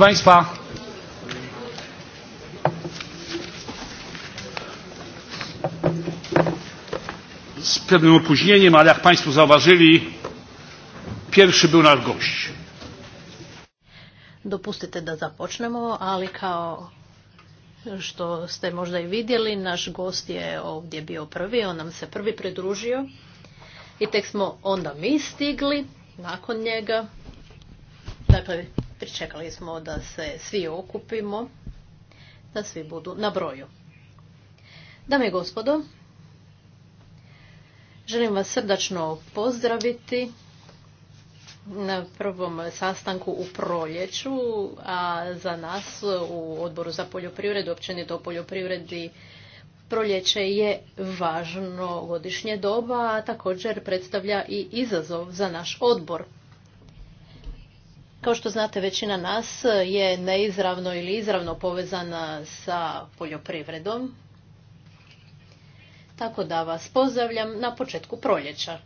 Proszę Państwa, z pewnym opóźnieniem, ale jak Państwo zauważyli, pierwszy był nasz gość. Dopustite da započnemo, ali kao što ste možda i vidjeli, naš gost je ovdje bio prvi, on nam se prvi pridružio i tek smo onda mi stigli nakon njega. Dakle, pričekali smo da se svi okupimo, da svi budu na broju. Dame i gospodo, želim vas srdačno pozdraviti na prvom sastanku u proljeću, a za nas u odboru za poljoprivredu, općenito o poljoprivredi, proljeće je važno godišnje doba, a također predstavlja i izazov za naš odbor. Kao što znate, većina nas je neizravno ili izravno povezana sa poljoprivredom. Tako da vas pozdravljam na početku proljeća.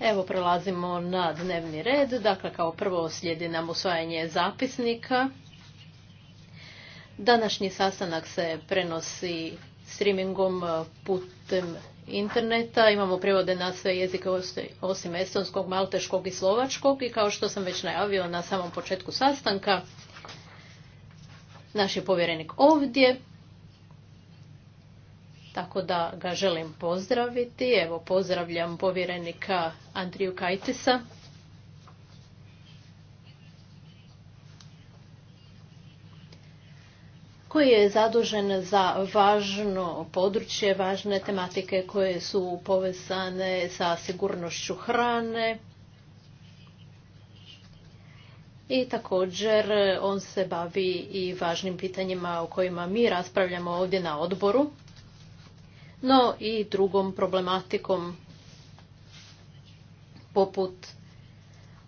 Evo prelazimo na dnevni red. Dakle, kao prvo slijedi nam usvajanje zapisnika. Današnji sastanak se prenosi streamingom putem interneta. Imamo prijevode na sve jezike osim estonskog, malteškog i slovačkog i kao što sam već najavio na samom početku sastanka, naš je povjerenik ovdje, tako da ga želim pozdraviti. Evo, pozdravljam povjerenika Andriju Kajtisa. je zadužen za važno područje, važne tematike koje su povezane sa sigurnošću hrane. I također on se bavi i važnim pitanjima o kojima mi raspravljamo ovdje na odboru, no i drugom problematikom poput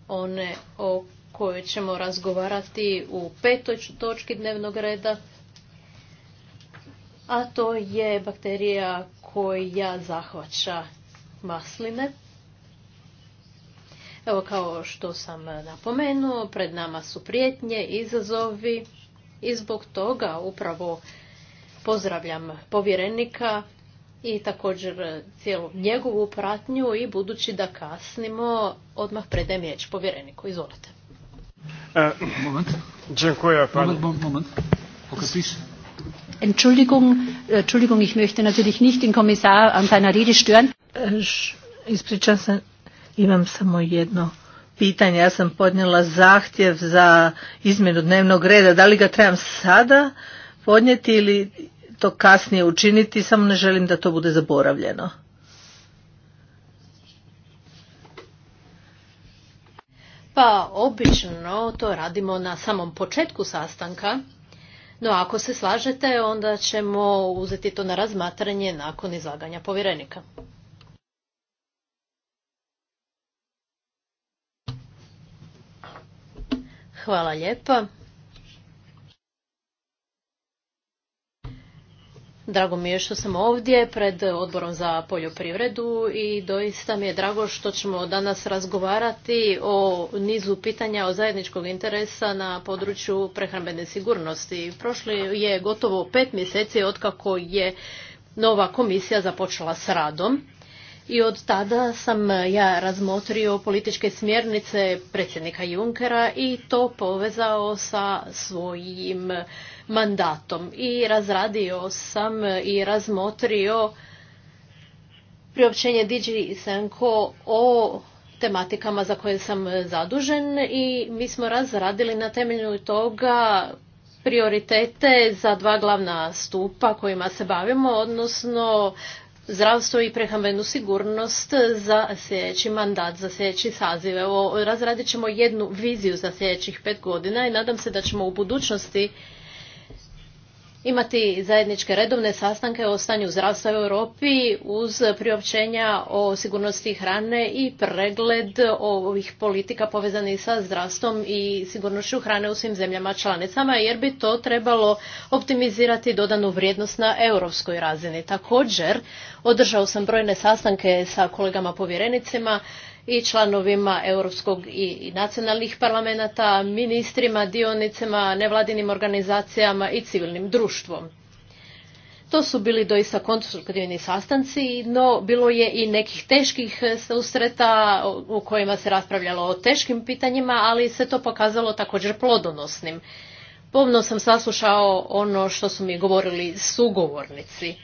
one o kojoj ćemo razgovarati u petoj točki dnevnog reda a to je bakterija koja zahvaća masline. Evo kao što sam napomenuo, pred nama su prijetnje, izazovi i zbog toga upravo pozdravljam povjerenika i također cijelu njegovu pratnju i budući da kasnimo, odmah predajem riječ povjereniku. Izvolite. E, moment. Dziękuję, moment, moment, moment. Entschuldigung, äh, Entschuldigung, ich möchte natürlich nicht den Kommissar an seiner Rede stören. Äh, se, imam samo jedno pitanje. Ja sam podnijela zahtjev za izmjenu dnevnog reda. Da li ga trebam sada podnijeti ili to kasnije učiniti? Samo ne želim da to bude zaboravljeno. Pa obično to radimo na samom početku sastanka no ako se slažete, onda ćemo uzeti to na razmatranje nakon izlaganja povjerenika. Hvala lijepa. Drago mi je što sam ovdje pred odborom za poljoprivredu i doista mi je drago što ćemo danas razgovarati o nizu pitanja o zajedničkog interesa na području prehrambene sigurnosti. Prošli je gotovo pet mjeseci otkako je nova komisija započela s radom. I od tada sam ja razmotrio političke smjernice predsjednika Junkera i to povezao sa svojim mandatom i razradio sam i razmotrio priopćenje Digi Senko o tematikama za koje sam zadužen i mi smo razradili na temelju toga prioritete za dva glavna stupa kojima se bavimo, odnosno zdravstvo i prehrambenu sigurnost za sljedeći mandat, za sljedeći saziv. Evo, razradit ćemo jednu viziju za sljedećih pet godina i nadam se da ćemo u budućnosti imati zajedničke redovne sastanke o stanju zdravstva u Europi uz priopćenja o sigurnosti hrane i pregled ovih politika povezanih sa zdravstvom i sigurnošću hrane u svim zemljama članicama jer bi to trebalo optimizirati dodanu vrijednost na europskoj razini. Također, održao sam brojne sastanke sa kolegama povjerenicima i članovima europskog i nacionalnih parlamenata, ministrima, dionicima, nevladinim organizacijama i civilnim društvom. To su bili doista konstruktivni sastanci, no bilo je i nekih teških susreta u kojima se raspravljalo o teškim pitanjima, ali se to pokazalo također plodonosnim. Pomno sam saslušao ono što su mi govorili sugovornici.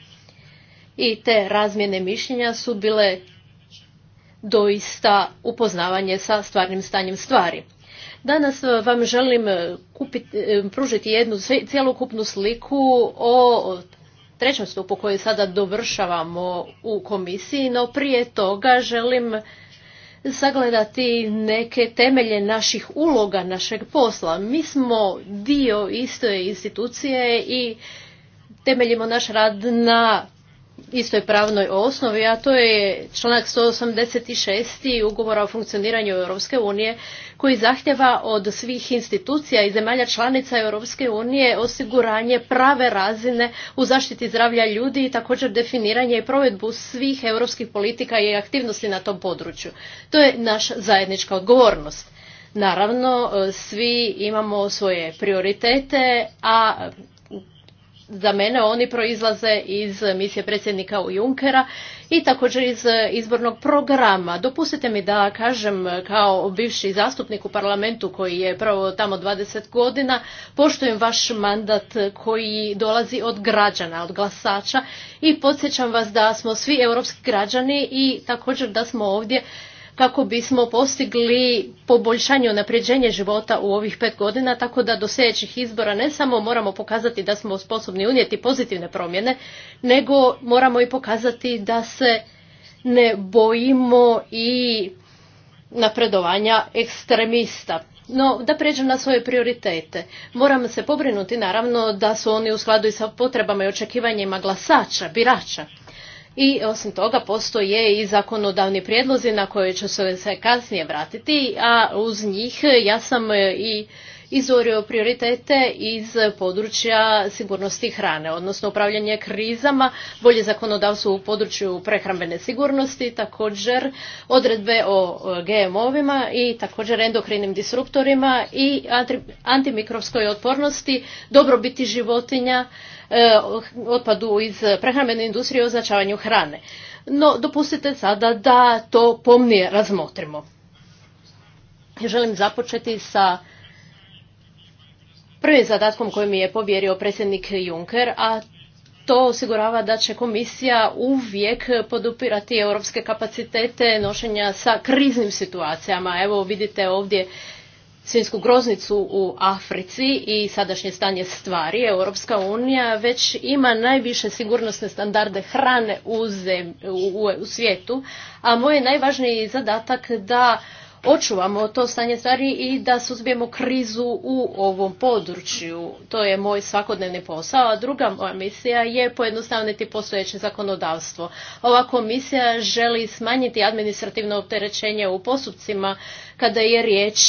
I te razmjene mišljenja su bile doista upoznavanje sa stvarnim stanjem stvari. Danas e, vam želim e, kupiti, e, pružiti jednu cjelokupnu sliku o trećem stupu koji sada dovršavamo u komisiji, no prije toga želim sagledati neke temelje naših uloga, našeg posla. Mi smo dio istoje institucije i temeljimo naš rad na istoj pravnoj osnovi, a to je članak 186. ugovora o funkcioniranju Europske unije koji zahtjeva od svih institucija i zemalja članica Europske unije osiguranje prave razine u zaštiti zdravlja ljudi i također definiranje i provedbu svih europskih politika i aktivnosti na tom području. To je naša zajednička odgovornost. Naravno, svi imamo svoje prioritete, a za mene oni proizlaze iz misije predsjednika Junkera i također iz eh, izbornog programa. Dopustite mi da kažem eh, kao bivši zastupnik u parlamentu koji je pravo tamo 20 godina, poštujem vaš mandat koji dolazi od građana, od glasača i podsjećam vas da smo svi europski građani i također da smo ovdje kako bismo postigli poboljšanje unapređenje života u ovih pet godina, tako da do sljedećih izbora ne samo moramo pokazati da smo sposobni unijeti pozitivne promjene, nego moramo i pokazati da se ne bojimo i napredovanja ekstremista. No, da pređem na svoje prioritete. Moram se pobrinuti, naravno, da su oni u skladu i sa potrebama i očekivanjima glasača, birača. I osim toga postoje i zakonodavni prijedlozi na koje ću se kasnije vratiti, a uz njih ja sam e, i izvorio prioritete iz područja sigurnosti hrane, odnosno upravljanje krizama, bolje zakonodavstvo u području prehrambene sigurnosti, također odredbe o e, gmo ovima i također endokrinim disruptorima i antimikrovskoj otpornosti, dobrobiti životinja, E, otpadu iz prehrambene industrije o označavanju hrane. No, dopustite sada da to pomnije razmotrimo. Želim započeti sa prvim zadatkom koji mi je povjerio predsjednik Juncker, a to osigurava da će komisija uvijek podupirati europske kapacitete nošenja sa kriznim situacijama. Evo vidite ovdje svinsku groznicu u Africi i sadašnje stanje stvari, Europska unija već ima najviše sigurnosne standarde hrane u, u, u svijetu, a moj je najvažniji zadatak da očuvamo to stanje stvari i da suzbijemo krizu u ovom području. To je moj svakodnevni posao, a druga moja misija je pojednostavniti postojeće zakonodavstvo. Ova komisija želi smanjiti administrativno opterećenje u postupcima kada je riječ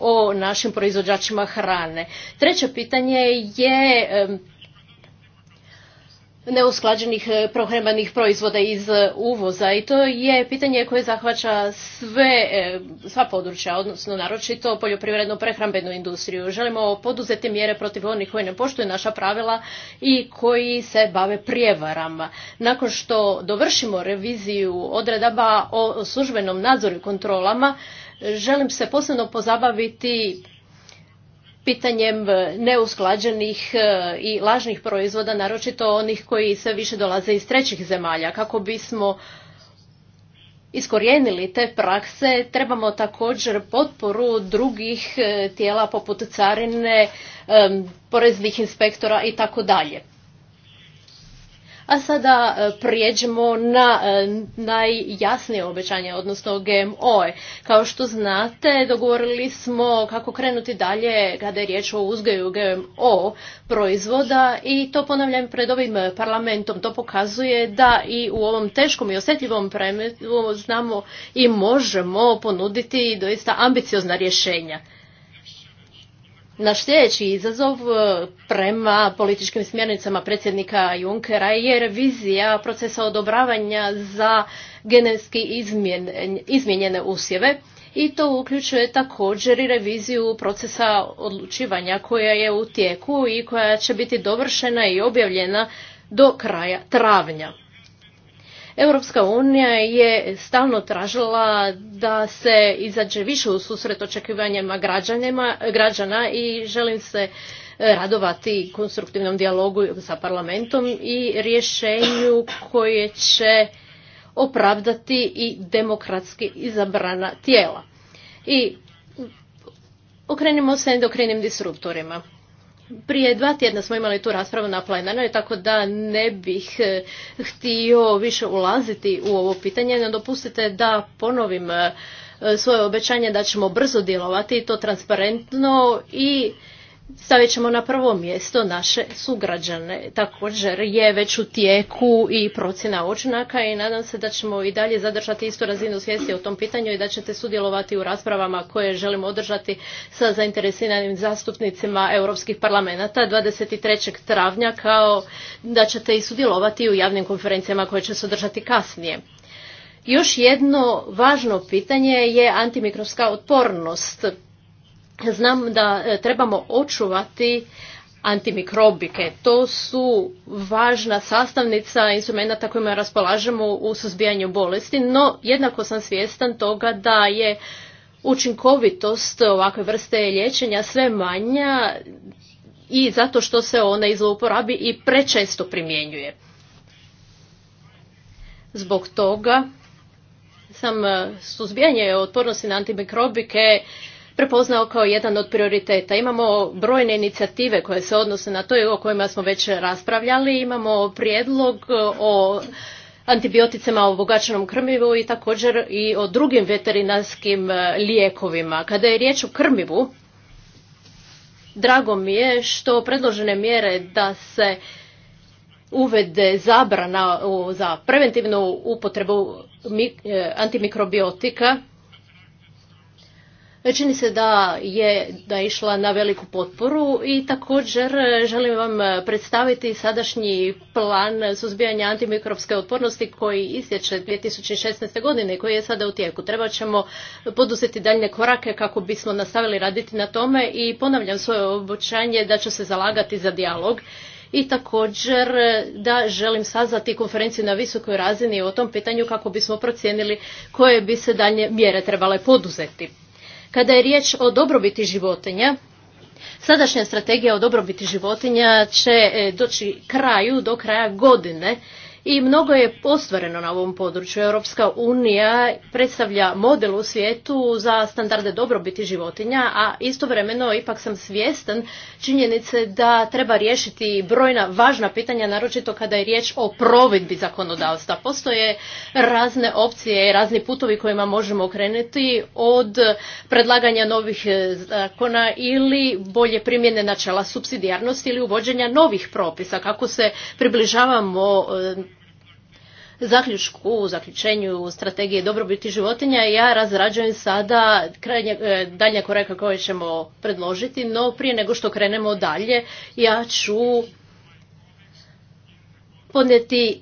o našim proizvođačima hrane. Treće pitanje je neusklađenih e, prehrambenih proizvoda iz e, uvoza i to je pitanje koje zahvaća sve, e, sva područja, odnosno naročito poljoprivredno prehrambenu industriju. Želimo poduzeti mjere protiv onih koji ne poštuju naša pravila i koji se bave prijevarama. Nakon što dovršimo reviziju odredaba o službenom nadzoru i kontrolama, želim se posebno pozabaviti pitanjem e, neusklađenih e, i lažnih proizvoda, naročito onih koji sve više dolaze iz trećih zemalja. Kako bismo iskorijenili te prakse, trebamo također potporu drugih e, tijela poput carine, poreznih inspektora i tako dalje. A sada e, prijeđemo na e, najjasnije obećanje, odnosno GMO. Kao što znate, dogovorili smo kako krenuti dalje kada je riječ o uzgoju GMO proizvoda i to ponavljam pred ovim parlamentom. To pokazuje da i u ovom teškom i osjetljivom predmetu znamo i možemo ponuditi doista ambiciozna rješenja. Naš sljedeći izazov e, prema političkim smjernicama predsjednika Junckera je revizija procesa odobravanja za genetski izmijenjene usjeve i to uključuje također i reviziju procesa odlučivanja koja je u tijeku i koja će biti dovršena i objavljena do kraja travnja. Europska unija je stalno tražila da se izađe više u susret očekivanjima građana i želim se e, radovati konstruktivnom dijalogu sa parlamentom i rješenju koje će opravdati i demokratski izabrana tijela. I okrenimo se endokrinim disruptorima. Prije dva tjedna smo imali tu raspravu na plenarnoj, tako da ne bih e, htio više ulaziti u ovo pitanje. Ne dopustite da ponovim e, svoje obećanje da ćemo brzo djelovati, to transparentno i stavit ćemo na prvo mjesto naše sugrađane. Također je već u tijeku i procjena učinaka i nadam se da ćemo i dalje zadržati istu razinu svijesti o tom pitanju i da ćete sudjelovati u raspravama koje želimo održati sa zainteresiranim zastupnicima europskih parlamenta 23. travnja kao da ćete i sudjelovati u javnim konferencijama koje će se održati kasnije. Još jedno važno pitanje je antimikrovska otpornost znam da e, trebamo očuvati antimikrobike. To su važna sastavnica instrumenta kojima raspolažemo u suzbijanju bolesti, no jednako sam svjestan toga da je učinkovitost ovakve vrste liječenja sve manja i zato što se ona izlouporabi i prečesto primjenjuje. Zbog toga sam e, suzbijanje otpornosti na antimikrobike prepoznao kao jedan od prioriteta. Imamo brojne inicijative koje se odnose na to i o kojima smo već raspravljali. Imamo prijedlog e, o antibioticama u bogačenom krmivu i također i o drugim veterinarskim e, lijekovima. Kada je riječ o krmivu, drago mi je što predložene mjere da se uvede zabrana za preventivnu upotrebu e, antimikrobiotika E, čini se da je da išla na veliku potporu i također e, želim vam e, predstaviti sadašnji plan suzbijanja antimikropske otpornosti koji istječe 2016. godine koji je sada u tijeku. Treba ćemo poduzeti daljne korake kako bismo nastavili raditi na tome i ponavljam svoje obočanje da ću se zalagati za dijalog i također da želim sazvati konferenciju na visokoj razini o tom pitanju kako bismo procijenili koje bi se dalje mjere trebale poduzeti. Kada je riječ o dobrobiti životinja, sadašnja strategija o dobrobiti životinja će e, doći kraju do kraja godine i mnogo je ostvareno na ovom području. Europska unija predstavlja model u svijetu za standarde dobrobiti životinja, a istovremeno ipak sam svjestan činjenice da treba riješiti brojna važna pitanja, naročito kada je riječ o provedbi zakonodavstva. Postoje razne opcije, i razni putovi kojima možemo okrenuti od predlaganja novih zakona ili bolje primjene načela subsidijarnosti ili uvođenja novih propisa kako se približavamo zaključku, u zaključenju strategije dobrobiti životinja ja razrađujem sada krajnje, e, dalje koreka koje ćemo predložiti, no prije nego što krenemo dalje ja ću podnijeti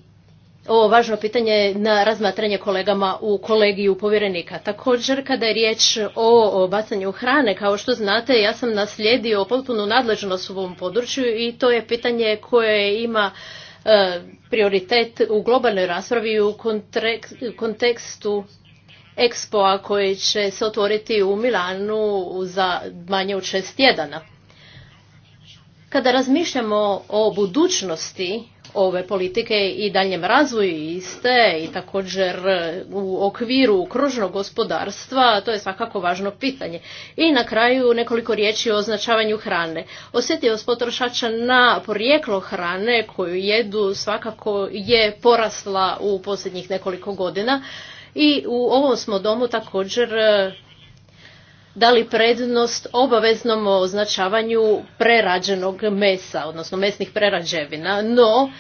ovo važno pitanje na razmatranje kolegama u kolegiju povjerenika. Također, kada je riječ o bacanju hrane, kao što znate, ja sam naslijedio potpunu nadležnost u ovom području i to je pitanje koje ima E, prioritet u globalnoj raspravi u kontekstu ekspoa koji će se otvoriti u Milanu za manje od šest tjedana. Kada razmišljamo o budućnosti ove politike i daljem razvoju iste i također e, u okviru kružnog gospodarstva, to je svakako važno pitanje. I na kraju nekoliko riječi o označavanju hrane. Osjetljivost potrošača na porijeklo hrane koju jedu svakako je porasla u posljednjih nekoliko godina i u ovom smo domu također e, dali prednost obaveznom označavanju prerađenog mesa, odnosno mesnih prerađevina, no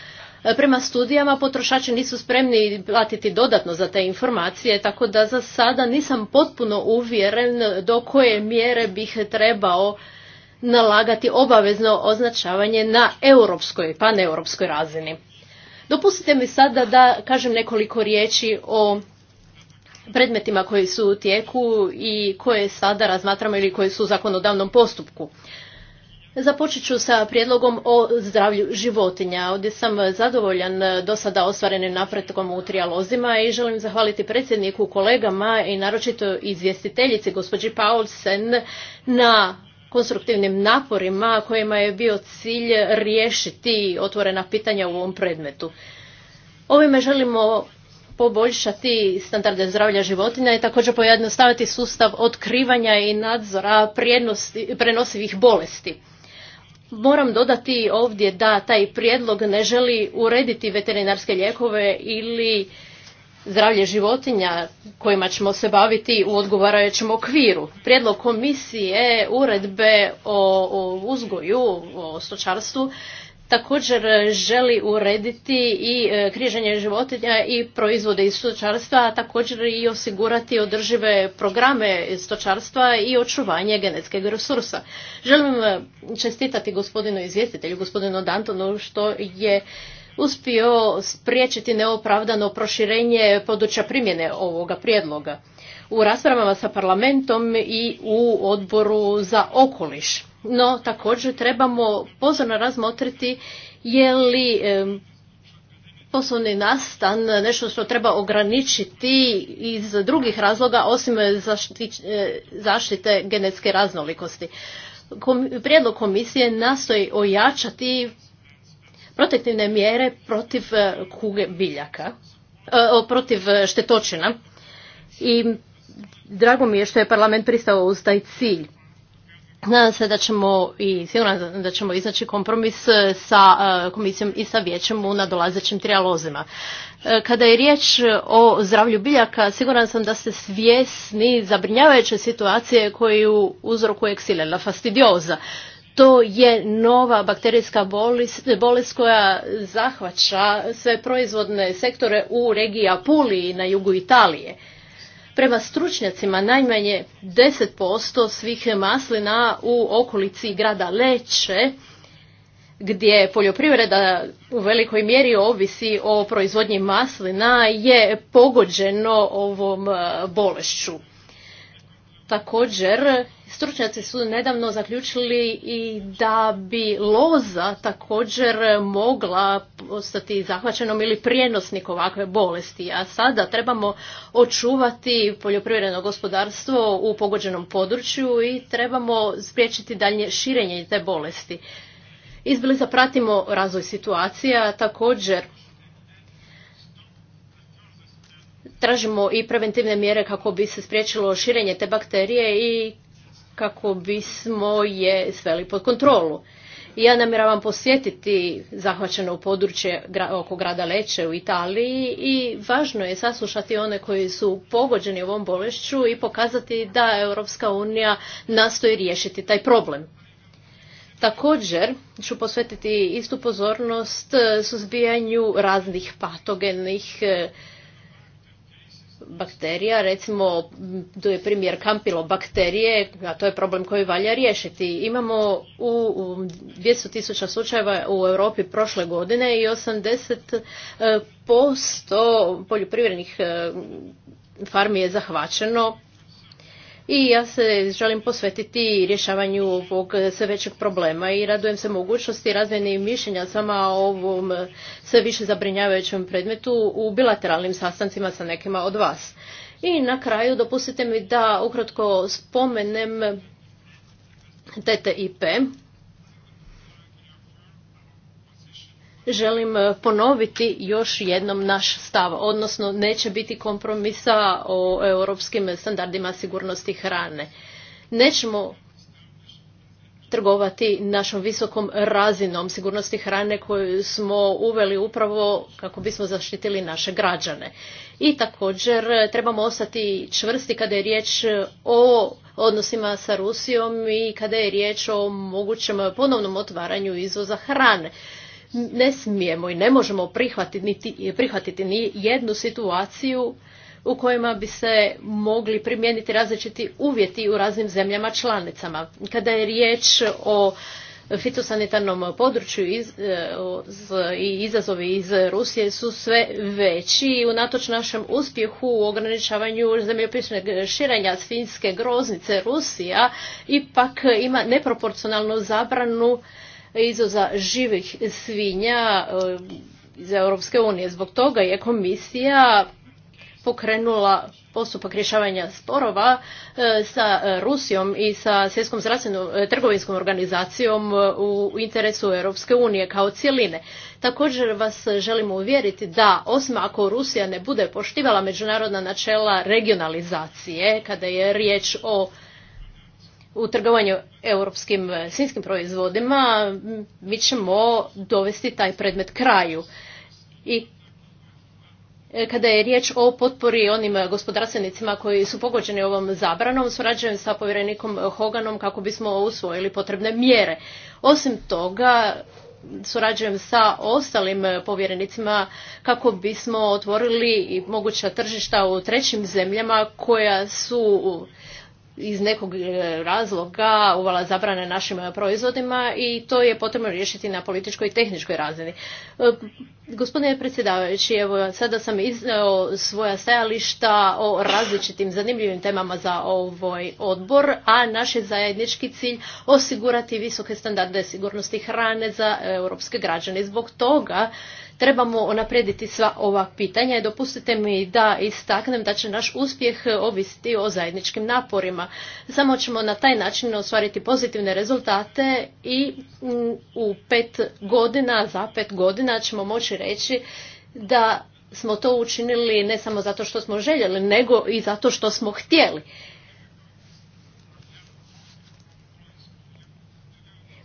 prema studijama potrošači nisu spremni platiti dodatno za te informacije, tako da za sada nisam potpuno uvjeren do koje mjere bih trebao nalagati obavezno označavanje na europskoj, paneuropskoj razini. Dopustite mi sada da kažem nekoliko riječi o predmetima koji su u tijeku i koje sada razmatramo ili koji su u zakonodavnom postupku. Započet ću sa prijedlogom o zdravlju životinja. Ovdje sam zadovoljan do sada ostvarenim napretkom u trijalozima i želim zahvaliti predsjedniku, kolegama i naročito izvjestiteljici gospođi Paulsen na konstruktivnim naporima kojima je bio cilj riješiti otvorena pitanja u ovom predmetu. Ovime želimo poboljšati standarde zdravlja životinja i također pojednostaviti sustav otkrivanja i nadzora prenosivih bolesti. Moram dodati ovdje da taj prijedlog ne želi urediti veterinarske lijekove ili zdravlje životinja kojima ćemo se baviti u odgovarajućem okviru. Prijedlog komisije uredbe o, o uzgoju, o stočarstvu također e, želi urediti i e, križanje životinja i proizvode iz stočarstva, a također i osigurati održive programe stočarstva i očuvanje genetskog resursa. Želim e, čestitati gospodinu izvjestitelju, gospodinu Dantonu, što je uspio spriječiti neopravdano proširenje područja primjene ovoga prijedloga u raspravama sa parlamentom i u odboru za okoliš no također trebamo pozorno razmotriti je li poslovni nastan nešto što treba ograničiti iz drugih razloga osim e, zaštite genetske raznolikosti. Prijedlog komisije nastoji ojačati protektivne mjere protiv e, kuge biljaka, e, protiv štetočina i drago mi je što je parlament pristao uz taj cilj. Nadam se da ćemo i sigurno da ćemo iznaći kompromis e, sa e, komisijom i sa vijećem u nadolazećim trijalozima. E, kada je riječ o zdravlju biljaka, siguran sam da ste svjesni zabrinjavajuće situacije koju uzrokuje ksilela fastidioza. To je nova bakterijska bolest, bolest koja zahvaća sve proizvodne sektore u regiji Apuliji na jugu Italije. Prema stručnjacima najmanje 10% svih maslina u okolici grada Leće gdje poljoprivreda u velikoj mjeri ovisi o proizvodnji maslina je pogođeno ovom e, bolešću. Također Stručnjaci su nedavno zaključili i da bi loza također mogla ostati zahvaćenom ili prijenosnik ovakve bolesti, a sada trebamo očuvati poljoprivredno gospodarstvo u pogođenom području i trebamo spriječiti dalje širenje te bolesti. Izbliza pratimo razvoj situacija, također tražimo i preventivne mjere kako bi se spriječilo širenje te bakterije i kako bismo je sveli pod kontrolu. Ja namjeravam posjetiti zahvaćeno područje oko grada Leče u Italiji i važno je saslušati one koji su pogođeni ovom bolešću i pokazati da Europska unija nastoji riješiti taj problem. Također ću posvetiti istu pozornost suzbijanju raznih patogenih eh, bakterija, recimo tu je primjer kampilobakterije, a to je problem koji valja riješiti. Imamo u 200.000 tisuća slučajeva u Europi prošle godine i 80% e, poljoprivrednih e, farmi je zahvaćeno i ja se želim posvetiti rješavanju ovog sve većeg problema i radujem se mogućnosti razmjene mišljenja sama o ovom sve više zabrinjavajućem predmetu u bilateralnim sastancima sa nekima od vas. I na kraju dopustite mi da ukratko spomenem TTIP želim e, ponoviti još jednom naš stav, odnosno neće biti kompromisa o europskim standardima sigurnosti hrane. Nećemo trgovati našom visokom razinom sigurnosti hrane koju smo uveli upravo kako bismo zaštitili naše građane. I također e, trebamo ostati čvrsti kada je riječ o odnosima sa Rusijom i kada je riječ o mogućem ponovnom otvaranju izvoza hrane ne smijemo i ne možemo prihvatiti, niti, prihvatiti ni jednu situaciju u kojima bi se mogli primijeniti različiti uvjeti u raznim zemljama članicama. Kada je riječ o fitosanitarnom području e, i izazovi iz Rusije su sve veći i unatoč našem uspjehu u ograničavanju zemljopisnog širenja finske groznice Rusija ipak ima neproporcionalnu zabranu izvoza živih svinja eh, iz Europske unije. Zbog toga je komisija pokrenula postupak rješavanja sporova eh, sa Rusijom i sa Svjetskom eh, trgovinskom organizacijom u interesu Europske unije kao cjeline. Također vas želimo uvjeriti da osim ako Rusija ne bude poštivala međunarodna načela regionalizacije kada je riječ o u trgovanju europskim e, sinjskim proizvodima, mi ćemo dovesti taj predmet kraju. I e, kada je riječ o potpori onim gospodarstvenicima koji su pogođeni ovom zabranom, surađujem sa povjerenikom Hoganom kako bismo usvojili potrebne mjere. Osim toga, surađujem sa ostalim povjerenicima kako bismo otvorili moguća tržišta u trećim zemljama koja su iz nekog e, razloga uvala zabrane našim e, proizvodima i to je potrebno riješiti na političkoj i tehničkoj razini. E, gospodine predsjedavajući, evo sada sam izneo svoja stajališta o različitim zanimljivim temama za ovaj odbor, a naš je zajednički cilj osigurati visoke standarde sigurnosti hrane za europske građane. Zbog toga Trebamo unaprijediti sva ova pitanja i dopustite mi da istaknem da će naš uspjeh ovisiti o zajedničkim naporima. Samo ćemo na taj način ostvariti pozitivne rezultate i mm, u pet godina, za pet godina ćemo moći reći da smo to učinili ne samo zato što smo željeli, nego i zato što smo htjeli.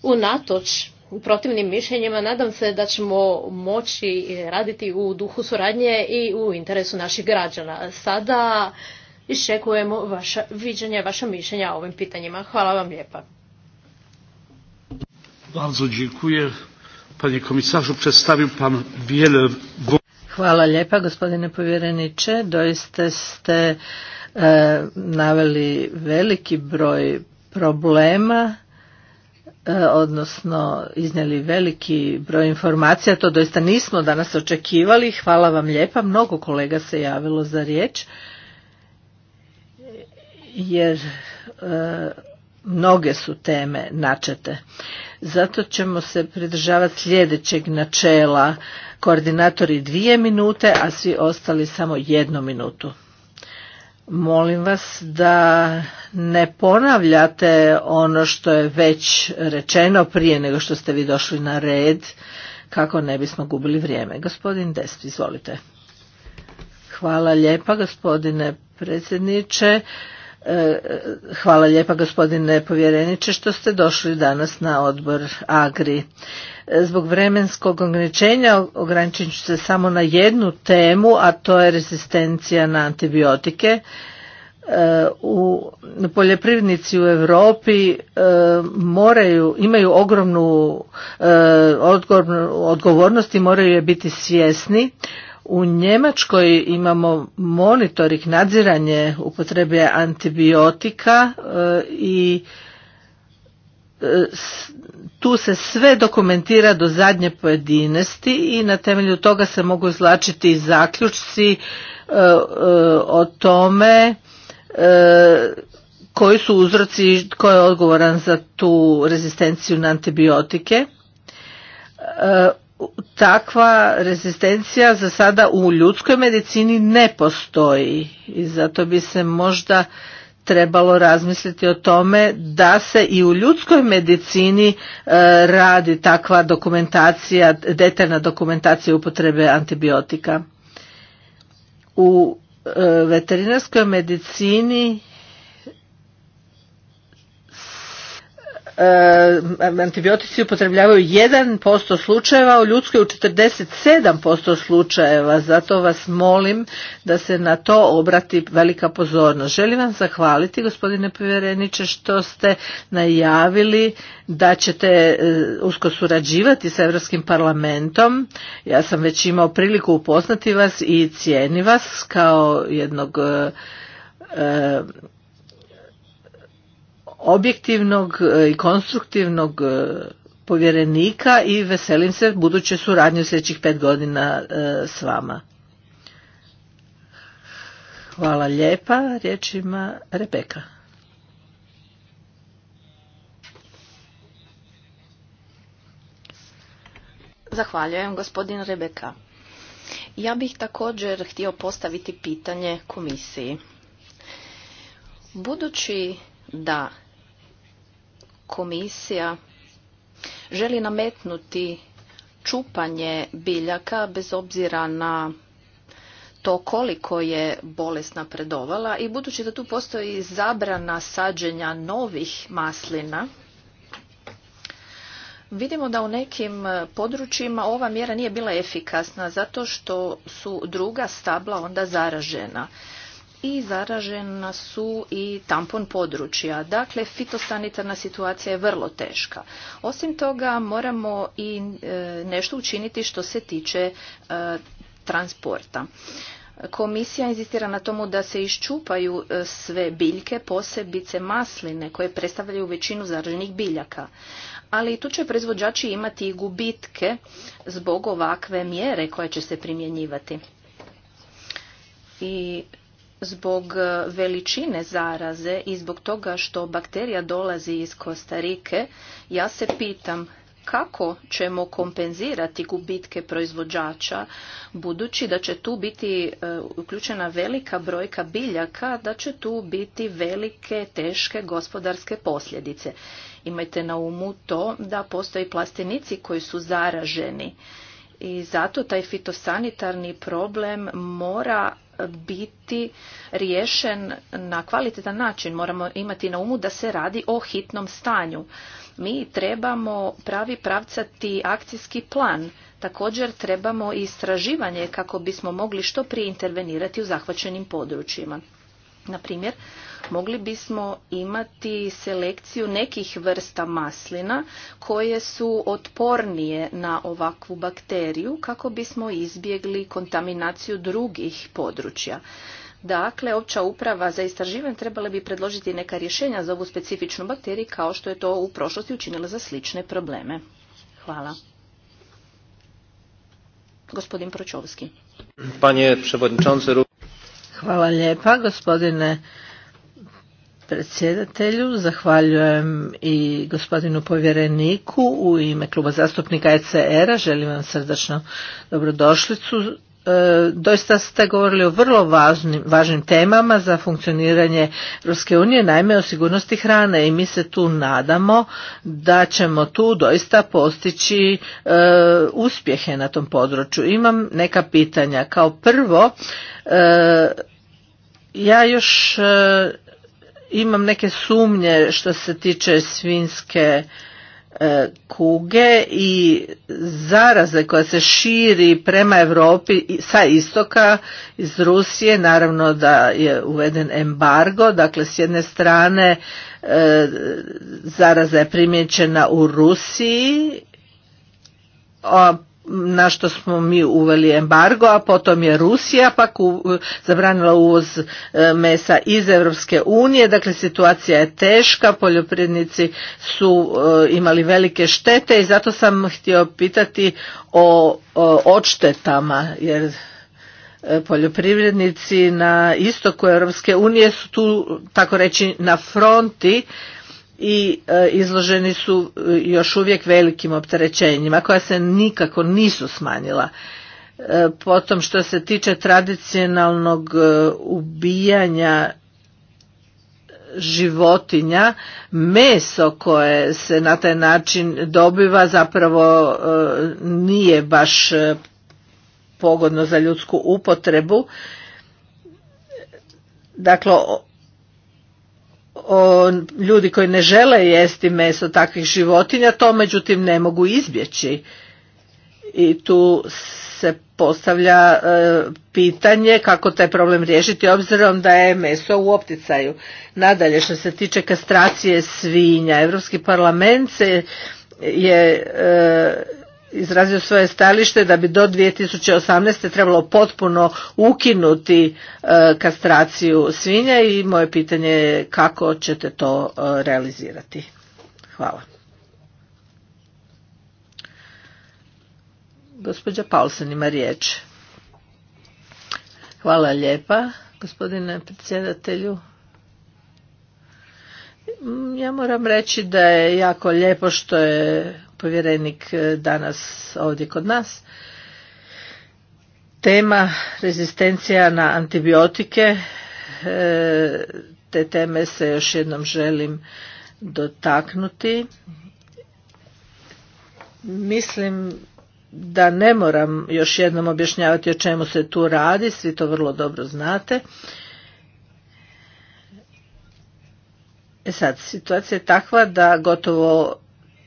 Unatoč u protivnim mišljenjima. Nadam se da ćemo moći raditi u duhu suradnje i u interesu naših građana. Sada iščekujemo vaša viđanja, vaša mišljenja o ovim pitanjima. Hvala vam lijepa. Bardzo dziękuję. Panie pan wiele... Hvala lijepa gospodine povjereniče. Doiste ste e, naveli veliki broj problema E, odnosno iznijeli veliki broj informacija. To doista nismo danas očekivali. Hvala vam lijepa. Mnogo kolega se javilo za riječ jer e, mnoge su teme načete. Zato ćemo se pridržavati sljedećeg načela. Koordinatori dvije minute, a svi ostali samo jednu minutu molim vas da ne ponavljate ono što je već rečeno prije nego što ste vi došli na red kako ne bismo gubili vrijeme. Gospodin Dest, izvolite. Hvala lijepa gospodine predsjedniče. E, hvala lijepa gospodine povjereniče što ste došli danas na odbor Agri. E, zbog vremenskog ograničenja ograničit ću se samo na jednu temu, a to je rezistencija na antibiotike. E, u poljoprivrednici u Europi moraju, imaju ogromnu odgovornost i moraju je biti svjesni u Njemačkoj imamo monitorik nadziranje upotrebe antibiotika e, i e, tu se sve dokumentira do zadnje pojedinosti i na temelju toga se mogu izlačiti zaključci e, o tome koji su uzroci, tko je odgovoran za tu rezistenciju na antibiotike takva rezistencija za sada u ljudskoj medicini ne postoji i zato bi se možda trebalo razmisliti o tome da se i u ljudskoj medicini e, radi takva dokumentacija, detaljna dokumentacija upotrebe antibiotika. U e, veterinarskoj medicini E, antibiotici upotrebljavaju 1% slučajeva, u ljudskoj u 47% slučajeva. Zato vas molim da se na to obrati velika pozornost. Želim vam zahvaliti gospodine povjereniče što ste najavili da ćete e, usko surađivati sa Europskim parlamentom. Ja sam već imao priliku upoznati vas i cijeni vas kao jednog e, objektivnog e, i konstruktivnog e, povjerenika i veselim se buduće suradnje u sljedećih pet godina e, s vama. Hvala lijepa. Riječ ima Rebeka. Zahvaljujem gospodin Rebeka. Ja bih također htio postaviti pitanje komisiji. Budući da komisija želi nametnuti čupanje biljaka bez obzira na to koliko je bolest napredovala i budući da tu postoji zabrana sađenja novih maslina, Vidimo da u nekim područjima ova mjera nije bila efikasna zato što su druga stabla onda zaražena i zaražena su i tampon područja. Dakle, fitosanitarna situacija je vrlo teška. Osim toga, moramo i e, nešto učiniti što se tiče e, transporta. Komisija inzistira na tomu da se iščupaju e, sve biljke, posebice masline, koje predstavljaju većinu zaraženih biljaka. Ali tu će proizvođači imati i gubitke zbog ovakve mjere koje će se primjenjivati. I zbog e, veličine zaraze i zbog toga što bakterija dolazi iz Kostarike, ja se pitam kako ćemo kompenzirati gubitke proizvođača, budući da će tu biti e, uključena velika brojka biljaka, da će tu biti velike, teške gospodarske posljedice. Imajte na umu to da postoje plastenici koji su zaraženi i zato taj fitosanitarni problem mora biti riješen na kvalitetan način. Moramo imati na umu da se radi o hitnom stanju. Mi trebamo pravi pravcati akcijski plan. Također trebamo i istraživanje kako bismo mogli što prije intervenirati u zahvaćenim područjima. Na primjer, mogli bismo imati selekciju nekih vrsta maslina koje su otpornije na ovakvu bakteriju kako bismo izbjegli kontaminaciju drugih područja. Dakle, opća uprava za istraživanje trebala bi predložiti neka rješenja za ovu specifičnu bakteriju kao što je to u prošlosti učinila za slične probleme. Hvala. Gospodin Pročovski. Panje przewodniczący. Hvala lijepa, gospodine predsjedatelju, zahvaljujem i gospodinu povjereniku u ime kluba zastupnika ECR-a, želim vam srdačno dobrodošlicu. E, doista ste govorili o vrlo važnim, temama za funkcioniranje Ruske unije, naime o sigurnosti hrane i mi se tu nadamo da ćemo tu doista postići e, uspjehe na tom području. Imam neka pitanja. Kao prvo, e, ja još imam neke sumnje što se tiče svinske e, kuge i zaraze koja se širi prema Europi sa istoka iz Rusije naravno da je uveden embargo dakle s jedne strane e, zaraza je primijećena u Rusiji na što smo mi uveli embargo, a potom je Rusija pak zabranila uvoz e, mesa iz Europske unije. Dakle, situacija je teška, poljoprivrednici su e, imali velike štete i zato sam htio pitati o, o odštetama, jer e, poljoprivrednici na istoku Europske unije su tu, tako reći, na fronti i e, izloženi su e, još uvijek velikim opterećenjima koja se nikako nisu smanjila. E, potom što se tiče tradicionalnog ubijanja životinja, meso koje se na taj način dobiva zapravo nije baš pogodno za ljudsku upotrebu. Dakle, ljudi koji ne žele jesti meso takvih životinja, to međutim ne mogu izbjeći. I tu se postavlja e, pitanje kako taj problem riješiti obzirom da je meso u opticaju. Nadalje što se tiče kastracije svinja, Europski parlament se je e, izrazio svoje stajalište da bi do 2018. trebalo potpuno ukinuti e, kastraciju svinja i moje pitanje je kako ćete to e, realizirati. Hvala. Gospođa Paulsen ima riječ. Hvala lijepa, gospodine predsjedatelju. Mm, ja moram reći da je jako lijepo što je povjerenik e, danas ovdje kod nas. Tema rezistencija na antibiotike, e, te teme se još jednom želim dotaknuti. Mislim da ne moram još jednom objašnjavati o čemu se tu radi, svi to vrlo dobro znate. E sad, situacija je takva da gotovo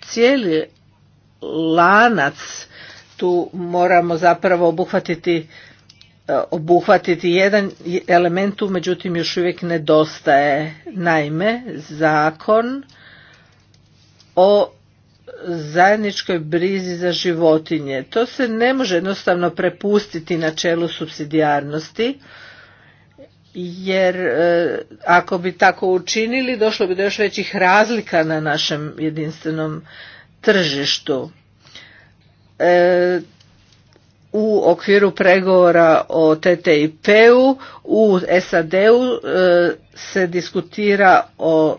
cijeli lanac tu moramo zapravo obuhvatiti e, obuhvatiti jedan element tu međutim još uvijek nedostaje naime zakon o zajedničkoj brizi za životinje to se ne može jednostavno prepustiti na čelu subsidijarnosti, jer e, ako bi tako učinili došlo bi do još većih razlika na našem jedinstvenom tržištu. E, u okviru pregovora o TTIP-u u SAD-u e, se diskutira o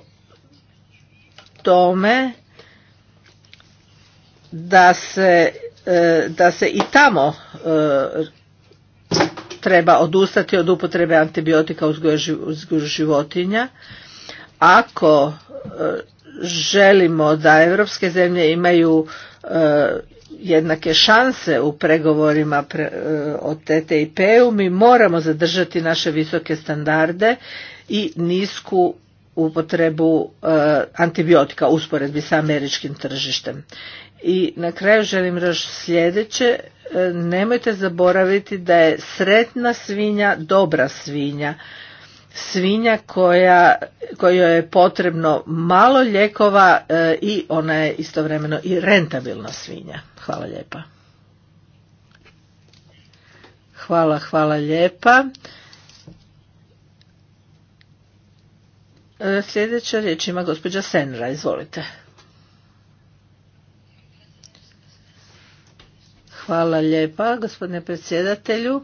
tome da se, e, da se i tamo e, treba odustati od upotrebe antibiotika u životinja ako želimo da europske zemlje imaju e, jednake šanse u pregovorima e, o TTIP-u, mi moramo zadržati naše visoke standarde i nisku upotrebu e, antibiotika usporedbi sa američkim tržištem. I na kraju želim reći sljedeće, nemojte zaboraviti da je sretna svinja dobra svinja svinja koja, kojoj je potrebno malo ljekova e, i ona je istovremeno i rentabilna svinja. Hvala lijepa. Hvala, hvala lijepa. E, sljedeća riječ ima gospođa Senra, izvolite. Hvala lijepa gospodine predsjedatelju.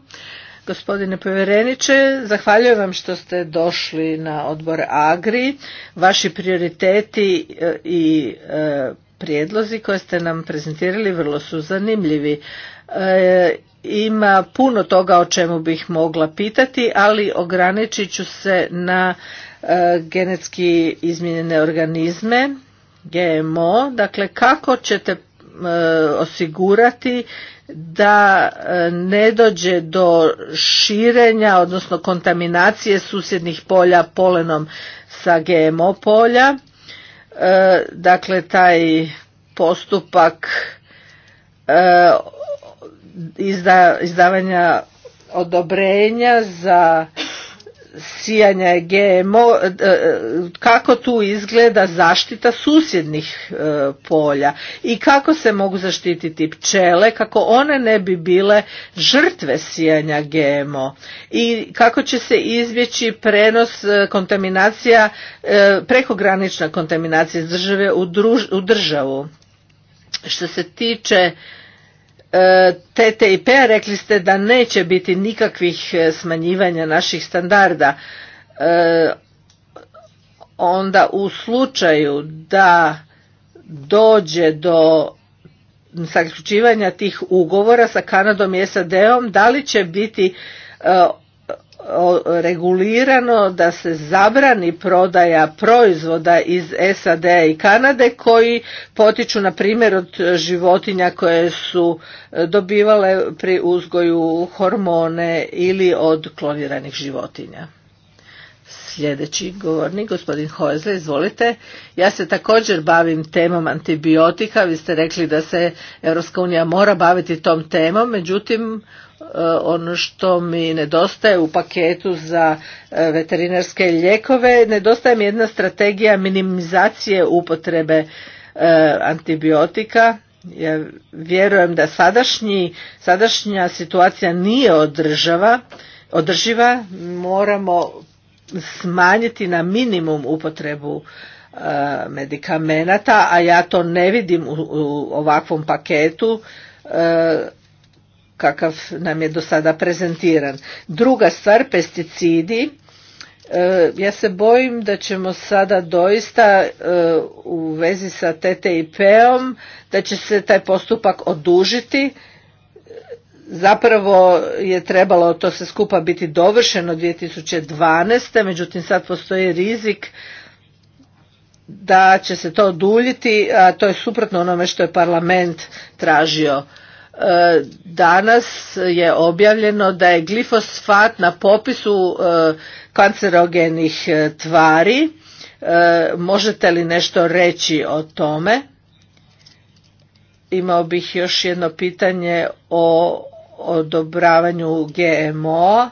Gospodine povjereniče, zahvaljujem vam što ste došli na odbor Agri. Vaši prioriteti e, i e, prijedlozi koje ste nam prezentirali vrlo su zanimljivi. E, ima puno toga o čemu bih mogla pitati, ali ograničit ću se na genetski izmijenjene organizme, GMO. Dakle, kako ćete osigurati da e, ne dođe do širenja, odnosno kontaminacije susjednih polja polenom sa GMO polja. E, dakle, taj postupak e, izdavanja odobrenja za sijanja GMO, e, kako tu izgleda zaštita susjednih e, polja i kako se mogu zaštititi pčele, kako one ne bi bile žrtve sijanja GMO i kako će se izbjeći prenos e, kontaminacija, prekogranična kontaminacija države u, u državu. Što se tiče E, TTIP-a rekli ste da neće biti nikakvih e, smanjivanja naših standarda. E, onda u slučaju da dođe do zaključivanja tih ugovora sa Kanadom i SAD-om, da li će biti regulirano da se zabrani prodaja proizvoda iz sad i Kanade koji potiču na primjer od životinja koje su e, dobivale pri uzgoju hormone ili od kloniranih životinja. Sljedeći govornik, gospodin Hoezle, izvolite. Ja se također bavim temom antibiotika. Vi ste rekli da se EU mora baviti tom temom, međutim E, ono što mi nedostaje u paketu za e, veterinarske lijekove. Nedostaje mi jedna strategija minimizacije upotrebe e, antibiotika. Ja vjerujem da sadašnji, sadašnja situacija nije održava, održiva. Moramo smanjiti na minimum upotrebu medikamenata, a ja to ne vidim u ovakvom paketu kakav nam je do sada prezentiran. Druga stvar, pesticidi. E, ja se bojim da ćemo sada doista e, u vezi sa TTIP-om, da će se taj postupak odužiti. Zapravo je trebalo to se skupa biti dovršeno 2012. Međutim, sad postoji rizik da će se to oduljiti, a to je suprotno onome što je parlament tražio danas je objavljeno da je glifosfat na popisu e, kancerogenih e, tvari. E, možete li nešto reći o tome? Imao bih još jedno pitanje o odobravanju GMO.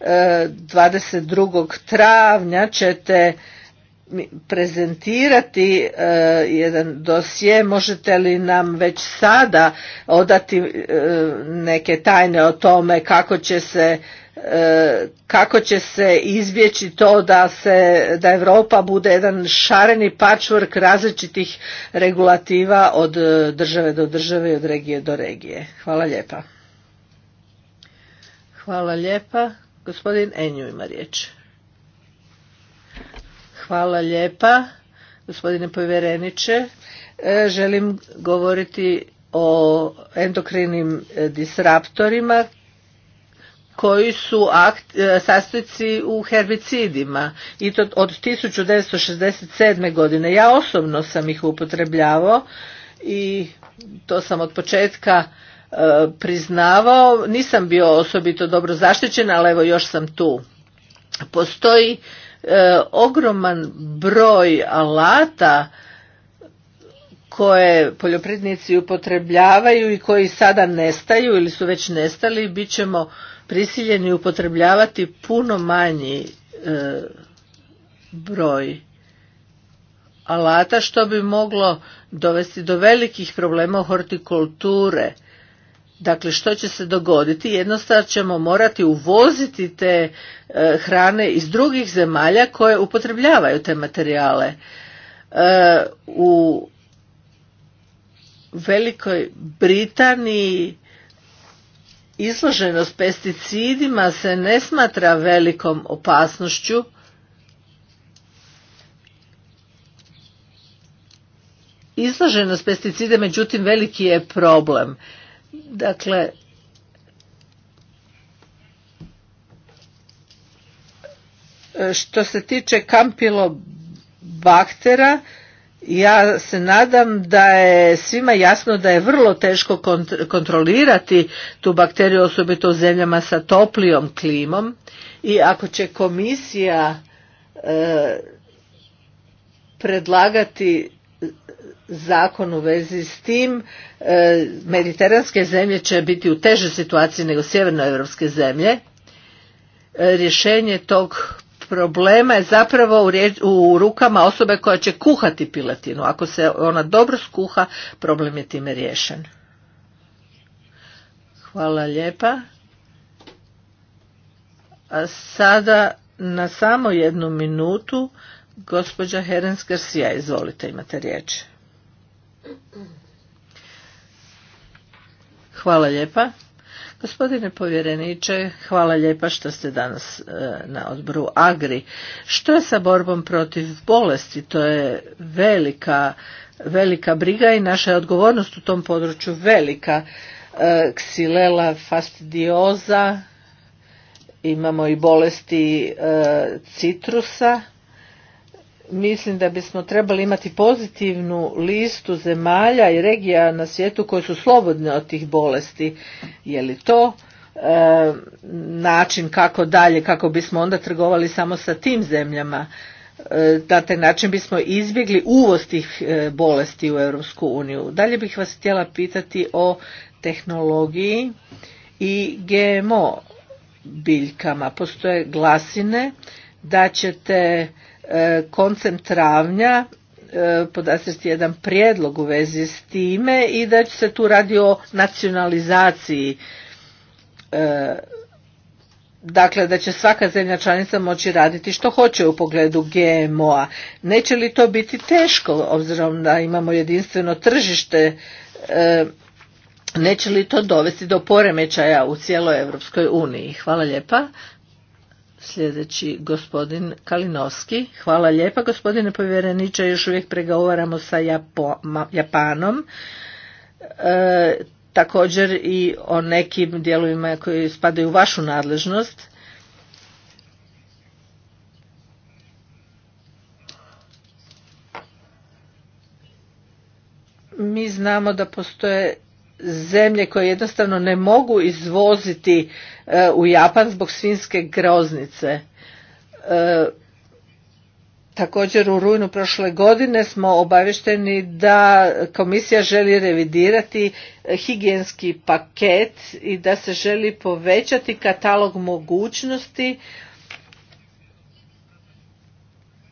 22. travnja ćete prezentirati e, jedan dosje, možete li nam već sada odati e, neke tajne o tome kako će se e, kako će se izbjeći to da se da Europa bude jedan šareni patchwork različitih regulativa od države do države i od regije do regije. Hvala lijepa. Hvala lijepa. Gospodin Enju ima riječ. Hvala lijepa, gospodine povjereniče. E, želim govoriti o endokrinim e, disraptorima koji su e, sastojci u herbicidima i to od 1967. godine. Ja osobno sam ih upotrebljavao i to sam od početka priznavao. Nisam bio osobito dobro zaštićen, ali evo još sam tu. Postoji E, ogroman broj alata koje poljoprednici upotrebljavaju i koji sada nestaju ili su već nestali bit ćemo prisiljeni upotrebljavati puno manji e, broj alata što bi moglo dovesti do velikih problema hortikulture Dakle, što će se dogoditi? Jednostavno ćemo morati uvoziti te e, hrane iz drugih zemalja koje upotrebljavaju te materijale. E, u Velikoj Britaniji izloženost pesticidima se ne smatra velikom opasnošću. Izloženost pesticide, međutim, veliki je problem Dakle, što se tiče kampilo baktera, ja se nadam da je svima jasno da je vrlo teško kontrolirati tu bakteriju, osobito u zemljama sa toplijom klimom. I ako će komisija e, predlagati zakon u vezi s tim e, mediteranske zemlje će biti u težoj situaciji nego sjevernoevropske zemlje e, rješenje tog problema je zapravo u rukama osobe koja će kuhati pilatinu ako se ona dobro skuha problem je time riješen hvala lijepa a sada na samo jednu minutu Gospođa Herens Garcia, izvolite, imate riječ. Hvala lijepa. Gospodine povjereniče, hvala lijepa što ste danas e, na odboru Agri. Što je sa borbom protiv bolesti? To je velika, velika briga i naša je odgovornost u tom području velika. E, ksilela fastidioza, imamo i bolesti e, citrusa, mislim da bismo trebali imati pozitivnu listu zemalja i regija na svijetu koje su slobodne od tih bolesti. Je li to e, način kako dalje, kako bismo onda trgovali samo sa tim zemljama? E, na taj način bismo izbjegli uvoz tih e, bolesti u Europsku uniju. Dalje bih vas htjela pitati o tehnologiji i GMO biljkama. Postoje glasine da ćete E, koncem travnja e, podastrijeti jedan prijedlog u vezi s time i da će se tu radi o nacionalizaciji e, dakle da će svaka zemlja članica moći raditi što hoće u pogledu GMO-a. Neće li to biti teško obzirom da imamo jedinstveno tržište neće li to dovesti do poremećaja u cijeloj Europskoj uniji? Hvala lijepa. Sljedeći gospodin Kalinovski. Hvala lijepa gospodine povjereniče, još uvijek pregovaramo sa Japanom. E, također i o nekim dijelovima koji spadaju u vašu nadležnost. Mi znamo da postoje zemlje koje jednostavno ne mogu izvoziti e, u Japan zbog svinske groznice. E, također u rujnu prošle godine smo obavješteni da komisija želi revidirati higijenski paket i da se želi povećati katalog mogućnosti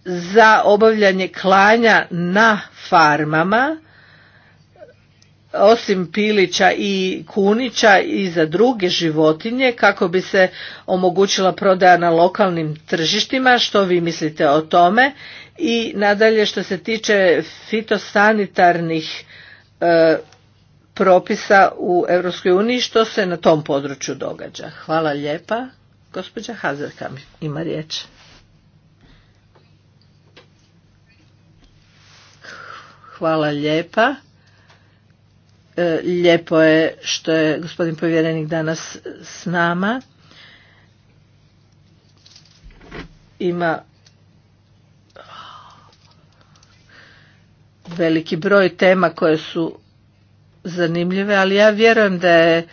za obavljanje klanja na farmama osim pilića i kunića i za druge životinje kako bi se omogućila prodaja na lokalnim tržištima. Što vi mislite o tome? I nadalje što se tiče fitosanitarnih e, propisa u Europskoj što se na tom području događa? Hvala lijepa. Gospođa Hazerka ima riječ. Hvala lijepa. E, lijepo je što je gospodin povjerenik danas s nama. Ima veliki broj tema koje su zanimljive, ali ja vjerujem da je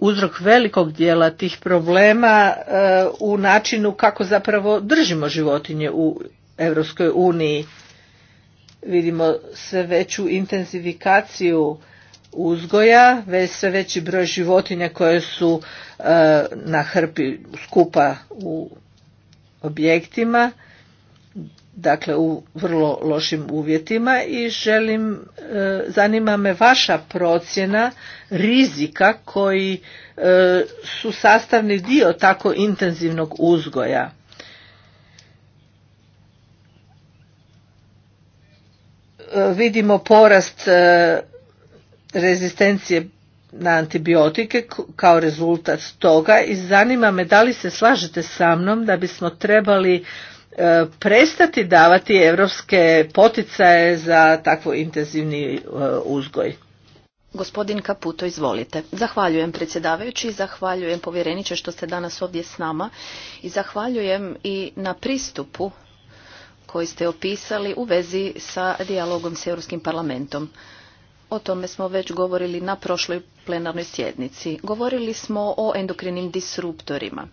uzrok velikog dijela tih problema e, u načinu kako zapravo držimo životinje u Europskoj uniji. Vidimo sve veću intenzifikaciju uzgoja, sve veći broj životinja koje su e, na hrpi skupa u objektima, dakle u vrlo lošim uvjetima i želim, e, zanima me vaša procjena rizika koji e, su sastavni dio tako intenzivnog uzgoja. Vidimo porast rezistencije na antibiotike kao rezultat toga i zanima me da li se slažete sa mnom da bismo trebali e, prestati davati europske poticaje za takvo intenzivni e, uzgoj. Gospodin Kaputo, izvolite. Zahvaljujem predsjedavajući zahvaljujem povjereniče što ste danas ovdje s nama i zahvaljujem i na pristupu koji ste opisali u vezi sa dijalogom s Europskim parlamentom. O tome smo već govorili na prošloj plenarnoj sjednici. Govorili smo o endokrinim disruptorima.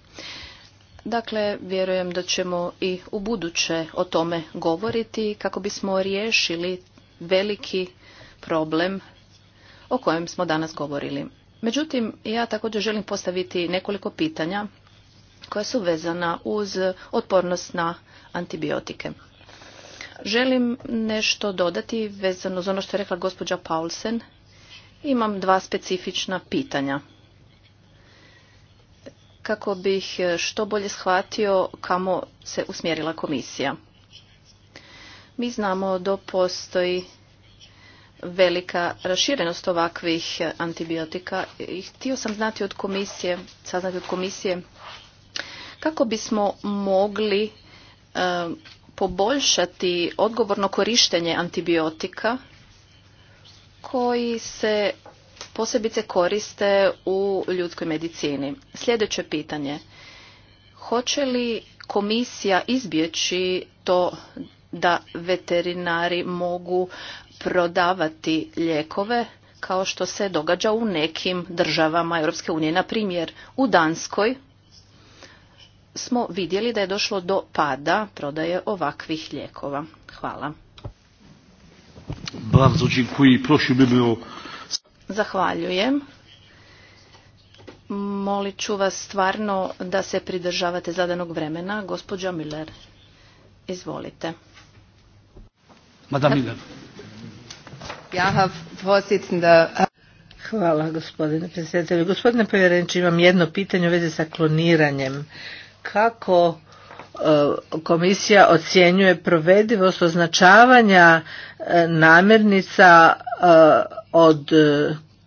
Dakle, vjerujem da ćemo i u buduće o tome govoriti kako bismo riješili veliki problem o kojem smo danas govorili. Međutim, ja također želim postaviti nekoliko pitanja koja su vezana uz otpornost na antibiotike. Želim nešto dodati vezano za ono što je rekla gospođa Paulsen. Imam dva specifična pitanja kako bih što bolje shvatio kamo se usmjerila komisija. Mi znamo da postoji velika raširenost ovakvih antibiotika i htio sam znati od komisije, saznati od komisije kako bismo mogli poboljšati odgovorno korištenje antibiotika koji se posebice koriste u ljudskoj medicini. Sljedeće pitanje. Hoće li komisija izbjeći to da veterinari mogu prodavati lijekove kao što se događa u nekim državama Europske unije. Na primjer, u Danskoj smo vidjeli da je došlo do pada prodaje ovakvih lijekova. Hvala. Zahvaljujem. Molit ću vas stvarno da se pridržavate zadanog vremena. Gospođa Miller, izvolite. Ja, Hvala gospodine predsjedatelju. Gospodine povjereniče, imam jedno pitanje u vezi sa kloniranjem kako e, komisija ocjenjuje provedivost označavanja e, namirnica e, od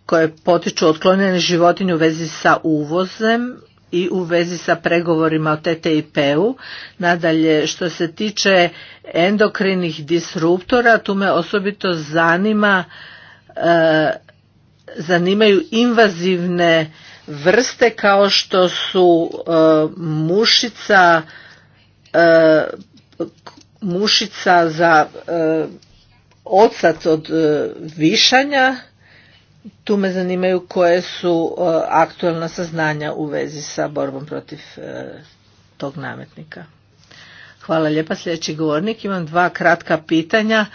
koje potiču otklonjene životinje u vezi sa uvozem i u vezi sa pregovorima o TTIP-u. Nadalje, što se tiče endokrinih disruptora, tu me osobito zanima, zanimaju invazivne vrste kao što su e, mušica e, mušica za e, ocat od višanja tu me zanimaju koje su aktualna saznanja u vezi sa borbom protiv tog nametnika. Hvala lijepa. Sljedeći govornik. Imam dva kratka pitanja.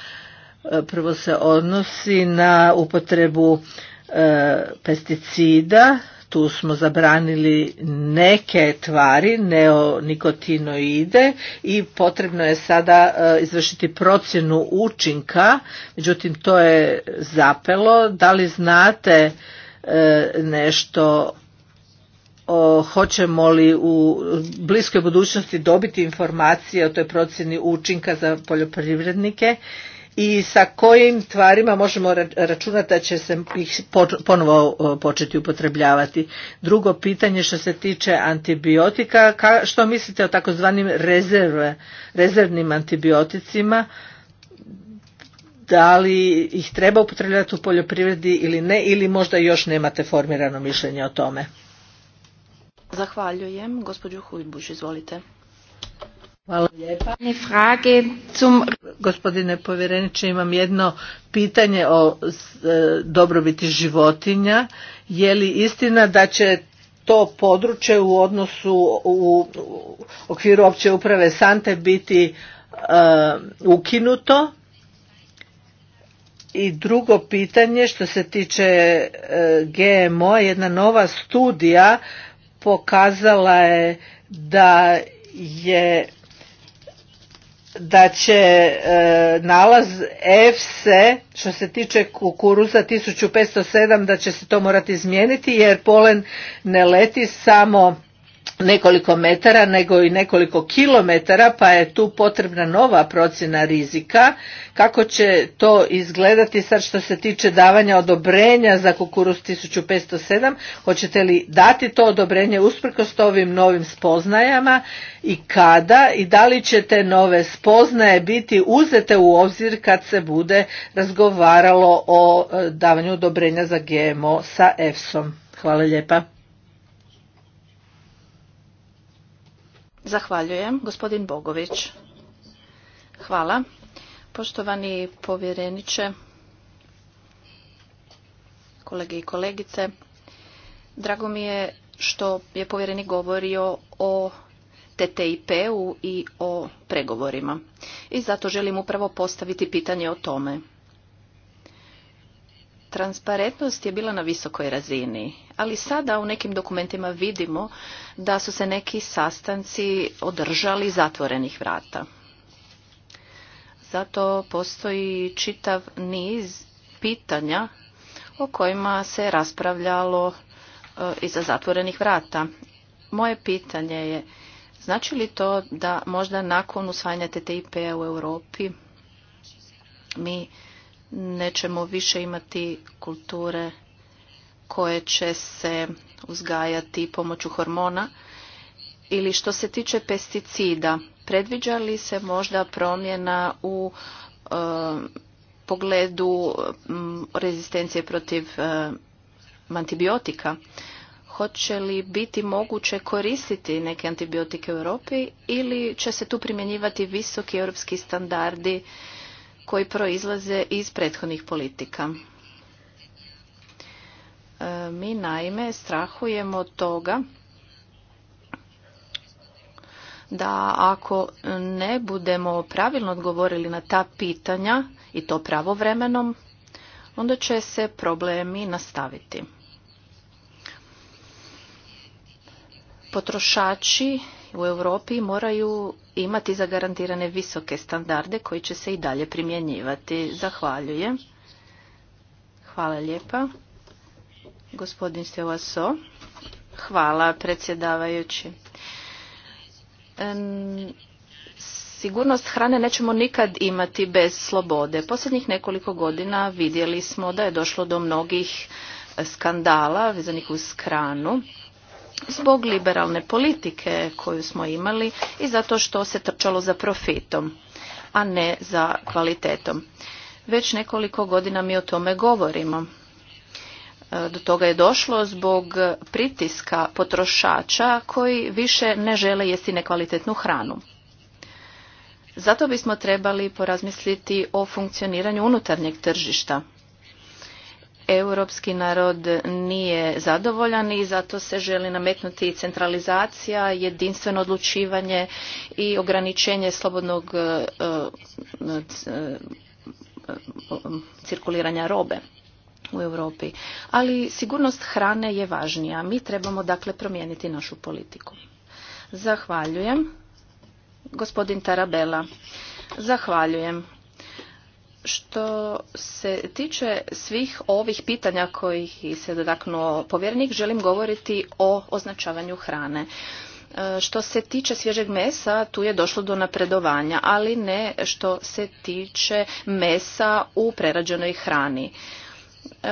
Prvo se odnosi na upotrebu pesticida tu smo zabranili neke tvari, neonikotinoide i potrebno je sada e, izvršiti procjenu učinka, međutim to je zapelo. Da li znate e, nešto o, hoćemo li u bliskoj budućnosti dobiti informacije o toj procjeni učinka za poljoprivrednike i sa kojim tvarima možemo računati da će se ih ponovo početi upotrebljavati. Drugo pitanje što se tiče antibiotika, što mislite o takozvanim rezervnim antibioticima? Da li ih treba upotrebljavati u poljoprivredi ili ne, ili možda još nemate formirano mišljenje o tome? Zahvaljujem. Gospođo Hujbuš, izvolite. Hvala lijepa. Frage zum... Gospodine povjereniče, imam jedno pitanje o e, dobrobiti životinja. Je li istina da će to područje u odnosu u okviru opće uprave Sante biti e, ukinuto? I drugo pitanje što se tiče e, GMO, jedna nova studija pokazala je da je da će e, nalaz EFSE što se tiče kukuruza 1507 da će se to morati izmijeniti jer polen ne leti samo nekoliko metara nego i nekoliko kilometara pa je tu potrebna nova procjena rizika kako će to izgledati sad što se tiče davanja odobrenja za kukuruz 1507 hoćete li dati to odobrenje usprkos ovim novim spoznajama i kada i da li će te nove spoznaje biti uzete u obzir kad se bude razgovaralo o e, davanju odobrenja za GMO sa EFSom hvala lijepa Zahvaljujem. Gospodin Bogović. Hvala. Poštovani povjereniče, kolege i kolegice, drago mi je što je povjerenik govorio o TTIP-u i o pregovorima. I zato želim upravo postaviti pitanje o tome transparentnost je bila na visokoj razini, ali sada u nekim dokumentima vidimo da su se neki sastanci održali zatvorenih vrata. Zato postoji čitav niz pitanja o kojima se raspravljalo e, iza zatvorenih vrata. Moje pitanje je, znači li to da možda nakon usvajanja TTIP-a u Europi mi nećemo više imati kulture koje će se uzgajati pomoću hormona ili što se tiče pesticida predviđa li se možda promjena u eh, pogledu mm, rezistencije protiv eh, antibiotika hoće li biti moguće koristiti neke antibiotike u Europi ili će se tu primjenjivati visoki europski standardi koji proizlaze iz prethodnih politika. E, mi naime strahujemo od toga da ako ne budemo pravilno odgovorili na ta pitanja i to pravovremenom, onda će se problemi nastaviti. Potrošači u Europi moraju imati zagarantirane visoke standarde koji će se i dalje primjenjivati. Zahvaljujem. Hvala lijepa. Gospodin Stevaso. Hvala predsjedavajući. sigurnost hrane nećemo nikad imati bez slobode. Posljednjih nekoliko godina vidjeli smo da je došlo do mnogih skandala vezanih uz hranu zbog liberalne politike koju smo imali i zato što se trčalo za profitom, a ne za kvalitetom. Već nekoliko godina mi o tome govorimo. E, do toga je došlo zbog pritiska potrošača koji više ne žele jesti nekvalitetnu hranu. Zato bismo trebali porazmisliti o funkcioniranju unutarnjeg tržišta europski narod nije zadovoljan i zato se želi nametnuti centralizacija, jedinstveno odlučivanje i ograničenje slobodnog e, e, e, cirkuliranja robe u Europi. Ali sigurnost hrane je važnija. Mi trebamo dakle promijeniti našu politiku. Zahvaljujem. Gospodin Tarabela. Zahvaljujem što se tiče svih ovih pitanja kojih se dotaknuo povjernik, želim govoriti o označavanju hrane. E, što se tiče svježeg mesa, tu je došlo do napredovanja, ali ne što se tiče mesa u prerađenoj hrani. E,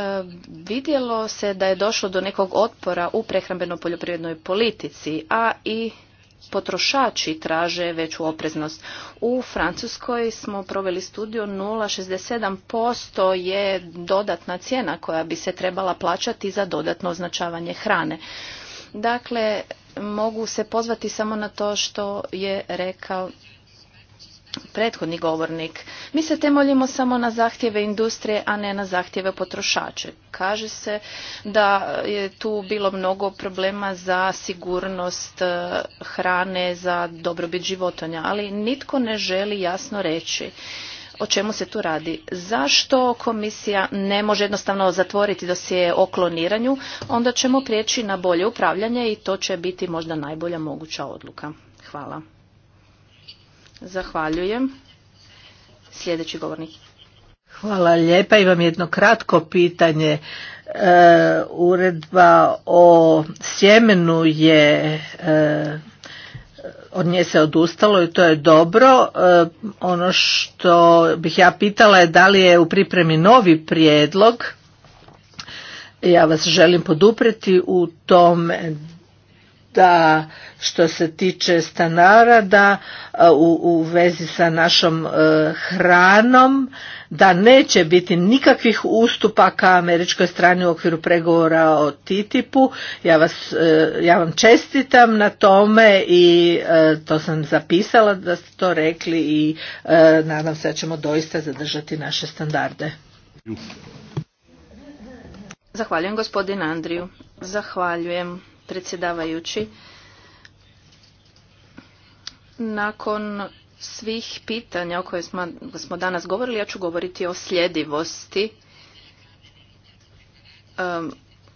vidjelo se da je došlo do nekog otpora u prehrambeno poljoprivrednoj politici, a i potrošači traže veću opreznost. U Francuskoj smo proveli studiju 0,67% je dodatna cijena koja bi se trebala plaćati za dodatno označavanje hrane. Dakle, mogu se pozvati samo na to što je rekao prethodni govornik. Mi se temoljimo samo na zahtjeve industrije, a ne na zahtjeve potrošače. Kaže se da je tu bilo mnogo problema za sigurnost e, hrane, za dobrobit životinja, ali nitko ne želi jasno reći o čemu se tu radi. Zašto komisija ne može jednostavno zatvoriti dosije o kloniranju, onda ćemo prijeći na bolje upravljanje i to će biti možda najbolja moguća odluka. Hvala. Zahvaljujem. Sljedeći govornik. Hvala lijepa. Imam jedno kratko pitanje. E, uredba o sjemenu je e, od nje se odustalo i to je dobro. E, ono što bih ja pitala je da li je u pripremi novi prijedlog. Ja vas želim poduprijeti u tom da što se tiče stanara da u, vezi sa našom e, hranom da neće biti nikakvih ustupaka američkoj strani u okviru pregovora o TTIP-u. Ja, vas, e, ja vam čestitam na tome i e, to sam zapisala da ste to rekli i nadam se da ćemo doista zadržati naše standarde. Zahvaljujem gospodin Andriju. Zahvaljujem predsjedavajući. Nakon svih pitanja o kojima smo danas govorili, ja ću govoriti o sljedivosti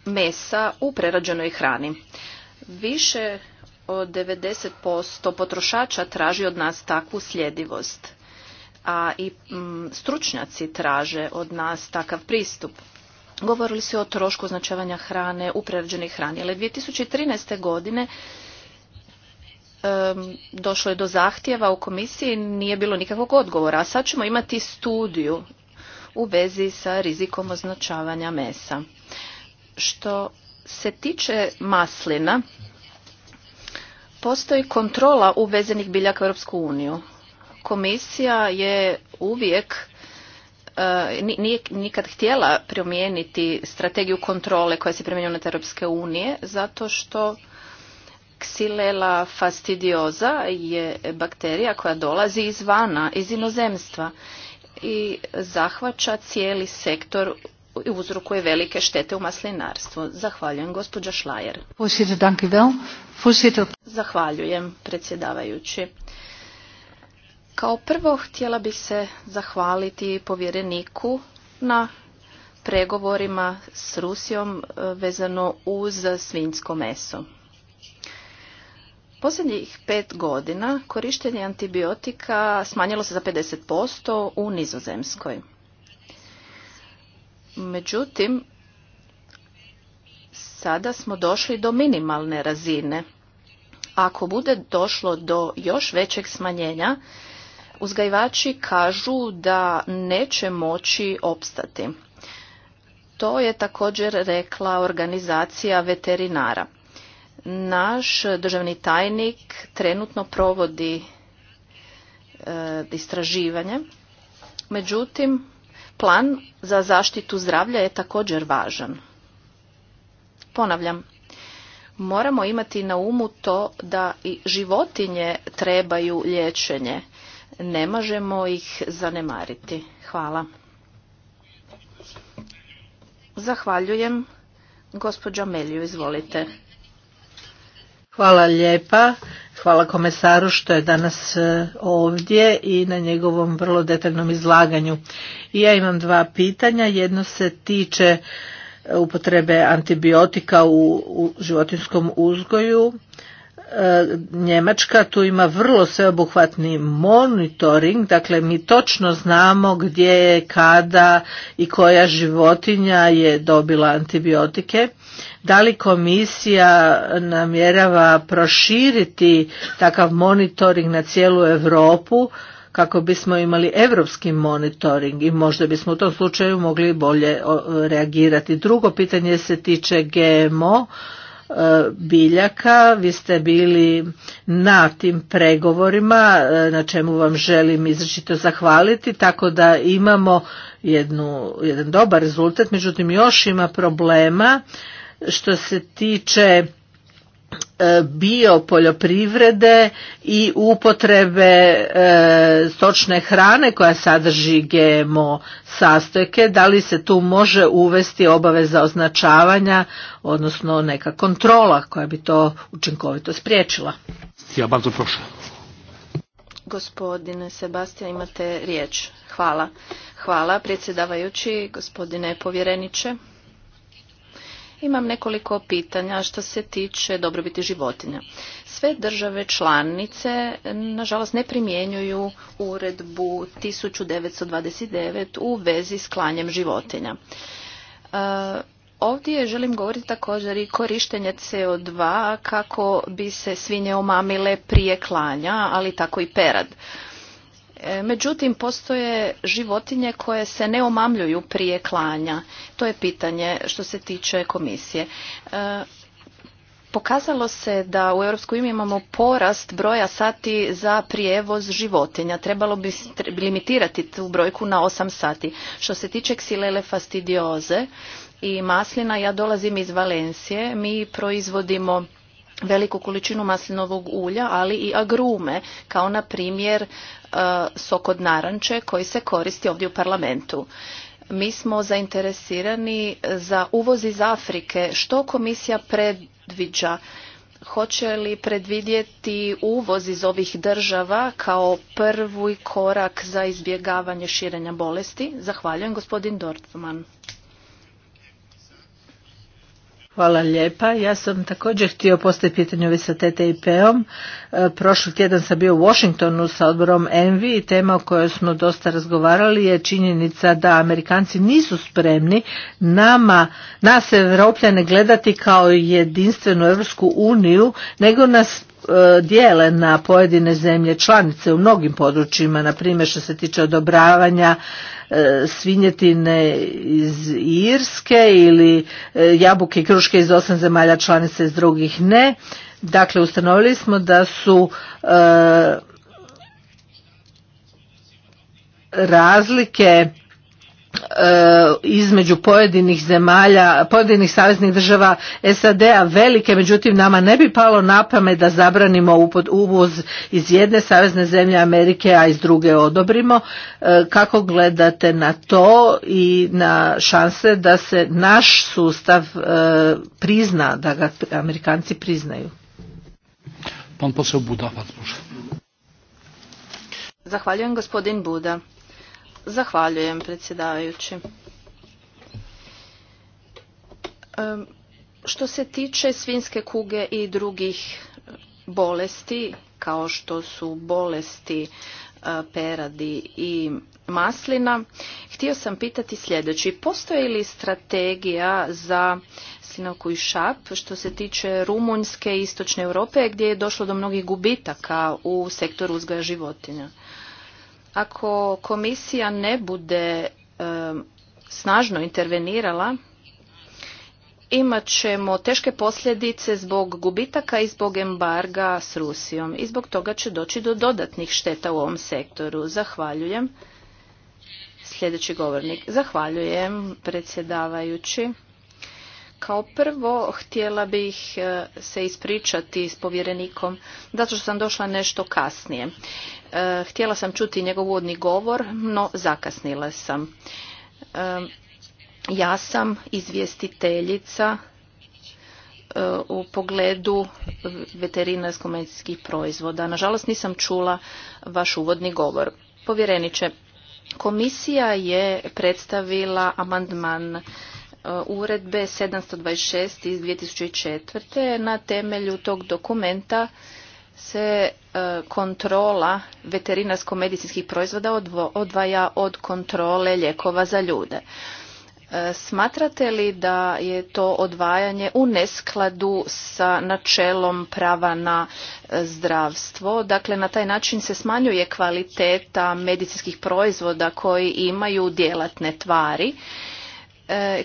mesa u prerađenoj hrani. Više od 90% potrošača traži od nas takvu sljedivost, a i stručnjaci traže od nas takav pristup. Govorili se o trošku označavanja hrane, u prerađenoj hrani, ali 2013. godine došlo je do zahtjeva u komisiji, nije bilo nikakvog odgovora, a sad ćemo imati studiju u vezi sa rizikom označavanja mesa. Što se tiče maslina, postoji kontrola uvezenih biljaka u Europsku uniju. Komisija je uvijek E, nije nikad htjela promijeniti strategiju kontrole koja se primjenjuje na Europske unije zato što Xylella fastidiosa je bakterija koja dolazi izvana, iz inozemstva i zahvaća cijeli sektor i uzrokuje velike štete u maslinarstvu. Zahvaljujem, gospođa Šlajer. Zahvaljujem, predsjedavajući. Kao prvo htjela bih se zahvaliti povjereniku na pregovorima s Rusijom e, vezano uz svinjsko meso. Posljednjih pet godina korištenje antibiotika smanjilo se za 50% u Nizozemskoj. Međutim, sada smo došli do minimalne razine. Ako bude došlo do još većeg smanjenja, uzgajivači kažu da neće moći opstati. To je također rekla organizacija veterinara. Naš državni tajnik trenutno provodi e, istraživanje, međutim plan za zaštitu zdravlja je također važan. Ponavljam, moramo imati na umu to da i životinje trebaju liječenje ne možemo ih zanemariti. Hvala. Zahvaljujem. Gospođa Melju, izvolite. Hvala lijepa. Hvala komesaru što je danas e, ovdje i na njegovom vrlo detaljnom izlaganju. I ja imam dva pitanja. Jedno se tiče e, upotrebe antibiotika u životinskom uzgoju. Njemačka tu ima vrlo sveobuhvatni monitoring, dakle mi točno znamo gdje je, kada i koja životinja je dobila antibiotike. Da li komisija namjerava proširiti takav monitoring na cijelu Europu kako bismo imali evropski monitoring i možda bismo u tom slučaju mogli bolje reagirati. Drugo pitanje se tiče GMO biljaka. Vi ste bili na tim pregovorima, e, na čemu vam želim izračito zahvaliti, tako da imamo jednu, jedan dobar rezultat, međutim još ima problema što se tiče E, bio poljoprivrede i upotrebe e, stočne hrane koja sadrži GMO sastojke, da li se tu može uvesti obaveza označavanja, odnosno neka kontrola koja bi to učinkovito spriječila? Ja Gospodine Sebastija, imate riječ. Hvala. Hvala, predsjedavajući, gospodine povjereniče. Imam nekoliko pitanja što se tiče dobrobiti životinja. Sve države članice, nažalost, ne primjenjuju uredbu 1929 u vezi s klanjem životinja. E, ovdje želim govoriti također i korištenje CO2 kako bi se svinje omamile prije klanja, ali tako i perad. E, međutim, postoje životinje koje se ne omamljuju prije klanja. To je pitanje što se tiče komisije. E, pokazalo se da u EU imamo porast broja sati za prijevoz životinja. Trebalo bi limitirati tu brojku na 8 sati. Što se tiče ksilele fastidioze i maslina, ja dolazim iz Valencije. Mi proizvodimo veliku količinu maslinovog ulja, ali i agrume, kao na primjer E, sok od naranče koji se koristi ovdje u parlamentu. Mi smo zainteresirani za uvoz iz Afrike. Što komisija predviđa? Hoće li predvidjeti uvoz iz ovih država kao prvi korak za izbjegavanje širenja bolesti? Zahvaljujem gospodin Dortman. Hvala lijepa. Ja sam također htio postaviti pitanje sa TTIP-om. E, prošli tjedan sam bio u Washingtonu sa odborom Envy i tema o kojoj smo dosta razgovarali je činjenica da Amerikanci nisu spremni nama, nas Evropljane gledati kao jedinstvenu Europsku uniju, nego nas E, dijele na pojedine zemlje članice u mnogim područjima, na primjer što se tiče odobravanja e, svinjetine iz Irske ili e, jabuke i kruške iz osam zemalja članice iz drugih ne. Dakle, ustanovili smo da su razlike E, između pojedinih zemalja, pojedinih saveznih država SAD-a velike, međutim nama ne bi palo na pamet da zabranimo uvoz iz jedne savezne zemlje Amerike, a iz druge odobrimo. E, kako gledate na to i na šanse da se naš sustav e, prizna, da ga Amerikanci priznaju? Pan Buda, Zahvaljujem gospodin Buda. Zahvaljujem predsjedavajući. Što se tiče svinske kuge i drugih e, bolesti, kao što su bolesti e, peradi i maslina, htio sam pitati sljedeći. Postoji li strategija za slinoku i šap što se tiče Rumunjske i Istočne Europe gdje je došlo do mnogih gubitaka u sektoru uzgoja životinja? Ako komisija ne bude snažno intervenirala, imat ćemo teške posljedice zbog gubitaka i zbog embarga s Rusijom i zbog toga će doći do dodatnih šteta u ovom sektoru. Zahvaljujem. Sljedeći govornik. Zahvaljujem predsjedavajući. Kao prvo htjela bih eh, se ispričati s povjerenikom zato što sam došla nešto kasnije. Eh, htjela sam čuti njegov uvodni govor, no zakasnila sam. ja sam izvjestiteljica eh, u pogledu veterinarsko-medicinskih proizvoda. Nažalost nisam čula vaš uvodni govor. Povjereniče, komisija je predstavila amandman eh, uredbe 726 iz 2004. Na temelju tog dokumenta se e, kontrola veterinarsko-medicinskih proizvoda odvaja od kontrole lijekova za ljude. E, smatrate li da je to odvajanje u neskladu sa načelom prava na e, zdravstvo? Dakle, na taj način se smanjuje kvaliteta medicinskih proizvoda koji imaju djelatne tvari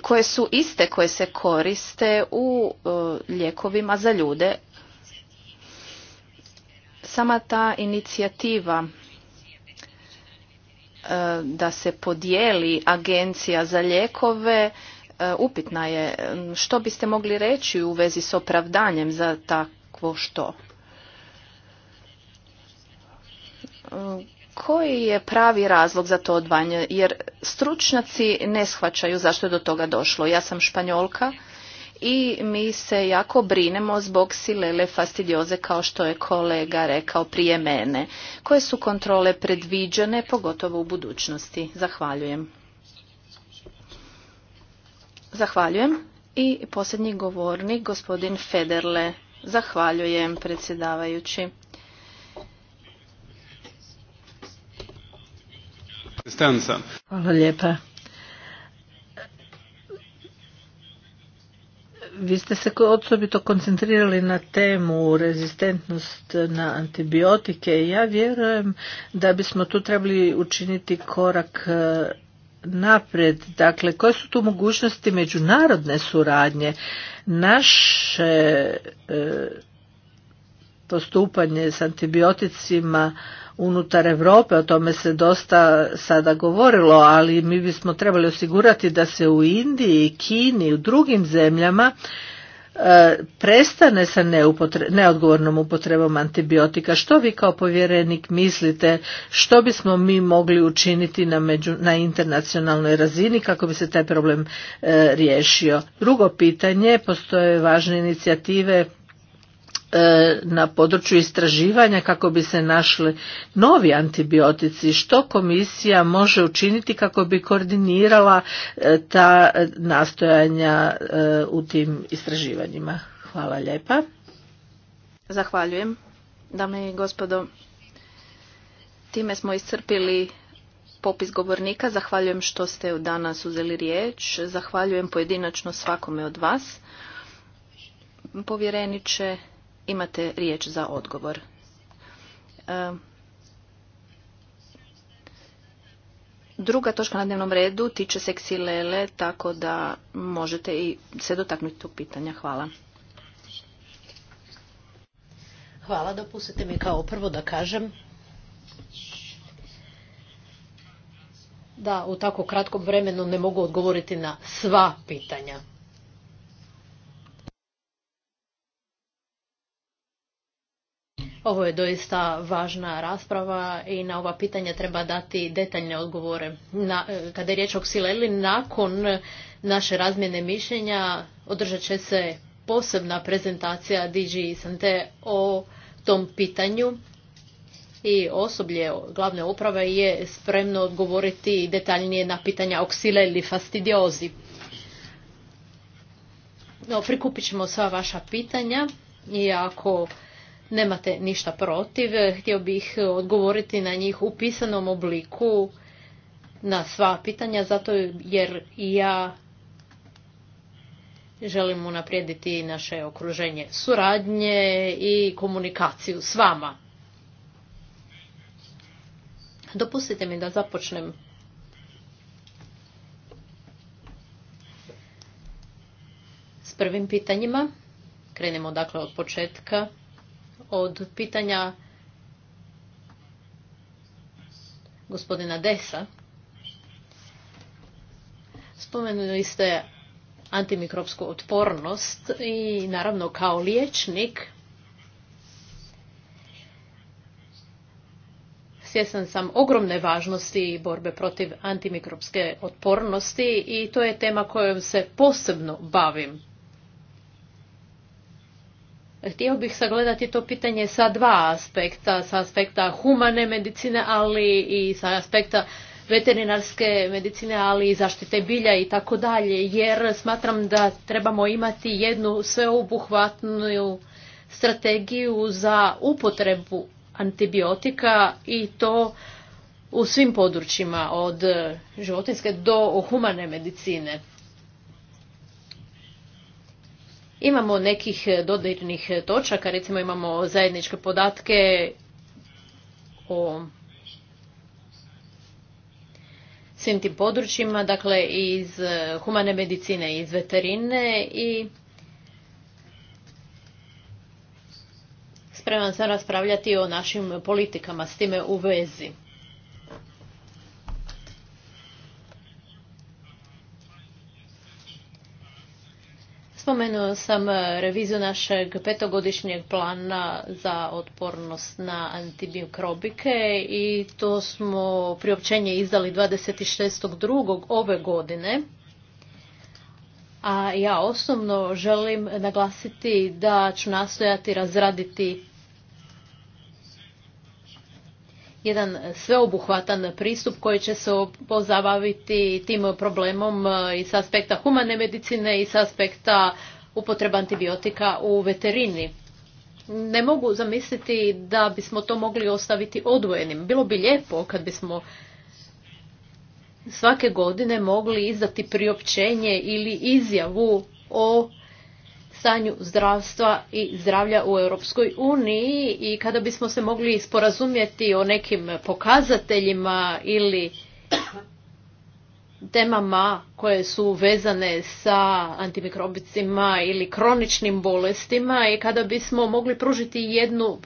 koje su iste koje se koriste u lijekovima za ljude, Sama ta inicijativa e, da se podijeli agencija za ljekove e, upitna je. Što biste mogli reći u vezi s opravdanjem za takvo što? Koji je pravi razlog za to odvanje? Jer stručnjaci ne shvaćaju zašto je do toga došlo. Ja sam španjolka i mi se jako brinemo zbog silele fastidioze kao što je kolega rekao prije mene. Koje su kontrole predviđene, pogotovo u budućnosti? Zahvaljujem. Zahvaljujem. I posljednji govornik, gospodin Federle. Zahvaljujem, predsjedavajući. Hvala lijepa. vi ste se osobito koncentrirali na temu rezistentnost na antibiotike. i Ja vjerujem da bismo tu trebali učiniti korak e, naprijed. Dakle, koje su tu mogućnosti međunarodne suradnje? Naše e, postupanje s antibioticima unutar Europe, o tome se dosta sada govorilo, ali mi bismo trebali osigurati da se u Indiji, Kini i u drugim zemljama e, prestane sa neupotre, neodgovornom upotrebom antibiotika. Što vi kao povjerenik mislite, što bismo mi mogli učiniti na, internacionalnoj razini kako bi se taj problem e, riješio? Drugo pitanje, postoje važne inicijative E, na području istraživanja kako bi se našli novi antibiotici što komisija može učiniti kako bi koordinirala e, ta nastojanja e, u tim istraživanjima hvala lijepa zahvaljujem dame i gospodo time smo iscrpili popis govornika zahvaljujem što ste danas uzeli riječ zahvaljujem pojedinačno svakome od vas povjereniče Imate riječ za odgovor. E, druga točka na dnevnom redu tiče se ksilele, tako da možete i se dotaknuti tog pitanja. Hvala. Hvala, dopustite mi kao prvo da kažem da u tako kratkom vremenu ne mogu odgovoriti na sva pitanja. Ovo je doista važna rasprava i na ova pitanja treba dati detaljne odgovore. Na, e, kada je riječ o ksileli, nakon naše razmjene mišljenja održat će se posebna prezentacija DG Sante o tom pitanju i osoblje glavne uprave je spremno odgovoriti detaljnije na pitanja o ili fastidiozi. No, prikupit ćemo sva vaša pitanja i ako nemate ništa protiv, htio bih odgovoriti na njih u pisanom obliku na sva pitanja, zato jer ja želim unaprijediti naše okruženje suradnje i komunikaciju s vama. Dopustite mi da započnem s prvim pitanjima. Krenemo dakle od početka od pitanja gospodina Desa. Spomenuli ste antimikropsku otpornost i naravno kao liječnik svjestan sam ogromne važnosti borbe protiv antimikropske otpornosti i to je tema kojom se posebno bavim. Htio bih sagledati to pitanje sa dva aspekta, sa aspekta humane medicine, ali i sa aspekta veterinarske medicine, ali i zaštite bilja i tako dalje, jer smatram da trebamo imati jednu sveobuhvatnu strategiju za upotrebu antibiotika i to u svim područjima od životinske do humane medicine. Imamo nekih eh, dodirnih eh, točaka, recimo imamo zajedničke podatke o svim tim područjima, dakle iz eh, humane medicine, iz veterine i spreman sam raspravljati o našim politikama s time u vezi. Spomenuo sam e, reviziju našeg petogodišnjeg plana za otpornost na antimikrobike i to smo priopćenje izdali 26.2. ove godine. A ja osobno želim naglasiti da ću nastojati razraditi jedan sveobuhvatan pristup koji će se pozabaviti tim problemom e, i s aspekta humane medicine i s aspekta upotreba antibiotika u veterini. Ne mogu zamisliti da bismo to mogli ostaviti odvojenim. Bilo bi lijepo kad bismo svake godine mogli izdati priopćenje ili izjavu o stanju zdravstva i zdravlja u Europskoj uniji i kada bismo se mogli sporazumjeti o nekim pokazateljima ili temama koje su vezane sa antimikrobicima ili kroničnim bolestima i kada bismo mogli pružiti jednu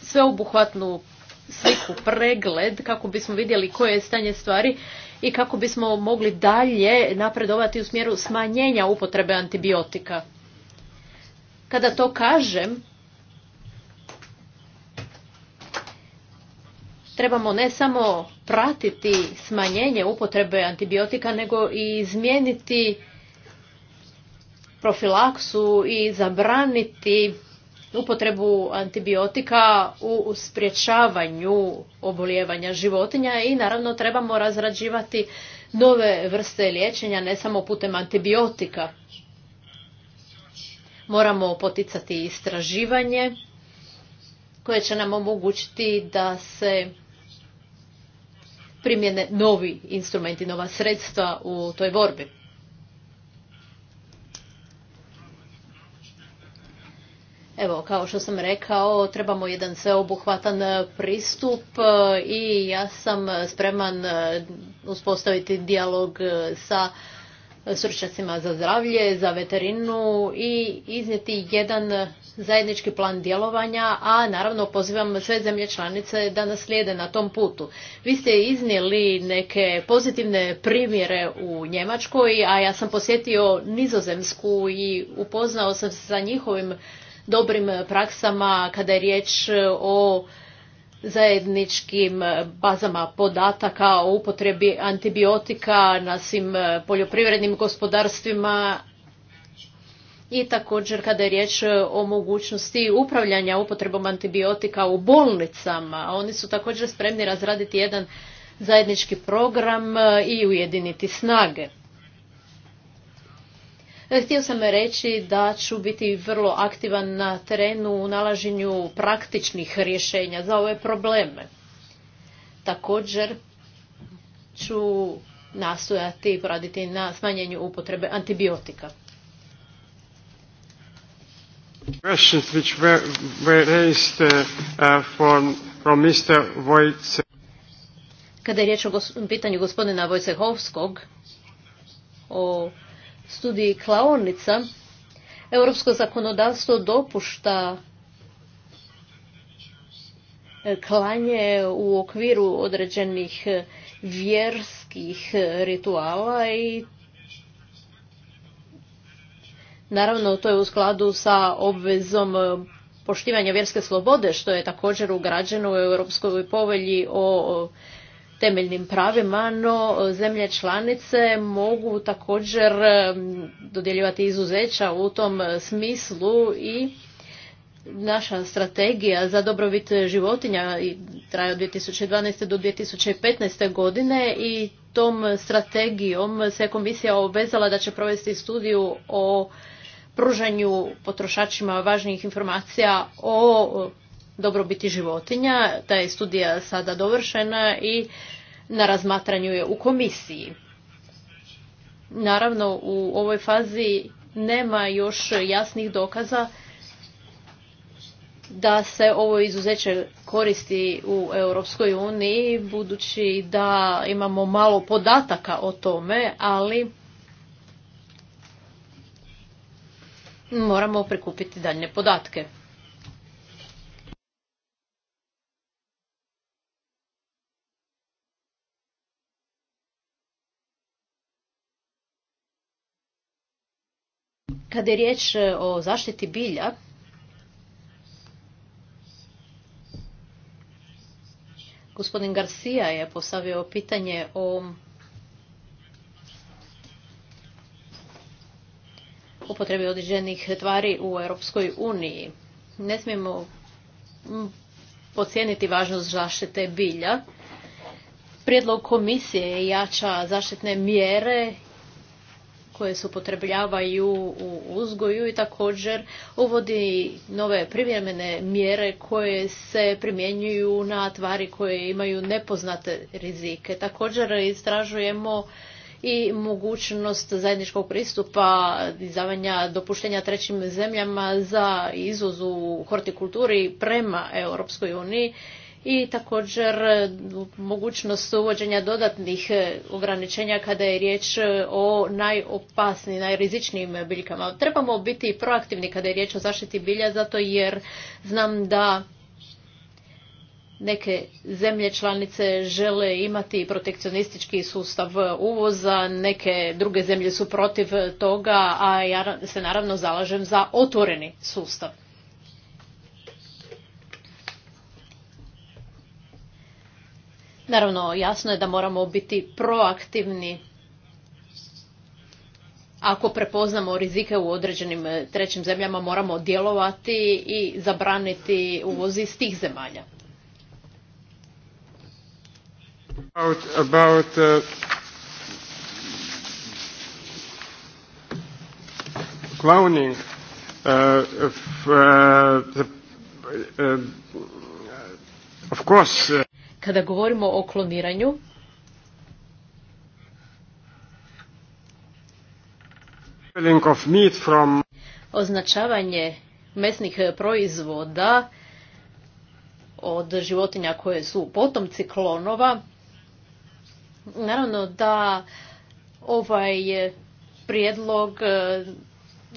sveobuhvatnu sliku, pregled kako bismo vidjeli koje je stanje stvari i kako bismo mogli dalje napredovati u smjeru smanjenja upotrebe antibiotika. Kada to kažem, trebamo ne samo pratiti smanjenje upotrebe antibiotika, nego i izmijeniti profilaksu i zabraniti upotrebu antibiotika u sprječavanju oboljevanja životinja i naravno trebamo razrađivati nove vrste liječenja, ne samo putem antibiotika. Moramo poticati istraživanje koje će nam omogućiti da se primjene novi instrumenti, nova sredstva u toj borbi. Evo, kao što sam rekao, trebamo jedan sveobuhvatan pristup e, i ja sam spreman e, uspostaviti dijalog e, sa stručnjacima za zdravlje, za veterinu i iznijeti jedan zajednički plan djelovanja, a naravno pozivam sve zemlje članice da nas slijede na tom putu. Vi ste iznijeli neke pozitivne primjere u Njemačkoj, a ja sam posjetio Nizozemsku i upoznao sam se sa njihovim dobrim praksama kada je riječ o zajedničkim bazama podataka o upotrebi antibiotika na svim e, poljoprivrednim gospodarstvima i također kada je riječ e, o mogućnosti upravljanja upotrebom antibiotika u bolnicama. Oni su također spremni razraditi jedan zajednički program e, i ujediniti snage. Htio sam reći da ću biti vrlo aktivan na terenu u nalaženju praktičnih rješenja za ove probleme. Također ću nastojati i poraditi na smanjenju upotrebe antibiotika. Uh, uh, Kada je riječ o pitanju gospodina Vojcehovskog o studiji klaonica, europsko zakonodavstvo dopušta e, klanje u okviru određenih e, vjerskih e, rituala i naravno to je u skladu sa obvezom poštivanja vjerske slobode što je također ugrađeno u Europskoj povelji o temeljnim pravima, no e, zemlje članice mogu također e, dodjeljivati izuzeća u tom e, smislu i naša strategija za dobrobit životinja traje od 2012. do 2015. godine i tom strategijom se komisija obvezala da će provesti studiju o pružanju potrošačima važnijih informacija o dobrobiti životinja. Ta je studija sada dovršena i na razmatranju je u komisiji. Naravno, u ovoj fazi nema još jasnih dokaza da se ovo izuzeće koristi u Europskoj uniji, budući da imamo malo podataka o tome, ali moramo prikupiti daljne podatke. Kada je riječ e, o zaštiti bilja, gospodin Garcia je postavio pitanje o upotrebi određenih tvari u Europskoj uniji. Ne smijemo pocijeniti važnost zaštite bilja. Prijedlog komisije jača zaštitne mjere koje se upotrebljavaju u uzgoju i također uvodi nove privremene mjere koje se primjenjuju na tvari koje imaju nepoznate rizike. Također istražujemo i mogućnost zajedničkog pristupa izdavanja dopuštenja trećim zemljama za izvoz u hortikulturi prema Europskoj uniji i također mogućnost uvođenja dodatnih e, ograničenja kada je riječ e, o najopasnijim, najrizičnijim biljkama. Trebamo biti proaktivni kada je riječ o zaštiti bilja zato jer znam da neke zemlje članice žele imati protekcionistički sustav uvoza, neke druge zemlje su protiv toga, a ja se naravno zalažem za otvoreni sustav. Naravno, jasno je da moramo biti proaktivni ako prepoznamo rizike u određenim eh, trećim zemljama moramo djelovati i zabraniti uvoz iz tih zemalja. About, eh, cloning, eh, of course, kada govorimo o kloniranju, označavanje mesnih proizvoda od životinja koje su potomci klonova. Naravno da ovaj prijedlog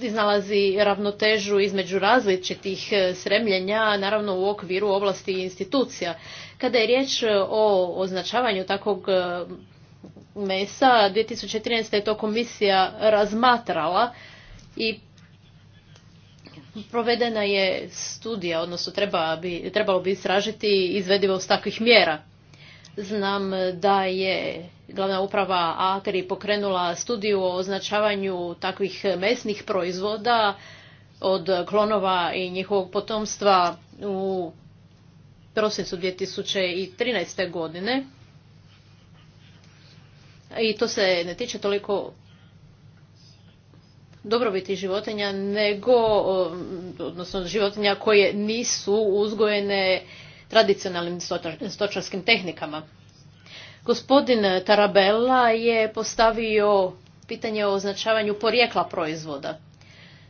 iznalazi ravnotežu između različitih e, sremljenja, naravno u okviru oblasti i institucija. Kada je riječ e, o označavanju takvog e, mesa, 2013. je to komisija razmatrala i provedena je studija, odnosno trebalo bi istražiti izvedivost takvih mjera. Znam da je glavna uprava AKRI pokrenula studiju o označavanju takvih mesnih proizvoda od klonova i njihovog potomstva u prosincu 2013. godine. I to se ne tiče toliko dobrobiti životinja, nego, odnosno životinja koje nisu uzgojene tradicionalnim stočarskim tehnikama. Gospodin Tarabella je postavio pitanje o označavanju porijekla proizvoda.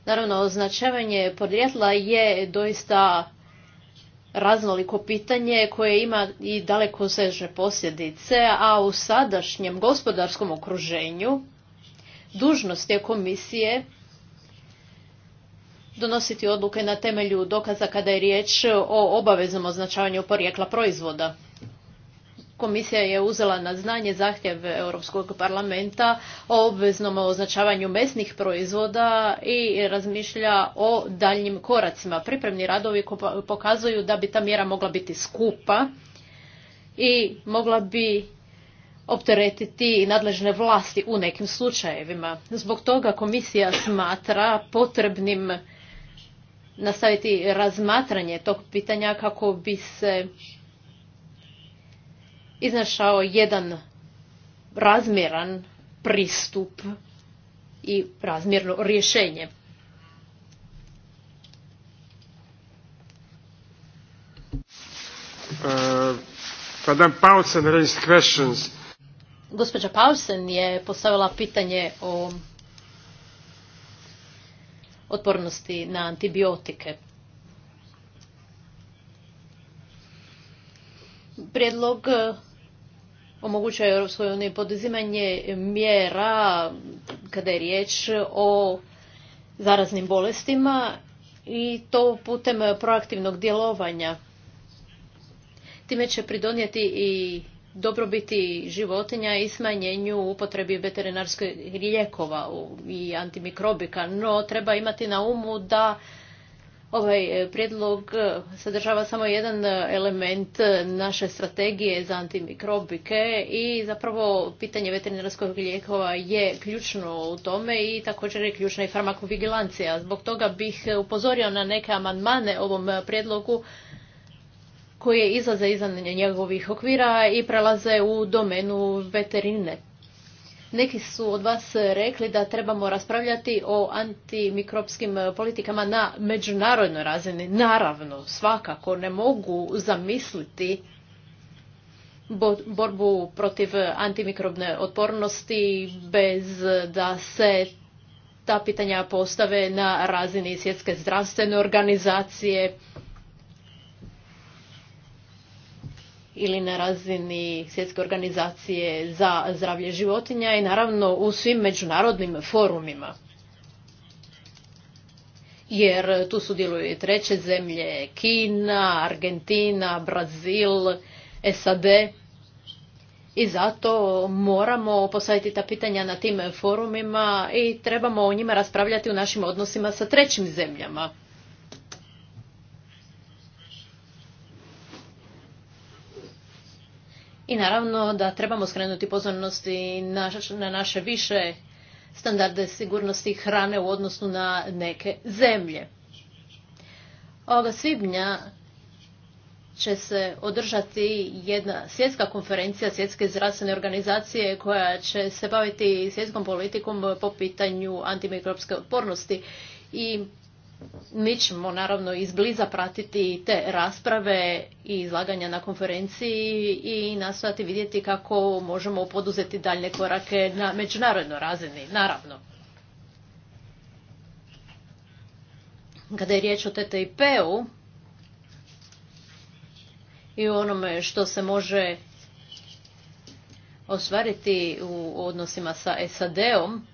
Naravno, označavanje porijekla je doista raznoliko pitanje koje ima i daleko sežne posljedice, a u sadašnjem gospodarskom okruženju dužnost je komisije donositi odluke na temelju dokaza kada je riječ o obaveznom označavanju porijekla proizvoda. Komisija je uzela na znanje zahtjev Europskog parlamenta o obveznom označavanju mesnih proizvoda i razmišlja o daljnjim koracima. Pripremni radovi pokazuju da bi ta mjera mogla biti skupa i mogla bi opteretiti nadležne vlasti u nekim slučajevima. Zbog toga komisija smatra potrebnim nastaviti razmatranje tog pitanja kako bi se iznašao jedan razmjeran pristup i razmjerno rješenje. Uh, Pausen Gospođa Paulsen je postavila pitanje o otpornosti na antibiotike. Prijedlog eh, omogućuje Europskoj uniji poduzimanje mjera kada je riječ o zaraznim bolestima i to putem proaktivnog djelovanja. Time će pridonijeti i dobrobiti životinja i smanjenju upotrebi veterinarskih lijekova i antimikrobika. No, treba imati na umu da ovaj eh, prijedlog eh, sadržava samo jedan eh, element naše strategije za antimikrobike i zapravo pitanje veterinarskog lijekova je ključno u tome i također je ključna i farmakovigilancija. Zbog toga bih upozorio na neke amandmane ovom prijedlogu koje izlaze izvan njegovih okvira i prelaze u domenu veterine. Neki su od vas rekli da trebamo raspravljati o antimikropskim politikama na međunarodnoj razini. Naravno, svakako ne mogu zamisliti borbu protiv antimikrobne otpornosti bez da se ta pitanja postave na razini svjetske zdravstvene organizacije, ili na razini svjetske organizacije za zdravlje životinja i naravno u svim međunarodnim forumima. Jer tu sudjeluju i treće zemlje, Kina, Argentina, Brazil, SAD. I zato moramo postaviti ta pitanja na tim forumima i trebamo o njima raspravljati u našim odnosima sa trećim zemljama. I naravno da trebamo skrenuti pozornosti na, na naše više standarde sigurnosti hrane u odnosu na neke zemlje. Ovoga svibnja će se održati jedna svjetska konferencija svjetske zdravstvene organizacije koja će se baviti svjetskom politikom po pitanju antimikropske otpornosti i mi ćemo naravno izbliza pratiti te rasprave i izlaganja na konferenciji i nastojati vidjeti kako možemo poduzeti daljne korake na međunarodnoj razini, naravno. Kada je riječ o TTIP-u i onome što se može ostvariti u odnosima sa SAD-om,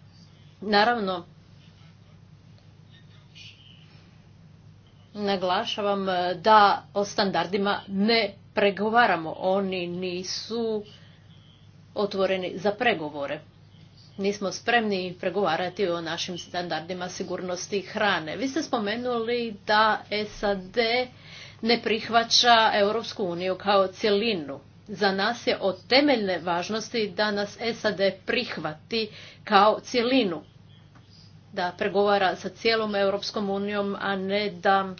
naravno naglašavam e, da o standardima ne pregovaramo. Oni nisu otvoreni za pregovore. Nismo spremni pregovarati o našim standardima sigurnosti hrane. Vi ste spomenuli da SAD ne prihvaća Europsku uniju kao cjelinu. Za nas je od temeljne važnosti da nas SAD prihvati kao cjelinu. Da pregovara sa cijelom Europskom unijom, a ne da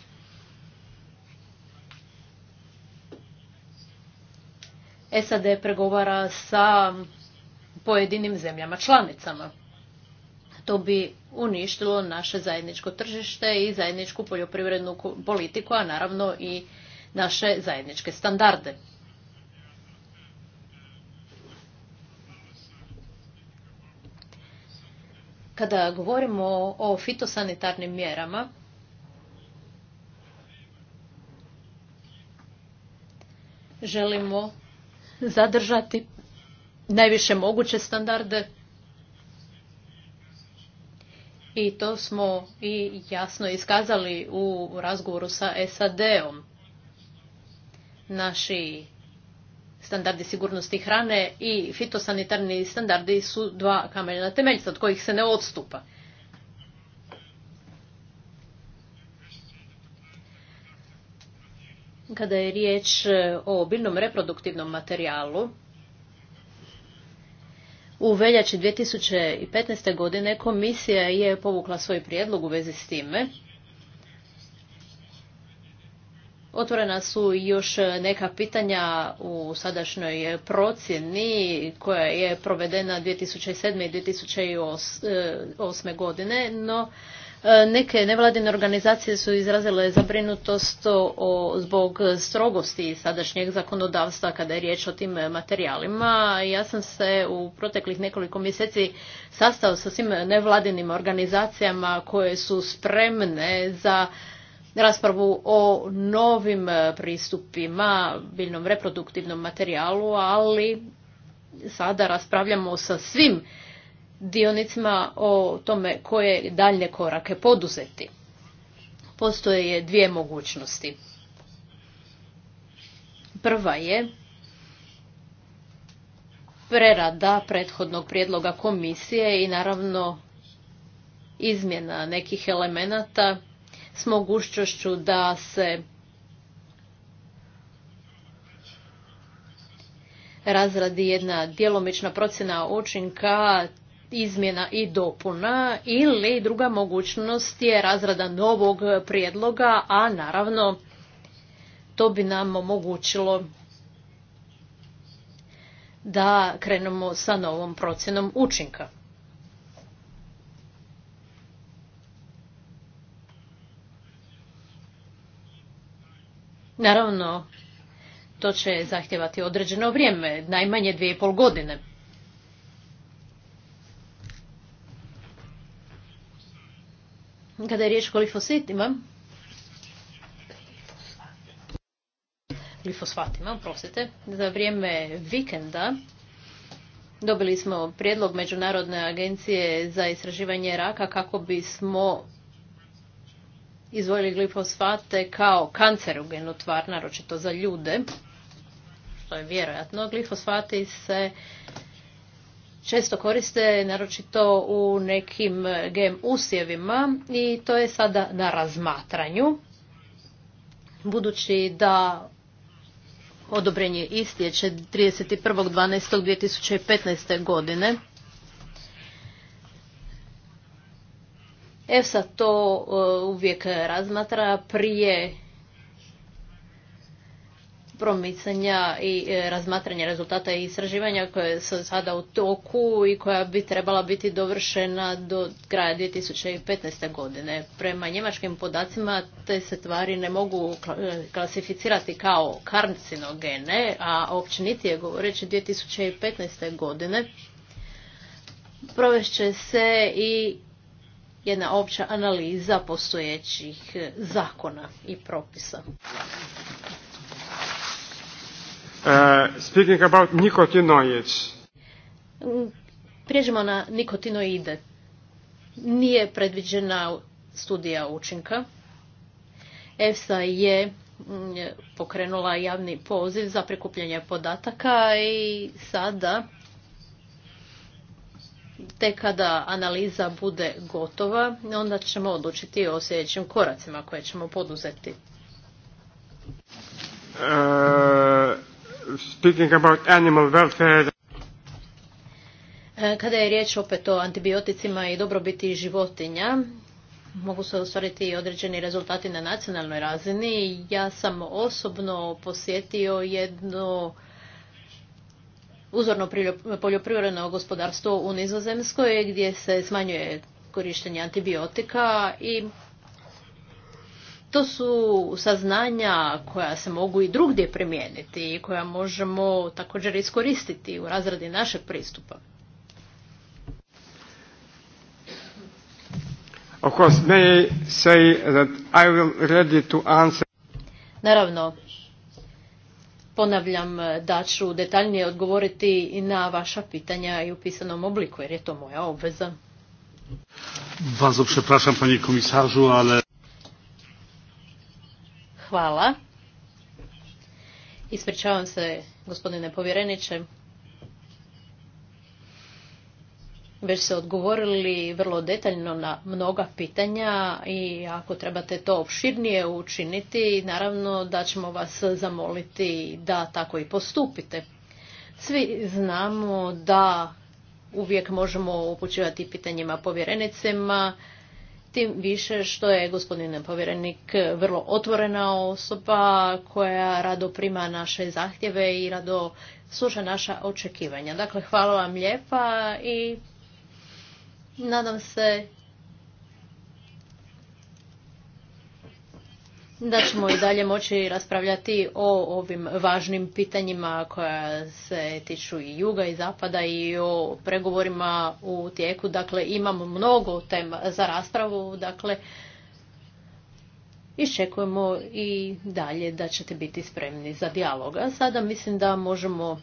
SAD pregovara sa pojedinim zemljama članicama. To bi uništilo naše zajedničko tržište i zajedničku poljoprivrednu politiku, a naravno i naše zajedničke standarde. Kada govorimo o fitosanitarnim mjerama, želimo zadržati najviše moguće standarde i to smo i jasno iskazali u razgovoru sa SAD-om. Naši standardi sigurnosti hrane i fitosanitarni standardi su dva kamena temeljca od kojih se ne odstupa. Kada je riječ e, o biljnom reproduktivnom materijalu, u veljači 2015. godine komisija je povukla svoj prijedlog u vezi s time. Otvorena su još neka pitanja u sadašnjoj procjeni koja je provedena 2007. i 2008. E, godine, no E, neke nevladine organizacije su izrazile zabrinutost zbog strogosti sadašnjeg zakonodavstva kada je riječ o tim materijalima. Ja sam se u proteklih nekoliko mjeseci sastao sa svim nevladinim organizacijama koje su spremne za raspravu o novim pristupima biljnom reproduktivnom materijalu, ali sada raspravljamo sa svim dionicima o tome koje daljnje korake poduzeti. Postoje je dvije mogućnosti. Prva je prerada prethodnog prijedloga komisije i naravno izmjena nekih elemenata s mogućnošću da se razradi jedna djelomična procjena učinka izmjena i dopuna ili druga mogućnost je razrada novog prijedloga, a naravno to bi nam omogućilo da krenemo sa novom procjenom učinka. Naravno, to će zahtjevati određeno vrijeme, najmanje dvije i pol godine. Kada je riječ o glifositima, glifosfatima, oprostite, za vrijeme vikenda dobili smo prijedlog Međunarodne agencije za istraživanje raka kako bismo izvojili glifosfate kao kancerogenu tvar, naročito za ljude, što je vjerojatno. Glifosfati se često koriste, naročito u nekim GEM usjevima i to je sada na razmatranju. Budući da odobrenje istječe 31.12.2015. godine, EFSA to e, uvijek razmatra prije promicanja i e, razmatranja rezultata i istraživanja koje su sada u toku i koja bi trebala biti dovršena do kraja 2015. godine. Prema njemačkim podacima te se tvari ne mogu e, klasificirati kao karcinogene, a općenitije govoreći 2015. godine provešće se i jedna opća analiza postojećih e, zakona i propisa. Uh, speaking about nicotinoids. Mm, prijeđemo na nikotinoide. Nije predviđena studija učinka. EFSA je mm, pokrenula javni poziv za prikupljanje podataka i sada te kada analiza bude gotova, onda ćemo odlučiti o sljedećim koracima koje ćemo poduzeti. Uh, speaking about animal welfare. E, kada je riječ opet o antibioticima i dobrobiti životinja, mogu se ostvariti određeni rezultati na nacionalnoj razini. Ja sam osobno posjetio jedno uzorno poljoprivredno gospodarstvo u Nizozemskoj gdje se smanjuje korištenje antibiotika i to su saznanja koja se mogu i drugdje primijeniti i koja možemo također iskoristiti u razradi našeg pristupa. that I will ready to answer. Naravno, ponavljam da ću detaljnije odgovoriti i na vaša pitanja i u pisanom obliku, jer je to moja obveza. przepraszam, Hvala. Ispričavam se, gospodine povjereniče. Već ste odgovorili vrlo detaljno na mnoga pitanja i ako trebate to opširnije učiniti, naravno da ćemo vas zamoliti da tako i postupite. Svi znamo da uvijek možemo upućivati pitanjima povjerenicima, Tim više što je gospodin povjerenik vrlo otvorena osoba koja rado prima naše zahtjeve i rado sluša naša očekivanja. Dakle, hvala vam lijepa i nadam se da ćemo i dalje moći raspravljati o ovim važnim pitanjima koja se tiču i juga i zapada i o pregovorima u tijeku. Dakle, imamo mnogo tema za raspravu, dakle, iščekujemo i dalje da ćete biti spremni za dijaloga. sada mislim da možemo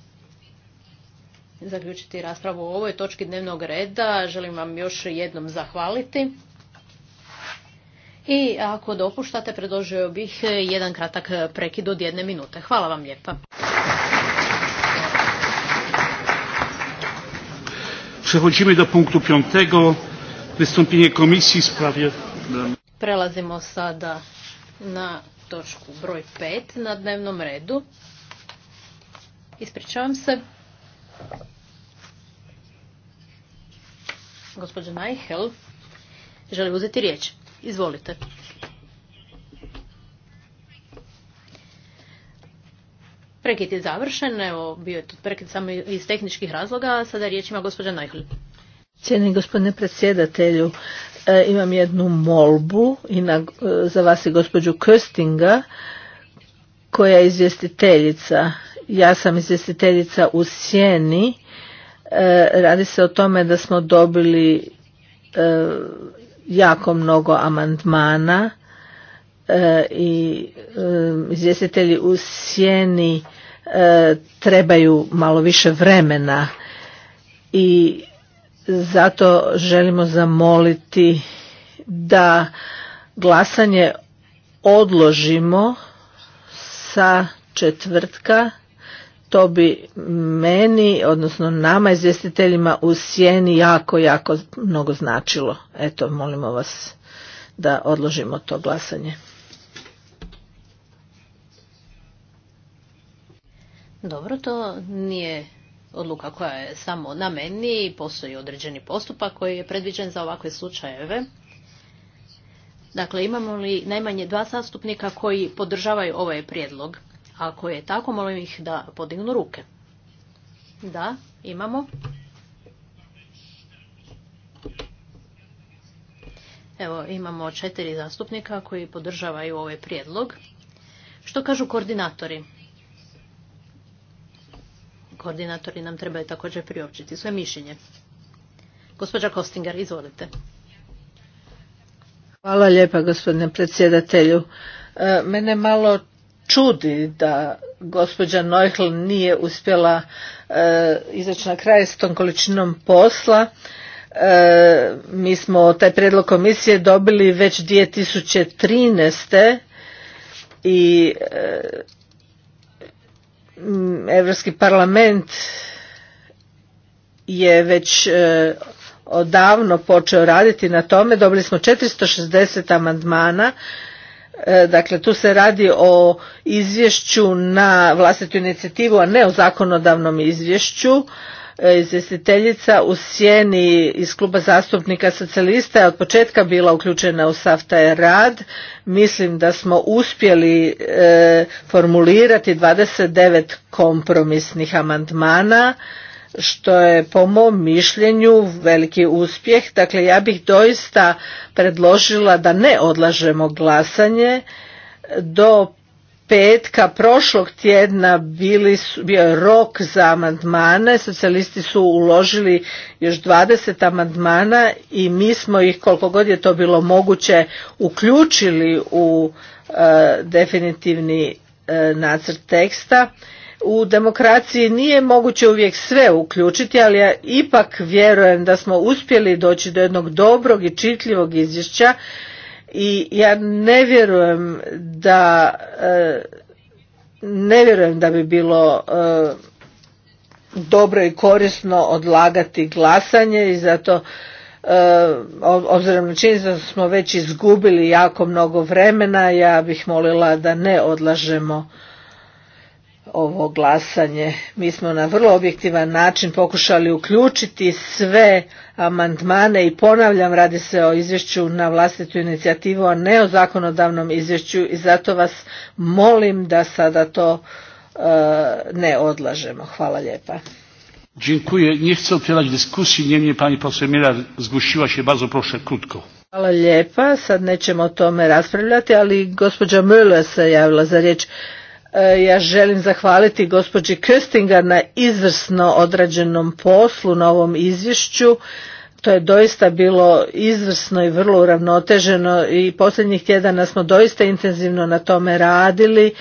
zaključiti raspravu o ovoj točki dnevnog reda. Želim vam još jednom zahvaliti. I ako dopuštate, predložio bih e, jedan kratak e, prekid od jedne minute. Hvala vam lijepa. Prelazimo sada na točku broj 5 na dnevnom redu. Ispričavam se. Gospođa Najhel želi uzeti riječ. Izvolite. Prekid je završen, evo bio je tu prekid samo iz tehničkih razloga, a sada ima gospođa Najhl. Cijenjeni gospodine predsjedatelju, e, imam jednu molbu i e, za vas i gospođu Köstinga koja je izvjestiteljica. Ja sam izvjestiteljica u Sjeni. E, radi se o tome da smo dobili jako mnogo amandmana e, i e, izvjestitelji u sjeni e, trebaju malo više vremena i zato želimo zamoliti da glasanje odložimo sa četvrtka to bi meni, odnosno nama izvjestiteljima u sjeni jako, jako mnogo značilo. Eto, molimo vas da odložimo to glasanje. Dobro, to nije odluka koja je samo na meni i postoji određeni postupak koji je predviđen za ovakve slučajeve. Dakle, imamo li najmanje dva sastupnika koji podržavaju ovaj prijedlog? Ako je tako, molim ih da podignu ruke. Da, imamo. Evo, imamo četiri zastupnika koji podržavaju ovaj prijedlog. Što kažu koordinatori? Koordinatori nam trebaju također priopćiti svoje mišljenje. Gospođa Kostinger, izvolite. Hvala lijepa, gospodine predsjedatelju. E, mene malo čudi da gospođa Neuhl nije uspjela e, izaći na kraj s tom količinom posla. E, mi smo taj predlog komisije dobili već 2013. i e, Evropski Europski parlament je već odavno počeo raditi na tome. Dobili smo 460 amandmana E, dakle, tu se radi o izvješću na vlastitu inicijativu, a ne o zakonodavnom izvješću. E, izvjestiteljica u sjeni iz kluba zastupnika socijalista je od početka bila uključena u sav taj rad. Mislim da smo uspjeli e, formulirati formulirati 29 kompromisnih amandmana što je po mom mišljenju veliki uspjeh. Dakle, ja bih doista predložila da ne odlažemo glasanje. Do petka prošlog tjedna bili su, bio je rok za amandmane. Socijalisti su uložili još 20 amandmana i mi smo ih koliko god je to bilo moguće uključili u e, definitivni e, nacrt teksta u demokraciji nije moguće uvijek sve uključiti, ali ja ipak vjerujem da smo uspjeli doći do jednog dobrog i čitljivog izvješća i ja ne vjerujem da e, ne vjerujem da bi bilo e, dobro i korisno odlagati glasanje i zato e, obzirom na da smo već izgubili jako mnogo vremena ja bih molila da ne odlažemo ovo glasanje. Mi smo na vrlo objektivan način pokušali uključiti sve amandmane i ponavljam radi se o izvješću na vlastitu inicijativu, a ne o zakonodavnom izvješću i zato vas molim da sada to e, ne odlažemo. Hvala lijepa. Dziękuję. Nie chcę otwierać dyskusji, niemniej pani poseł zgłosiła się. Bardzo proszę, krótko. Hvala lijepa. Sad nećemo o tome raspravljati, ali gospođa Müller se javila za riječ. E, ja želim zahvaliti gospođi Köstinga na izvrsno odrađenom poslu na ovom izvješću. To je doista bilo izvrsno i vrlo uravnoteženo i posljednjih tjedana smo doista intenzivno na tome radili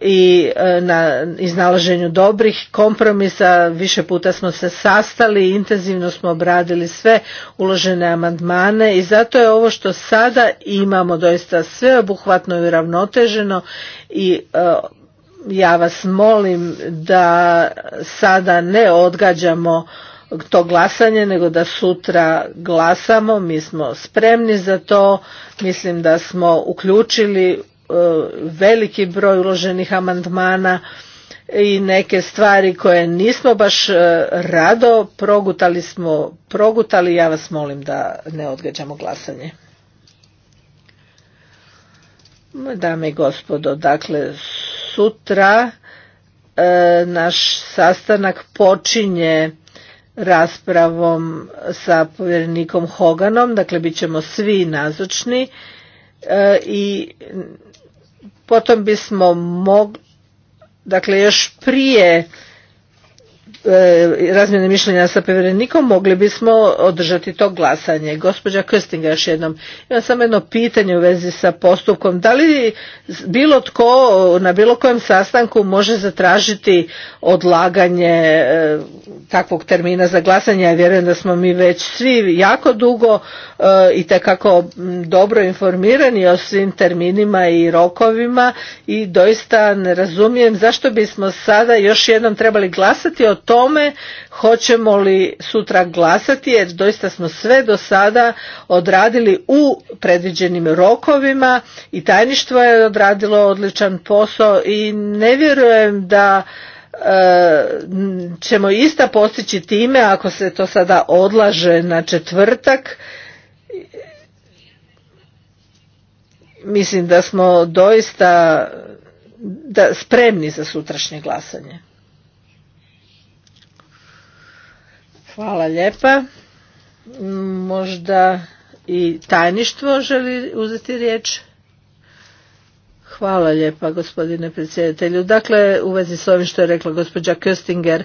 i e, na iznalaženju dobrih kompromisa. Više puta smo se sastali, intenzivno smo obradili sve uložene amandmane i zato je ovo što sada imamo doista sveobuhvatno i uravnoteženo i e, ja vas molim da sada ne odgađamo to glasanje nego da sutra glasamo mi smo spremni za to mislim da smo uključili e, veliki broj uloženih amandmana i neke stvari koje nismo baš e, rado progutali smo progutali ja vas molim da ne odgađamo glasanje dame i gospodo dakle sutra e, naš sastanak počinje raspravom sa povjerenikom Hoganom, dakle bit ćemo svi nazočni e, i potom bismo mogli, dakle još prije E, razmjene mišljenja sa povjerenikom mogli bismo održati to glasanje. Gospođa Krstinga još jednom, imam samo jedno pitanje u vezi sa postupkom. Da li bilo tko na bilo kojem sastanku može zatražiti odlaganje e, takvog termina za glasanje? Ja vjerujem da smo mi već svi jako dugo e, i tekako dobro informirani o svim terminima i rokovima i doista ne razumijem zašto bismo sada još jednom trebali glasati o tome hoćemo li sutra glasati jer doista smo sve do sada odradili u predviđenim rokovima i tajništvo je odradilo odličan posao i ne vjerujem da e, ćemo ista postići time ako se to sada odlaže na četvrtak mislim da smo doista da spremni za sutrašnje glasanje Hvala lijepa. Možda i tajništvo želi uzeti riječ? Hvala lijepa gospodine predsjedatelju. Dakle, u vezi s ovim što je rekla gospođa Köstinger, e,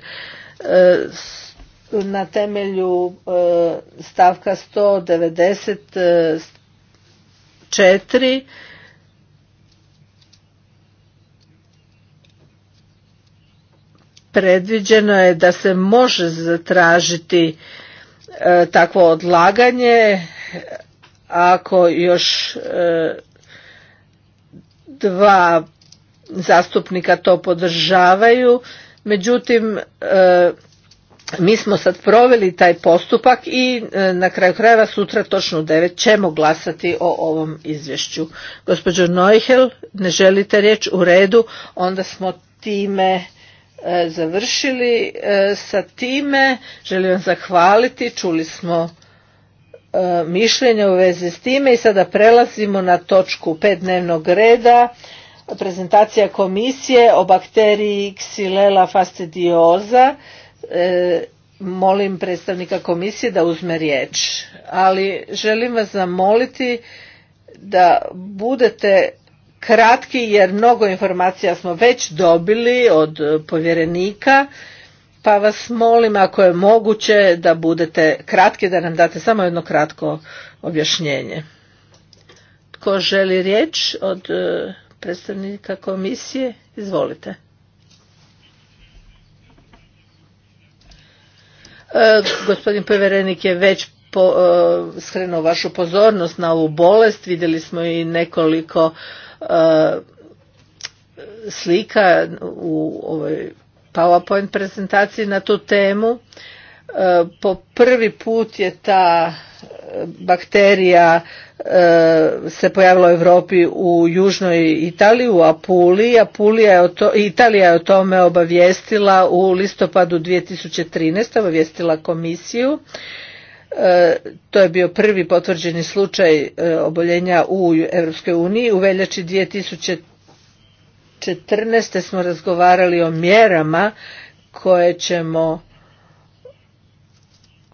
na temelju e, stavka 194 predviđeno je da se može zatražiti e, takvo odlaganje ako još e, dva zastupnika to podržavaju međutim e, mi smo sad proveli taj postupak i na kraju krajeva sutra točno u 9 ćemo glasati o ovom izvješću. Gospođo Neuhel, ne želite riječ u redu, onda smo time E, završili e, sa time. Želim vam zahvaliti, čuli smo e, mišljenja u vezi s time i sada prelazimo na točku pet dnevnog reda. Prezentacija komisije o bakteriji Xylella fastidiosa. molim predstavnika komisije da uzme riječ, ali želim vas zamoliti da budete kratki jer mnogo informacija smo već dobili od e, povjerenika pa vas molim ako je moguće da budete kratki da nam date samo jedno kratko objašnjenje. Tko želi riječ od e, predstavnika komisije? Izvolite. E, gospodin povjerenik je već po, skrenuo vašu pozornost na ovu bolest. Vidjeli smo i nekoliko E, slika u ovoj PowerPoint prezentaciji na tu temu. E, po prvi put je ta e, bakterija se pojavila u Europi u južnoj Italiji, u Apuliji. Apulija je to, Italija je o tome obavijestila u listopadu 2013. obavijestila komisiju E, to je bio prvi potvrđeni slučaj e, oboljenja u Europskoj uniji. U veljači 2014. smo razgovarali o mjerama koje ćemo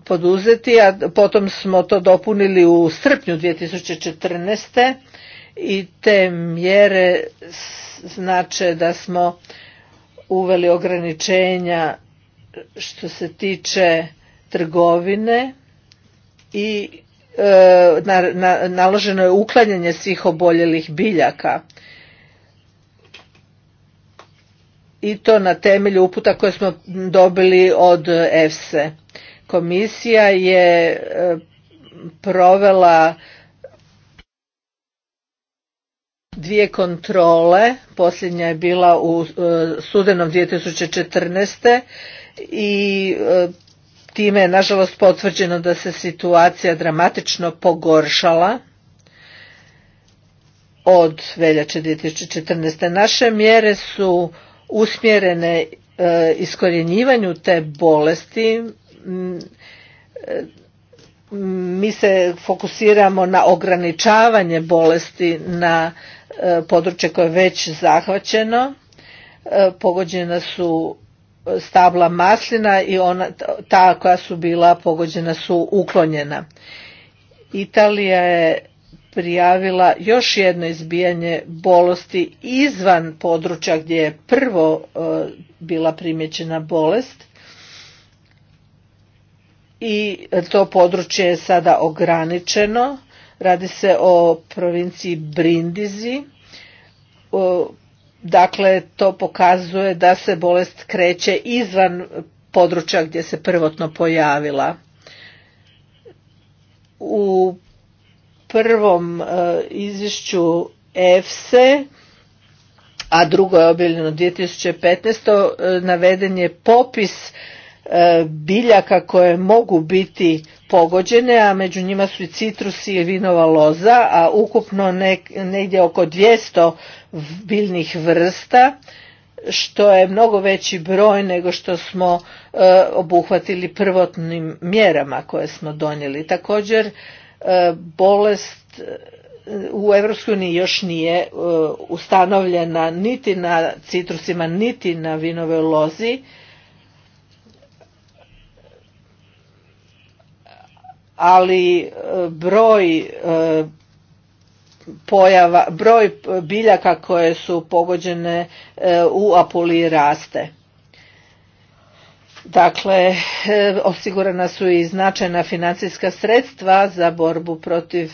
poduzeti, a potom smo to dopunili u srpnju 2014. i te mjere znače da smo uveli ograničenja što se tiče trgovine i e, na, naloženo je uklanjanje svih oboljelih biljaka i to na temelju uputa koje smo dobili od EFSE. Komisija je e, provela dvije kontrole, posljednja je bila u e, sudenom 2014. i Time je nažalost potvrđeno da se situacija dramatično pogoršala od veljače 2014. Naše mjere su usmjerene e, iskorjenjivanju te bolesti. E, mi se fokusiramo na ograničavanje bolesti na e, područje koje je već zahvaćeno. Pogođena su stabla maslina i ona, ta koja su bila pogođena su uklonjena. Italija je prijavila još jedno izbijanje bolosti izvan područja gdje je prvo e, bila primjećena bolest i to područje je sada ograničeno. Radi se o provinciji Brindizi Dakle, to pokazuje da se bolest kreće izvan područja gdje se prvotno pojavila. U prvom e, izvješću EFSE, e, a drugo je objavljeno 2015. E, naveden je popis biljaka koje mogu biti pogođene, a među njima su i citrusi i vinova loza, a ukupno negdje oko 200 biljnih vrsta što je mnogo veći broj nego što smo e, obuhvatili prvotnim mjerama koje smo donijeli. Također e, bolest e, u EU još nije ustanovljena niti na citrusima, niti na vinove lozi. ali broj pojava, broj biljaka koje su pogođene e, u Apuliji raste. Dakle, e, osigurana su i značajna financijska sredstva za borbu protiv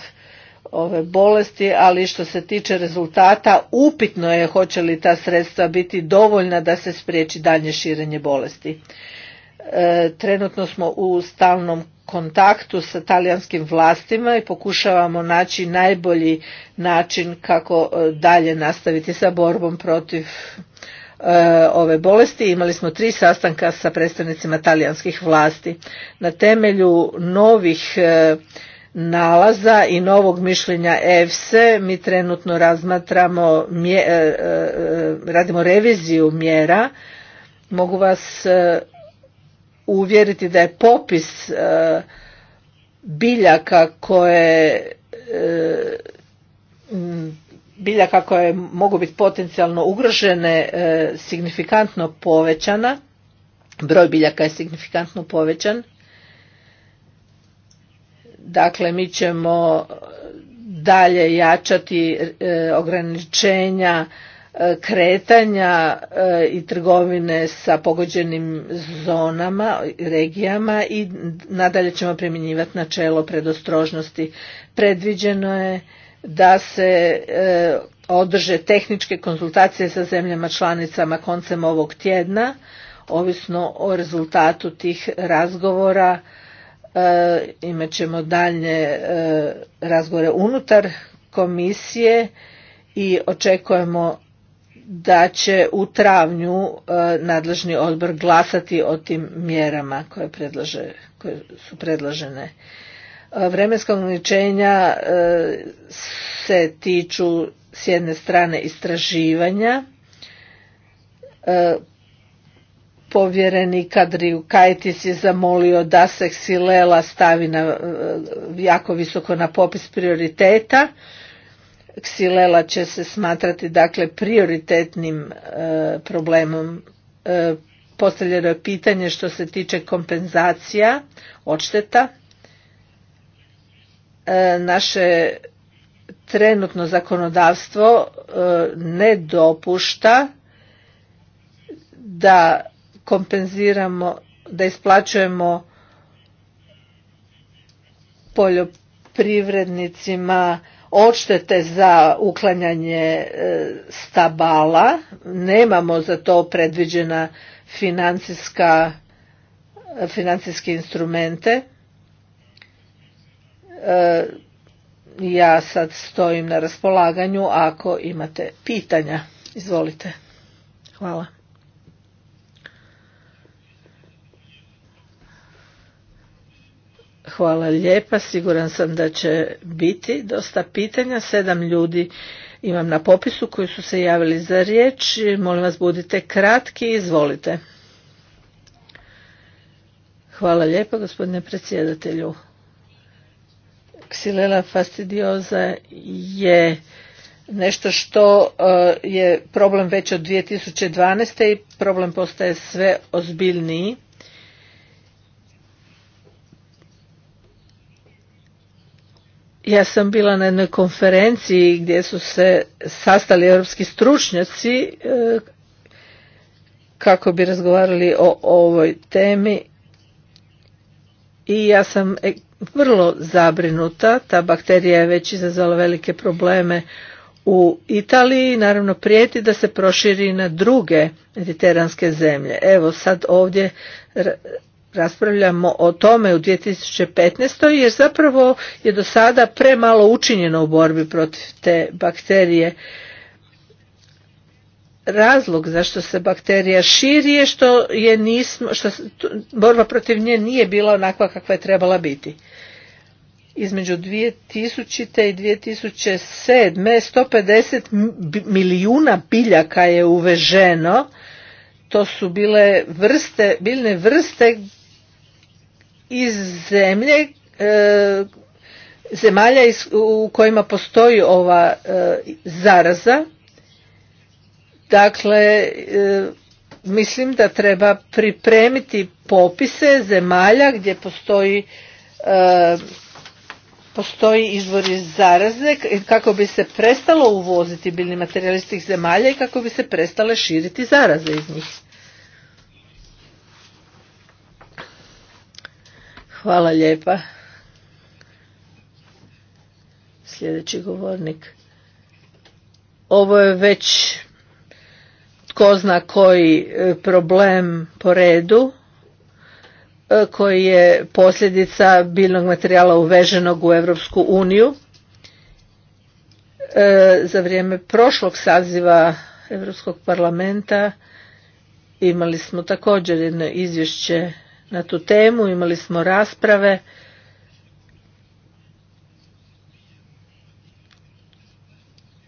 ove bolesti, ali što se tiče rezultata, upitno je hoće li ta sredstva biti dovoljna da se spriječi dalje širenje bolesti. E, trenutno smo u stalnom kontaktu sa talijanskim vlastima i pokušavamo naći najbolji način kako e, dalje nastaviti sa borbom protiv e, ove bolesti. Imali smo tri sastanka sa predstavnicima talijanskih vlasti. Na temelju novih e, nalaza i novog mišljenja EFSE mi trenutno razmatramo, radimo reviziju mjera. Mogu vas uvjeriti da je popis e, biljaka koje e, biljaka koje mogu biti potencijalno ugrožene e, signifikantno povećana broj biljaka je signifikantno povećan dakle mi ćemo dalje jačati ograničenja kretanja e, i trgovine sa pogođenim zonama, regijama i nadalje ćemo primjenjivati načelo predostrožnosti. Predviđeno je da se e, održe tehničke konzultacije sa zemljama članicama koncem ovog tjedna, ovisno o rezultatu tih razgovora e, imat ćemo dalje razgovore unutar komisije i očekujemo da će u travnju e, nadležni odbor glasati o tim mjerama koje, predlaže, koje su predložene. E, vremenska ograničenja e, se tiču s jedne strane istraživanja, Povjereni Kadriju Kajtis je zamolio da se Xilela stavi na, jako visoko na popis prioriteta, Ksilela će se smatrati dakle prioritetnim e, problemom. E, postavljeno je pitanje što se tiče kompenzacija, odšteta. E, naše trenutno zakonodavstvo ne dopušta da kompenziramo, da isplaćujemo poljoprivrednicima odštete za uklanjanje e, stabala, nemamo za to predviđena financijska e, financijske instrumente. E, ja sad stojim na raspolaganju ako imate pitanja. Izvolite. Hvala. Hvala lijepa, siguran sam da će biti dosta pitanja. Sedam ljudi imam na popisu koji su se javili za riječ. Molim vas budite kratki, izvolite. Hvala lijepa gospodine predsjedatelju. Ksilela fastidioza je nešto što e, je problem već od 2012. i problem postaje sve ozbiljniji. ja sam bila na jednoj konferenciji gdje su se sastali europski stručnjaci e, kako bi razgovarali o ovoj temi i ja sam e, vrlo zabrinuta. Ta bakterija je već izazvala velike probleme u Italiji. Naravno prijeti da se proširi na druge mediteranske zemlje. Evo sad ovdje raspravljamo o tome u 2015. jer zapravo je do sada premalo učinjeno u borbi protiv te bakterije. Razlog zašto se bakterija širi je što, je nismo, što borba protiv nje nije bila onakva kakva je trebala biti. Između 2000. i 2007. 150 milijuna biljaka je uveženo to su bile vrste, biljne vrste iz zemlje e, zemalja u kojima postoji ova e, zaraza dakle e, mislim da treba pripremiti popise zemalja gdje postoji postoji izvori zaraze kako bi se prestalo uvoziti biljni materijal zemalja i kako bi se prestale širiti zaraze iz njih Hvala lijepa. Sljedeći govornik. Ovo je već tko zna koji e, problem po redu e, koji je posljedica biljnog materijala uveženog u Europsku uniju. E, za vrijeme prošlog saziva Europskog parlamenta imali smo također jedno izvješće na tu temu, imali smo rasprave.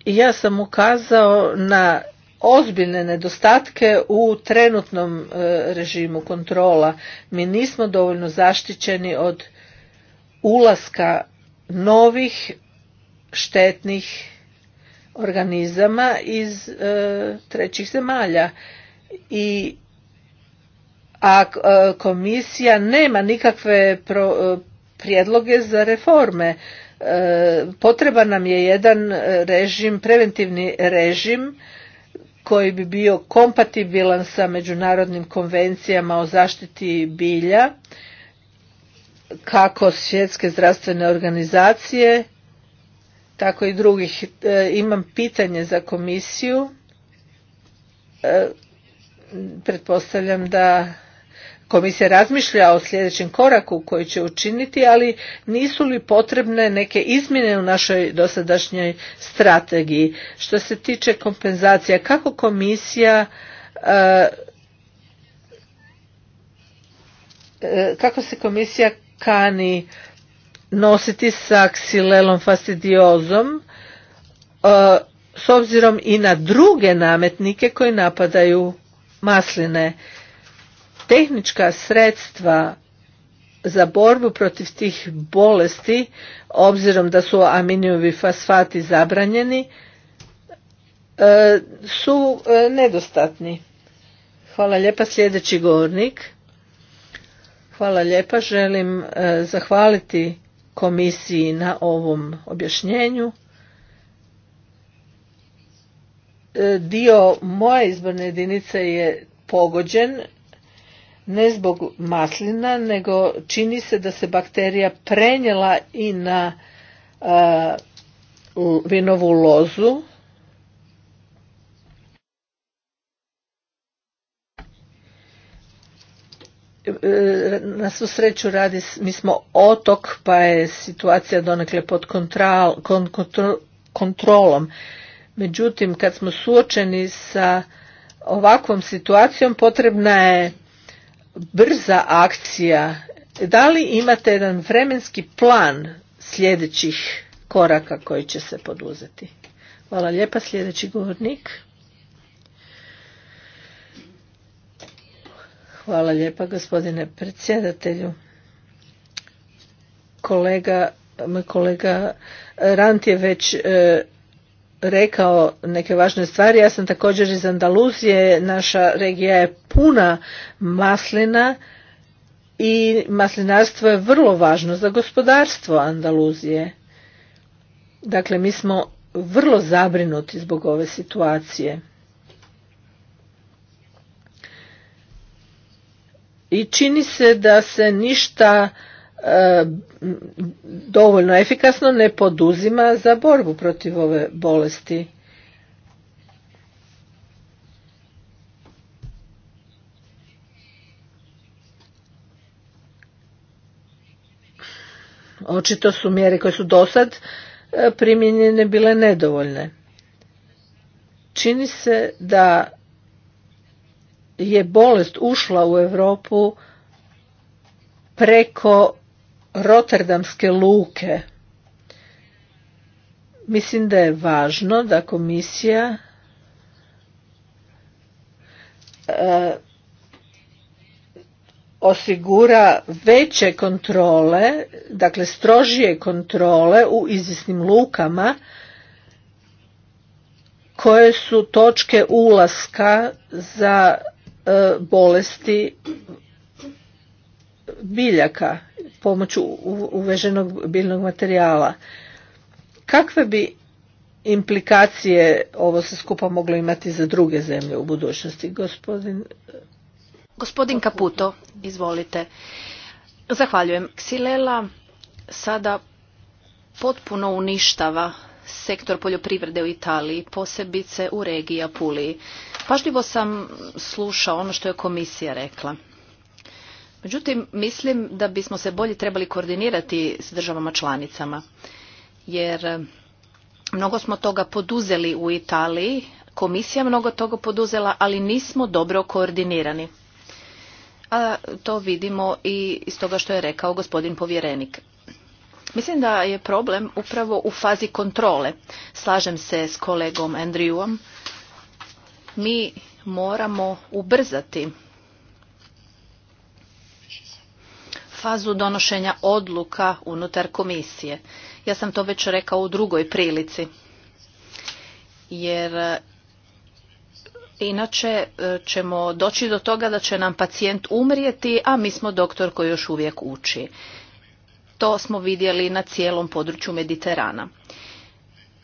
I ja sam ukazao na ozbiljne nedostatke u trenutnom e, režimu kontrola. Mi nismo dovoljno zaštićeni od ulaska novih štetnih organizama iz e, trećih zemalja i a e, komisija nema nikakve e, prijedloge za reforme. E, potreban nam je jedan režim, preventivni režim koji bi bio kompatibilan sa međunarodnim konvencijama o zaštiti bilja kako svjetske zdravstvene organizacije tako i drugih. Imam pitanje za komisiju. Pretpostavljam da komisija razmišlja o sljedećem koraku koji će učiniti, ali nisu li potrebne neke izmjene u našoj dosadašnjoj strategiji? Što se tiče kompenzacija, kako komisija e, e, kako se komisija kani nositi sa ksilelom fastidiozom e, s obzirom i na druge nametnike koji napadaju masline tehnička sredstva za borbu protiv tih bolesti, obzirom da su aminijovi fosfati zabranjeni, e, su e, nedostatni. Hvala lijepa sljedeći govornik. Hvala lijepa, želim e, zahvaliti komisiji na ovom objašnjenju. Dio moje izborne jedinice je pogođen ne zbog maslina, nego čini se da se bakterija prenijela i na vinovu lozu. E, na svu sreću radi, mi smo otok, pa je situacija donekle pod kontrolom. Međutim, kad smo suočeni sa ovakvom situacijom, potrebna je brza akcija. Da li imate jedan vremenski plan sljedećih koraka koji će se poduzeti? Hvala lijepa, sljedeći govornik. Hvala lijepa gospodine predsjedatelju. Kolega, kolega Rant je već e, rekao neke važne stvari. Ja sam također iz Andaluzije. Naša regija je puna maslina i maslinarstvo je vrlo važno za gospodarstvo Andaluzije. Dakle, mi smo vrlo zabrinuti zbog ove situacije. I čini se da se ništa E, dovoljno efikasno ne poduzima za borbu protiv ove bolesti. Očito su mjere koje su dosad e, primjenjene bile nedovoljne. Čini se da je bolest ušla u Europu preko Rotterdamske luke. Mislim da je važno da komisija e, osigura veće kontrole, dakle strožije kontrole u izvisnim lukama koje su točke ulaska za e, bolesti biljaka pomoću uveženog biljnog materijala. Kakve bi implikacije ovo se skupa moglo imati za druge zemlje u budućnosti, gospodin? Gospodin Kaputo, izvolite. Zahvaljujem. Ksilela sada potpuno uništava sektor poljoprivrede u Italiji, posebice u regiji Apuliji. Pažljivo sam slušao ono što je komisija rekla. Međutim, mislim da bismo se bolje trebali koordinirati s državama članicama, jer eh, mnogo smo toga poduzeli u Italiji, komisija mnogo toga poduzela, ali nismo dobro koordinirani. A to vidimo i iz toga što je rekao gospodin povjerenik. Mislim da je problem upravo u fazi kontrole. Slažem se s kolegom Andrewom. Mi moramo ubrzati fazu donošenja odluka unutar komisije. Ja sam to već rekao u drugoj prilici. Jer e, inače e, ćemo doći do toga da će nam pacijent umrijeti, a mi smo doktor koji još uvijek uči. To smo vidjeli na cijelom području Mediterana.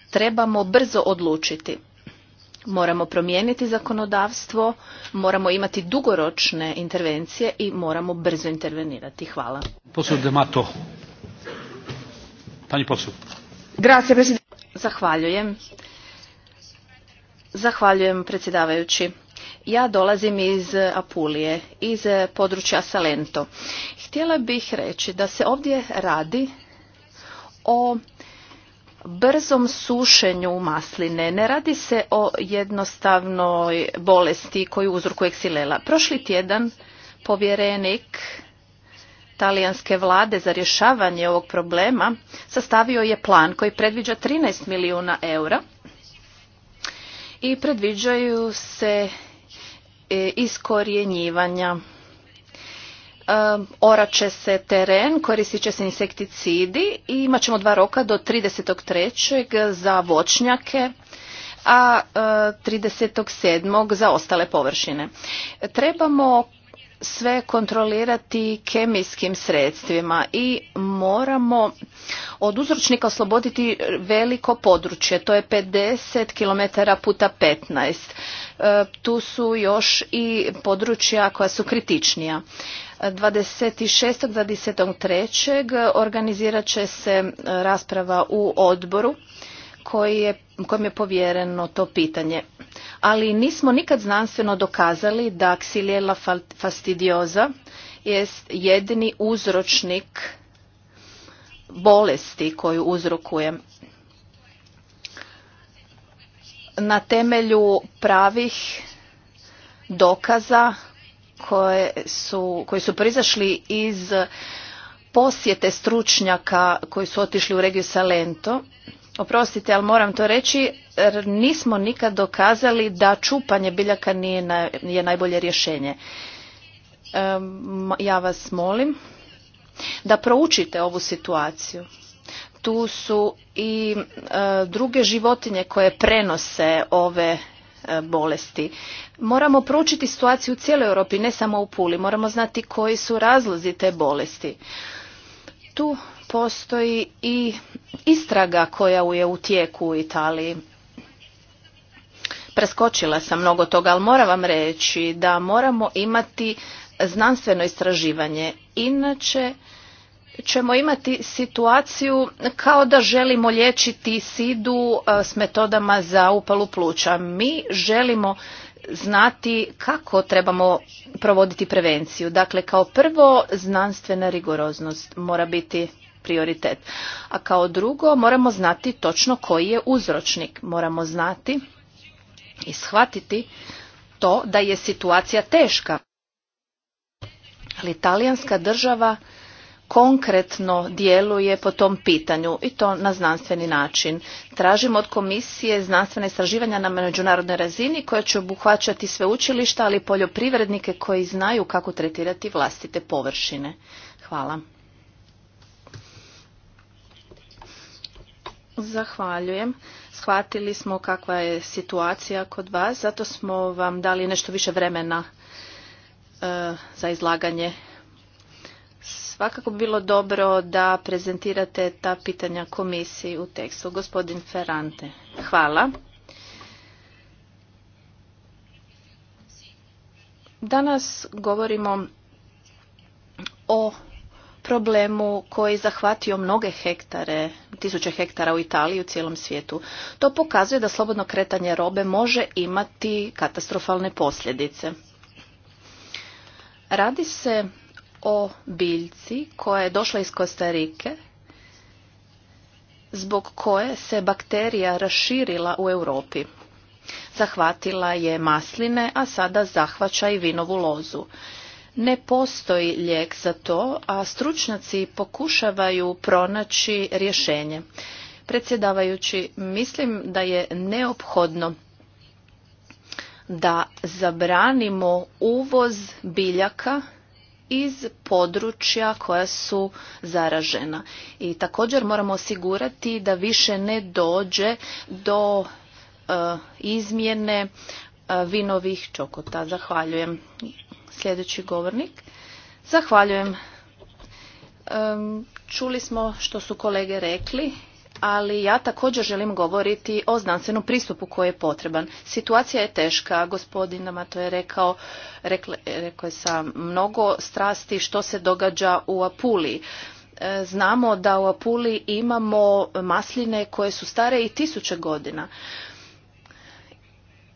Trebamo brzo odlučiti moramo promijeniti zakonodavstvo, moramo imati dugoročne intervencije i moramo brzo intervenirati. Hvala. Zahvaljujem. Zahvaljujem predsjedavajući. Ja dolazim iz Apulije, iz područja Salento. Htjela bih reći da se ovdje radi o brzom sušenju masline. Ne radi se o jednostavnoj bolesti koju uzrokuje ksilela. Prošli tjedan povjerenik talijanske vlade za rješavanje ovog problema sastavio je plan koji predviđa 13 milijuna eura i predviđaju se e, iskorjenjivanja orat će se teren, koristit će se insekticidi i imat ćemo dva roka do 33. za voćnjake a 37. E, za ostale površine. Trebamo sve kontrolirati kemijskim sredstvima i moramo od uzročnika osloboditi veliko područje, to je 50 km puta 15. E, tu su još i područja koja su kritičnija. 26. 23. organizirat će se e, rasprava u odboru koji je, kojem je povjereno to pitanje. Ali nismo nikad znanstveno dokazali da ksilijela fastidioza jest jedini uzročnik bolesti koju uzrokuje. Na temelju pravih dokaza koje su, koji su proizašli iz posjete stručnjaka koji su otišli u regiju Salento. Oprostite, ali moram to reći, nismo nikad dokazali da čupanje biljaka nije najbolje rješenje. ja vas molim da proučite ovu situaciju. Tu su i e, druge životinje koje prenose ove E, bolesti. Moramo proučiti situaciju u cijeloj Europi, ne samo u Puli. Moramo znati koji su razlozi te bolesti. Tu postoji i istraga koja je u tijeku u Italiji. Preskočila sam mnogo toga, ali moram vam reći da moramo imati znanstveno istraživanje. Inače, ćemo imati situaciju kao da želimo liječiti sidu e, s metodama za upalu pluća. Mi želimo znati kako trebamo provoditi prevenciju. Dakle, kao prvo znanstvena rigoroznost mora biti prioritet. A kao drugo moramo znati točno koji je uzročnik. Moramo znati i shvatiti to da je situacija teška. Ali talijanska država konkretno djeluje po tom pitanju i to na znanstveni način. Tražimo od komisije znanstvene istraživanja na međunarodnoj razini koja će obuhvaćati sve učilišta, ali i poljoprivrednike koji znaju kako tretirati vlastite površine. Hvala. Zahvaljujem. Shvatili smo kakva je situacija kod vas, zato smo vam dali nešto više vremena e, za izlaganje Svakako bi bilo dobro da prezentirate ta pitanja komisiji u tekstu. Gospodin Ferrante, hvala. Danas govorimo o problemu koji zahvatio mnoge hektare, tisuće hektara u Italiji i u cijelom svijetu. To pokazuje da slobodno kretanje robe može imati katastrofalne posljedice. Radi se o biljci koja je došla iz Kostarike zbog koje se bakterija raširila u Europi. Zahvatila je masline, a sada zahvaća i vinovu lozu. Ne postoji lijek za to, a stručnjaci pokušavaju pronaći rješenje. Predsjedavajući, mislim da je neophodno da zabranimo uvoz biljaka iz područja koja su zaražena. I također moramo osigurati da više ne dođe do e, izmjene e, vinovih čokota. Zahvaljujem. Sljedeći govornik. Zahvaljujem. čuli smo što su kolege rekli ali ja također želim govoriti o znanstvenom pristupu koji je potreban. Situacija je teška, gospodin to je rekao, rekao je mnogo strasti što se događa u Apuliji. E, znamo da u Apuli imamo masline koje su stare i tisuće godina.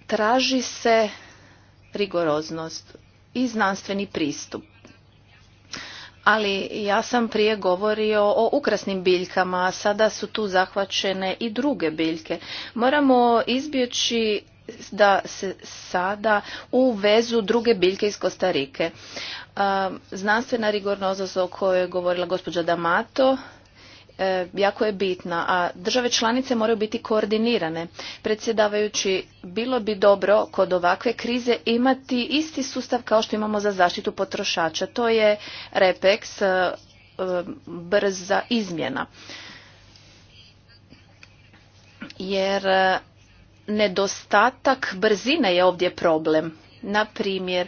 Traži se rigoroznost i znanstveni pristup ali ja sam prije govorio o ukrasnim biljkama, a sada su tu zahvaćene i druge biljke. Moramo izbjeći da se sada uvezu druge biljke iz Kostarike. Znanstvena rigornoza o kojoj je govorila gospođa D'Amato E, jako je bitna, a države članice moraju biti koordinirane. Predsjedavajući, bilo bi dobro kod ovakve krize imati isti sustav kao što imamo za zaštitu potrošača. To je REPEX, e, brza izmjena. Jer e, nedostatak brzine je ovdje problem. Na primjer,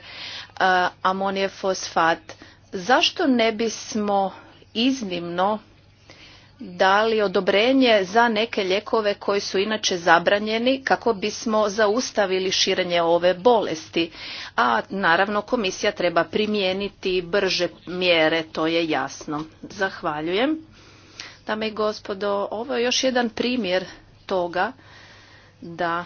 amonije fosfat. Zašto ne bismo iznimno dali odobrenje za neke lijekove koji su inače zabranjeni kako bismo zaustavili širenje ove bolesti. A naravno komisija treba primijeniti brže mjere, to je jasno. Zahvaljujem. Dame i gospodo, ovo je još jedan primjer toga da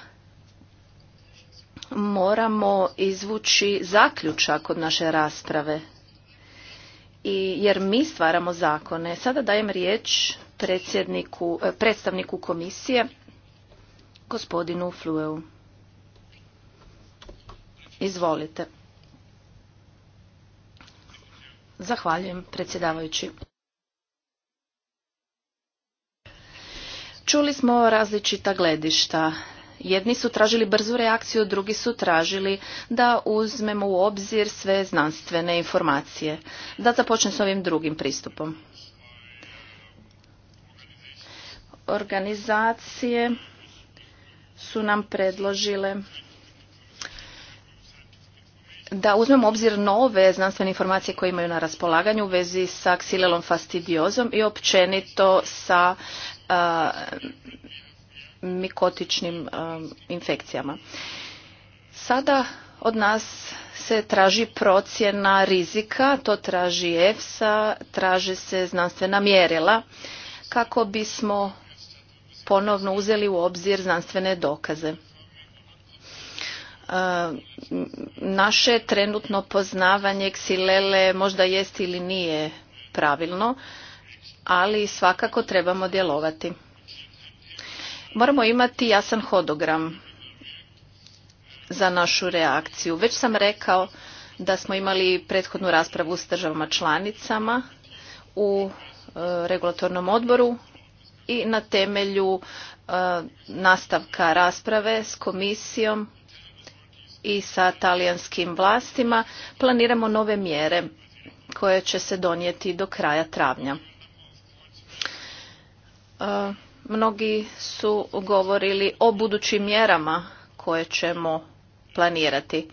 moramo izvući zaključak od naše rasprave i jer mi stvaramo zakone. Sada dajem riječ e, predstavniku komisije, gospodinu Flueu. Izvolite. Zahvaljujem, predsjedavajući. Čuli smo različita gledišta Jedni su tražili brzu reakciju, drugi su tražili da uzmemo u obzir sve znanstvene informacije. Da započnem s ovim drugim pristupom. Organizacije su nam predložile da uzmemo obzir nove znanstvene informacije koje imaju na raspolaganju u vezi sa ksilelom fastidiozom i općenito sa mikotičnim e, infekcijama. Sada od nas se traži procjena rizika, to traži EFSA, traže se znanstvena mjerila kako bismo ponovno uzeli u obzir znanstvene dokaze. E, naše trenutno poznavanje ksilele možda jest ili nije pravilno, ali svakako trebamo djelovati. Moramo imati jasan hodogram za našu reakciju. Već sam rekao da smo imali prethodnu raspravu s državama članicama u e, regulatornom odboru i na temelju e, nastavka rasprave s komisijom i sa talijanskim vlastima planiramo nove mjere koje će se donijeti do kraja travnja. E, Mnogi su govorili o budućim mjerama koje ćemo planirati.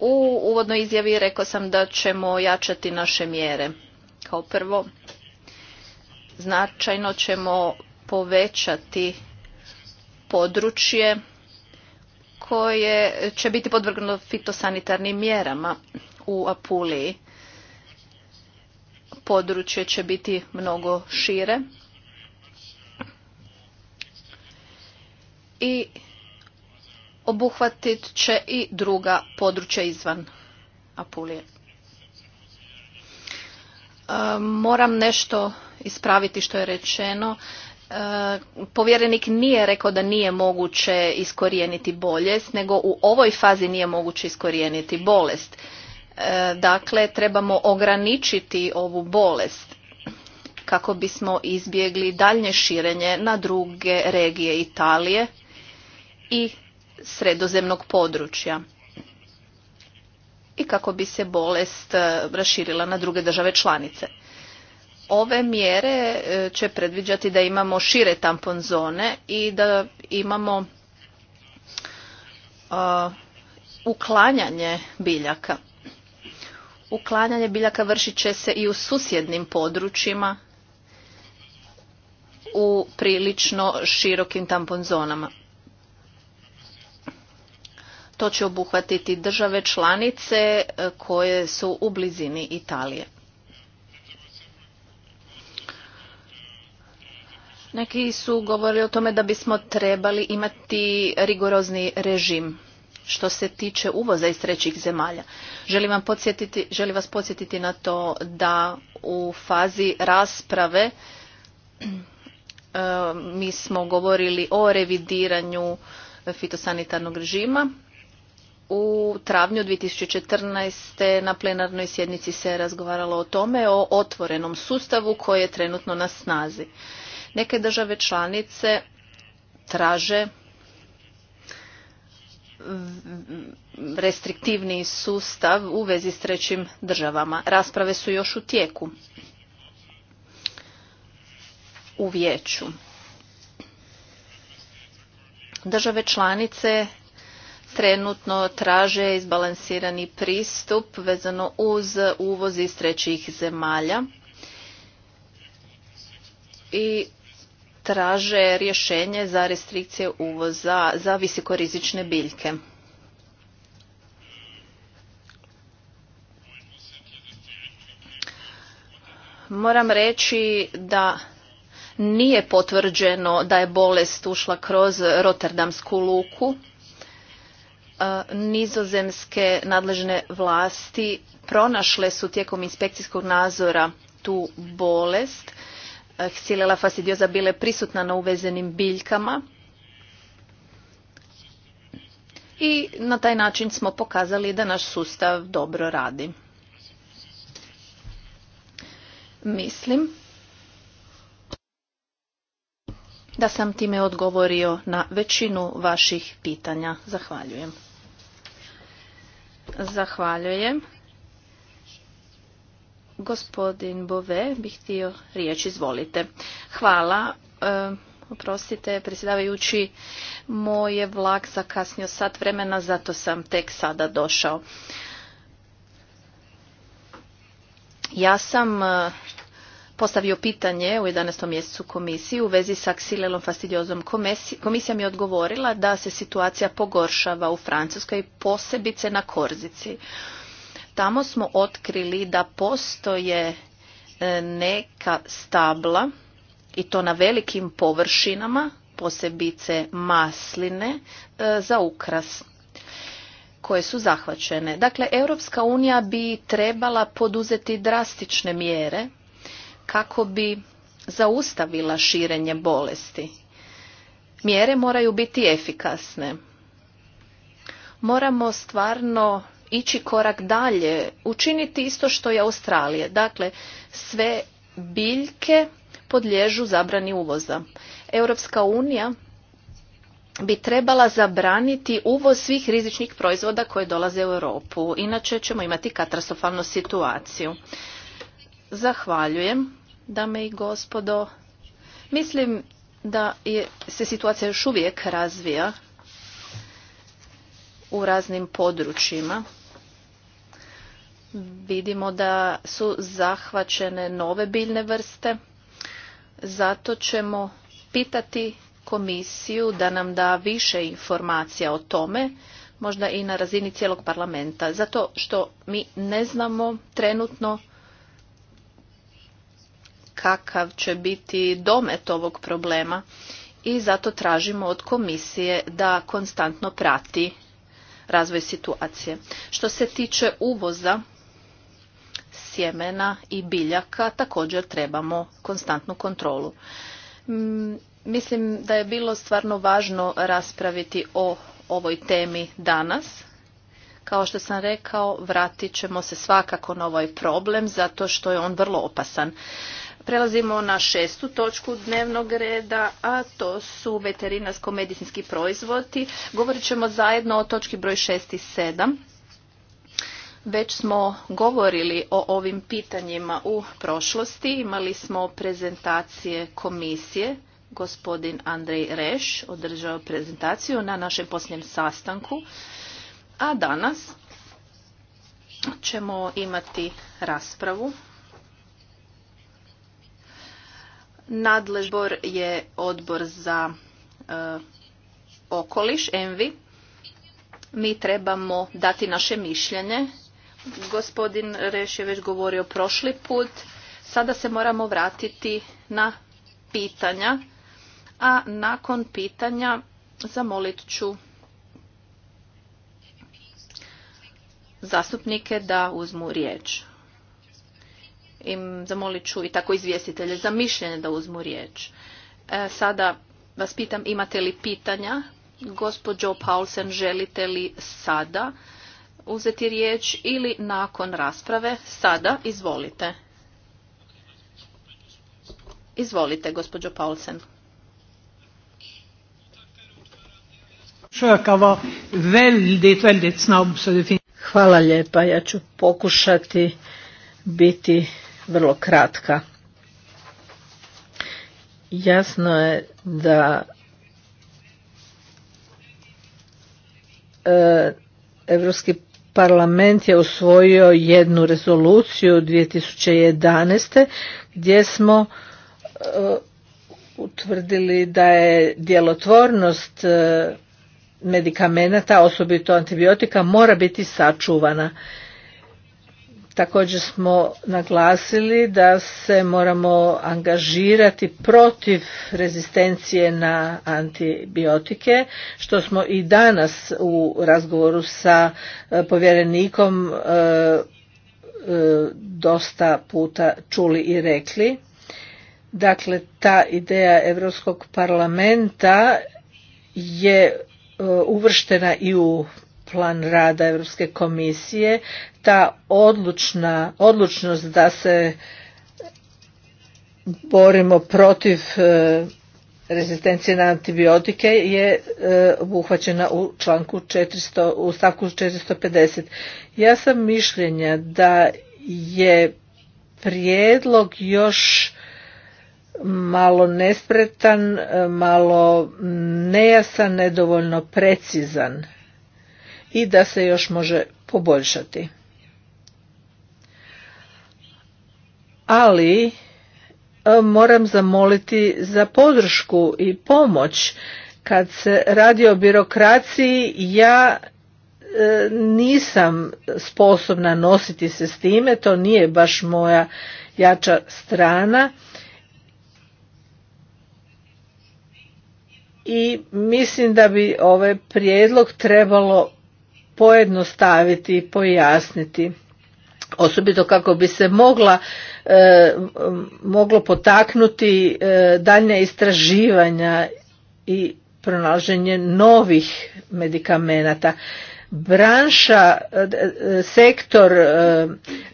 U uvodnoj izjavi rekao sam da ćemo jačati naše mjere. Kao prvo, značajno ćemo povećati područje koje će biti podvrgnuto fitosanitarnim mjerama u Apuliji. Područje će biti mnogo šire i obuhvatit će i druga područja izvan Apulije. E, moram nešto ispraviti što je rečeno. E, povjerenik nije rekao da nije moguće iskorijeniti bolest, nego u ovoj fazi nije moguće iskorijeniti bolest. E, dakle, trebamo ograničiti ovu bolest kako bismo izbjegli daljnje širenje na druge regije Italije i sredozemnog područja i kako bi se bolest e, raširila na druge države članice. Ove mjere e, će predviđati da imamo šire tampon zone i da imamo uklanjanje biljaka. Uklanjanje biljaka vršit će se i u susjednim područjima u prilično širokim tampon zonama. To će obuhvatiti države članice e, koje su u blizini Italije. Neki su govorili o tome da bismo trebali imati rigorozni režim što se tiče uvoza iz trećih zemalja. Želim, vam želim vas podsjetiti na to da u fazi rasprave e, mi smo govorili o revidiranju fitosanitarnog režima u travnju 2014. na plenarnoj sjednici se razgovaralo o tome, o otvorenom sustavu koji je trenutno na snazi. Neke države članice traže restriktivni sustav u vezi s trećim državama. Rasprave su još u tijeku u vijeću. Države članice trenutno traže izbalansirani pristup vezano uz uvoz iz trećih zemalja i traže rješenje za restrikcije uvoza za visikorizične biljke. Moram reći da nije potvrđeno da je bolest ušla kroz Rotterdamsku luku nizozemske nadležne vlasti pronašle su tijekom inspekcijskog nadzora tu bolest. Xylella bila bile prisutna na uvezenim biljkama i na taj način smo pokazali da naš sustav dobro radi. Mislim da sam time odgovorio na većinu vaših pitanja. Zahvaljujem. Zahvaljujem. Gospodin Bove bih htio riječ, izvolite. Hvala. E, oprostite, predsjedavajući, moj je vlak zakasnio sat vremena, zato sam tek sada došao. Ja sam e, postavio pitanje u 11. mjesecu komisiji u vezi sa ksilelom fastidiozom. Komisija mi je odgovorila da se situacija pogoršava u Francuskoj, posebice na Korzici. Tamo smo otkrili da postoje e, neka stabla i to na velikim površinama, posebice masline e, za ukras koje su zahvaćene. Dakle, Europska unija bi trebala poduzeti drastične mjere kako bi zaustavila širenje bolesti. Mjere moraju biti efikasne. Moramo stvarno ići korak dalje, učiniti isto što je Australije. Dakle, sve biljke podliježu zabrani uvoza. Europska unija bi trebala zabraniti uvoz svih rizičnih proizvoda koje dolaze u Europu. Inače ćemo imati katastrofalnu situaciju. Zahvaljujem, dame i gospodo. Mislim da je, se situacija još uvijek razvija u raznim područjima. Vidimo da su zahvaćene nove biljne vrste. Zato ćemo pitati komisiju da nam da više informacija o tome, možda i na razini cijelog parlamenta. Zato što mi ne znamo trenutno kakav će biti domet ovog problema i zato tražimo od komisije da konstantno prati razvoj situacije. Što se tiče uvoza sjemena i biljaka, također trebamo konstantnu kontrolu. Mm, mislim da je bilo stvarno važno raspraviti o ovoj temi danas. Kao što sam rekao, vratit ćemo se svakako na ovaj problem zato što je on vrlo opasan. Prelazimo na šestu točku dnevnog reda, a to su veterinarsko-medicinski proizvodi. Govorit ćemo zajedno o točki broj šest i sedam. Već smo govorili o ovim pitanjima u prošlosti. Imali smo prezentacije komisije. Gospodin Andrej Reš održao prezentaciju na našem posljednjem sastanku. A danas ćemo imati raspravu Nadležbor je odbor za e, okoliš, ENVI. Mi trebamo dati naše mišljenje. Gospodin Reš je već govorio prošli put. Sada se moramo vratiti na pitanja. A nakon pitanja zamolit ću zastupnike da uzmu riječ im zamolit ću i tako izvjestitelje za mišljenje da uzmu riječ. E, sada vas pitam imate li pitanja? Gospođo Paulsen, želite li sada uzeti riječ ili nakon rasprave? Sada, izvolite. Izvolite, gospođo Paulsen. Hvala lijepa, ja ću pokušati biti vrlo kratka. Jasno je da Europski parlament je usvojio jednu rezoluciju 2011. gdje smo e, utvrdili da je djelotvornost e, medikamenata, osobito antibiotika, mora biti sačuvana. Također smo naglasili da se moramo angažirati protiv rezistencije na antibiotike, što smo i danas u razgovoru sa e, povjerenikom e, e, dosta puta čuli i rekli. Dakle, ta ideja Europskog parlamenta je uvrštena i u plan rada Europske komisije, ta odlučna, odlučnost da se borimo protiv e, rezistencije na antibiotike je e, obuhvaćena u članku 400 u stavku 450. Ja sam mišljenja da je prijedlog još malo nespretan, e, malo nejasan, nedovoljno precizan i da se još može poboljšati. Ali e, moram zamoliti za podršku i pomoć kad se radi o birokraciji ja e, nisam sposobna nositi se s time, to nije baš moja jača strana. I mislim da bi ovaj prijedlog trebalo pojednostaviti i pojasniti osobito kako bi se mogla, e, moglo potaknuti e, daljnja istraživanja i pronalaženje novih medikamenata. Branša, e, e, sektor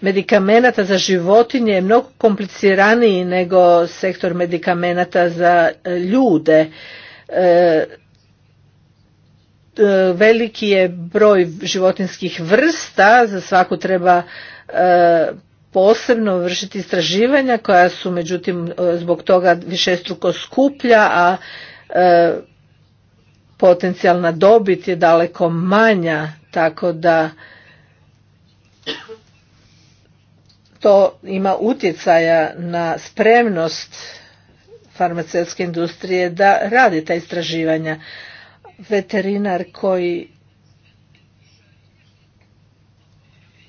medikamenata za životinje je mnogo kompliciraniji nego sektor medikamenata za ljude. E, veliki je broj životinskih vrsta, za svaku treba e, posebno vršiti istraživanja koja su međutim e, zbog toga višestruko skuplja, a potencijalna dobit je daleko manja, tako da to ima utjecaja na spremnost farmaceutske industrije da radi ta istraživanja veterinar koji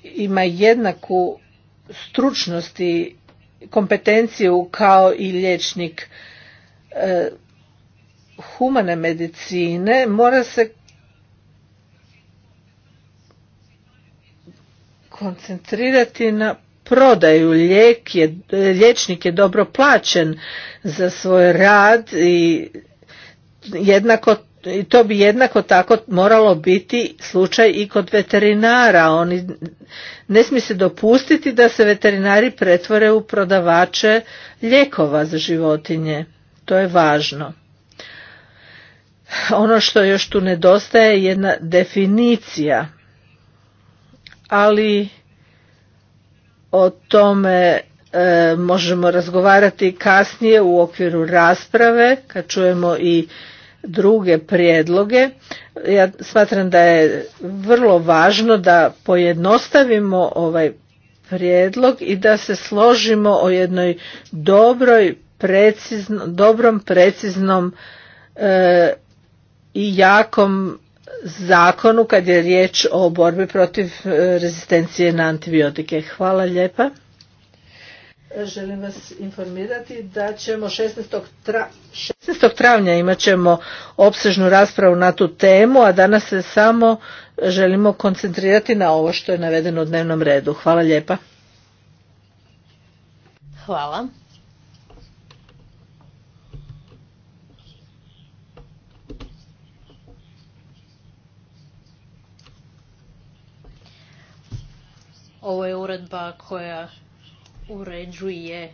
ima jednaku stručnost i kompetenciju kao i liječnik e, humane medicine mora se koncentrirati na prodaju lijek je liječnik je dobro plaćen za svoj rad i jednako i to bi jednako tako moralo biti slučaj i kod veterinara. Oni ne smije se dopustiti da se veterinari pretvore u prodavače lijekova za životinje. To je važno. Ono što još tu nedostaje je jedna definicija. Ali o tome e, možemo razgovarati kasnije u okviru rasprave kad čujemo i druge prijedloge. Ja smatram da je vrlo važno da pojednostavimo ovaj prijedlog i da se složimo o jednoj dobroj, dobrom, preciznom e, i jakom zakonu kad je riječ o borbi protiv e, rezistencije na antibiotike. Hvala lijepa želim vas informirati da ćemo 16. travnja imat ćemo opsežnu raspravu na tu temu, a danas se samo želimo koncentrirati na ovo što je navedeno u dnevnom redu. Hvala lijepa. Hvala. Ovo je uredba koja uređuje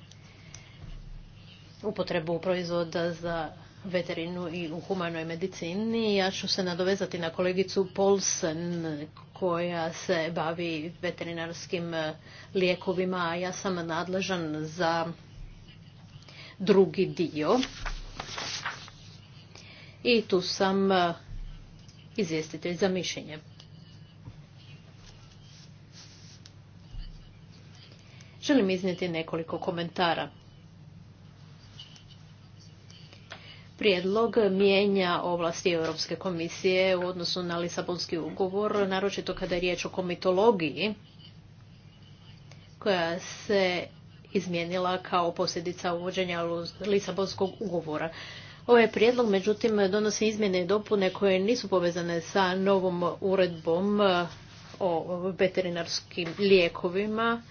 upotrebu proizvoda za veterinu i u humanoj medicini. Ja ću se nadovezati na kolegicu Polsen koja se bavi veterinarskim e, lijekovima, a ja sam nadležan za drugi dio. I tu sam e, izvjestitelj za mišljenje. želim iznijeti nekoliko komentara. Prijedlog mijenja ovlasti Europske komisije u odnosu na Lisabonski ugovor, naročito kada je riječ o komitologiji, koja se izmijenila kao posljedica uvođenja Lisabonskog ugovora. Ovaj prijedlog, međutim, donosi izmjene i dopune koje nisu povezane sa novom uredbom o veterinarskim lijekovima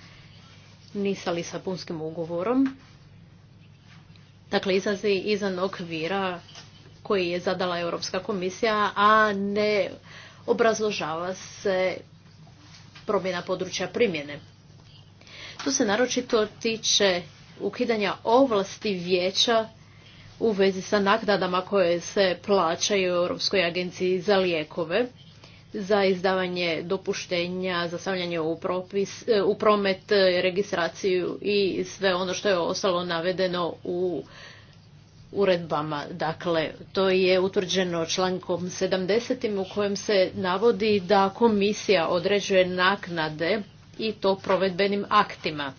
ni sa punskim ugovorom. Dakle, izlazi izvan okvira koji je zadala Europska komisija, a ne obrazložava se promjena područja primjene. Tu se naročito tiče ukidanja ovlasti vijeća u vezi sa naknadama koje se plaćaju Europskoj agenciji za lijekove za izdavanje dopuštenja, za stavljanje u, propis, e, u promet, e, registraciju i sve ono što je ostalo navedeno u uredbama. Dakle, to je utvrđeno člankom 70. u kojem se navodi da komisija određuje naknade i to provedbenim aktima.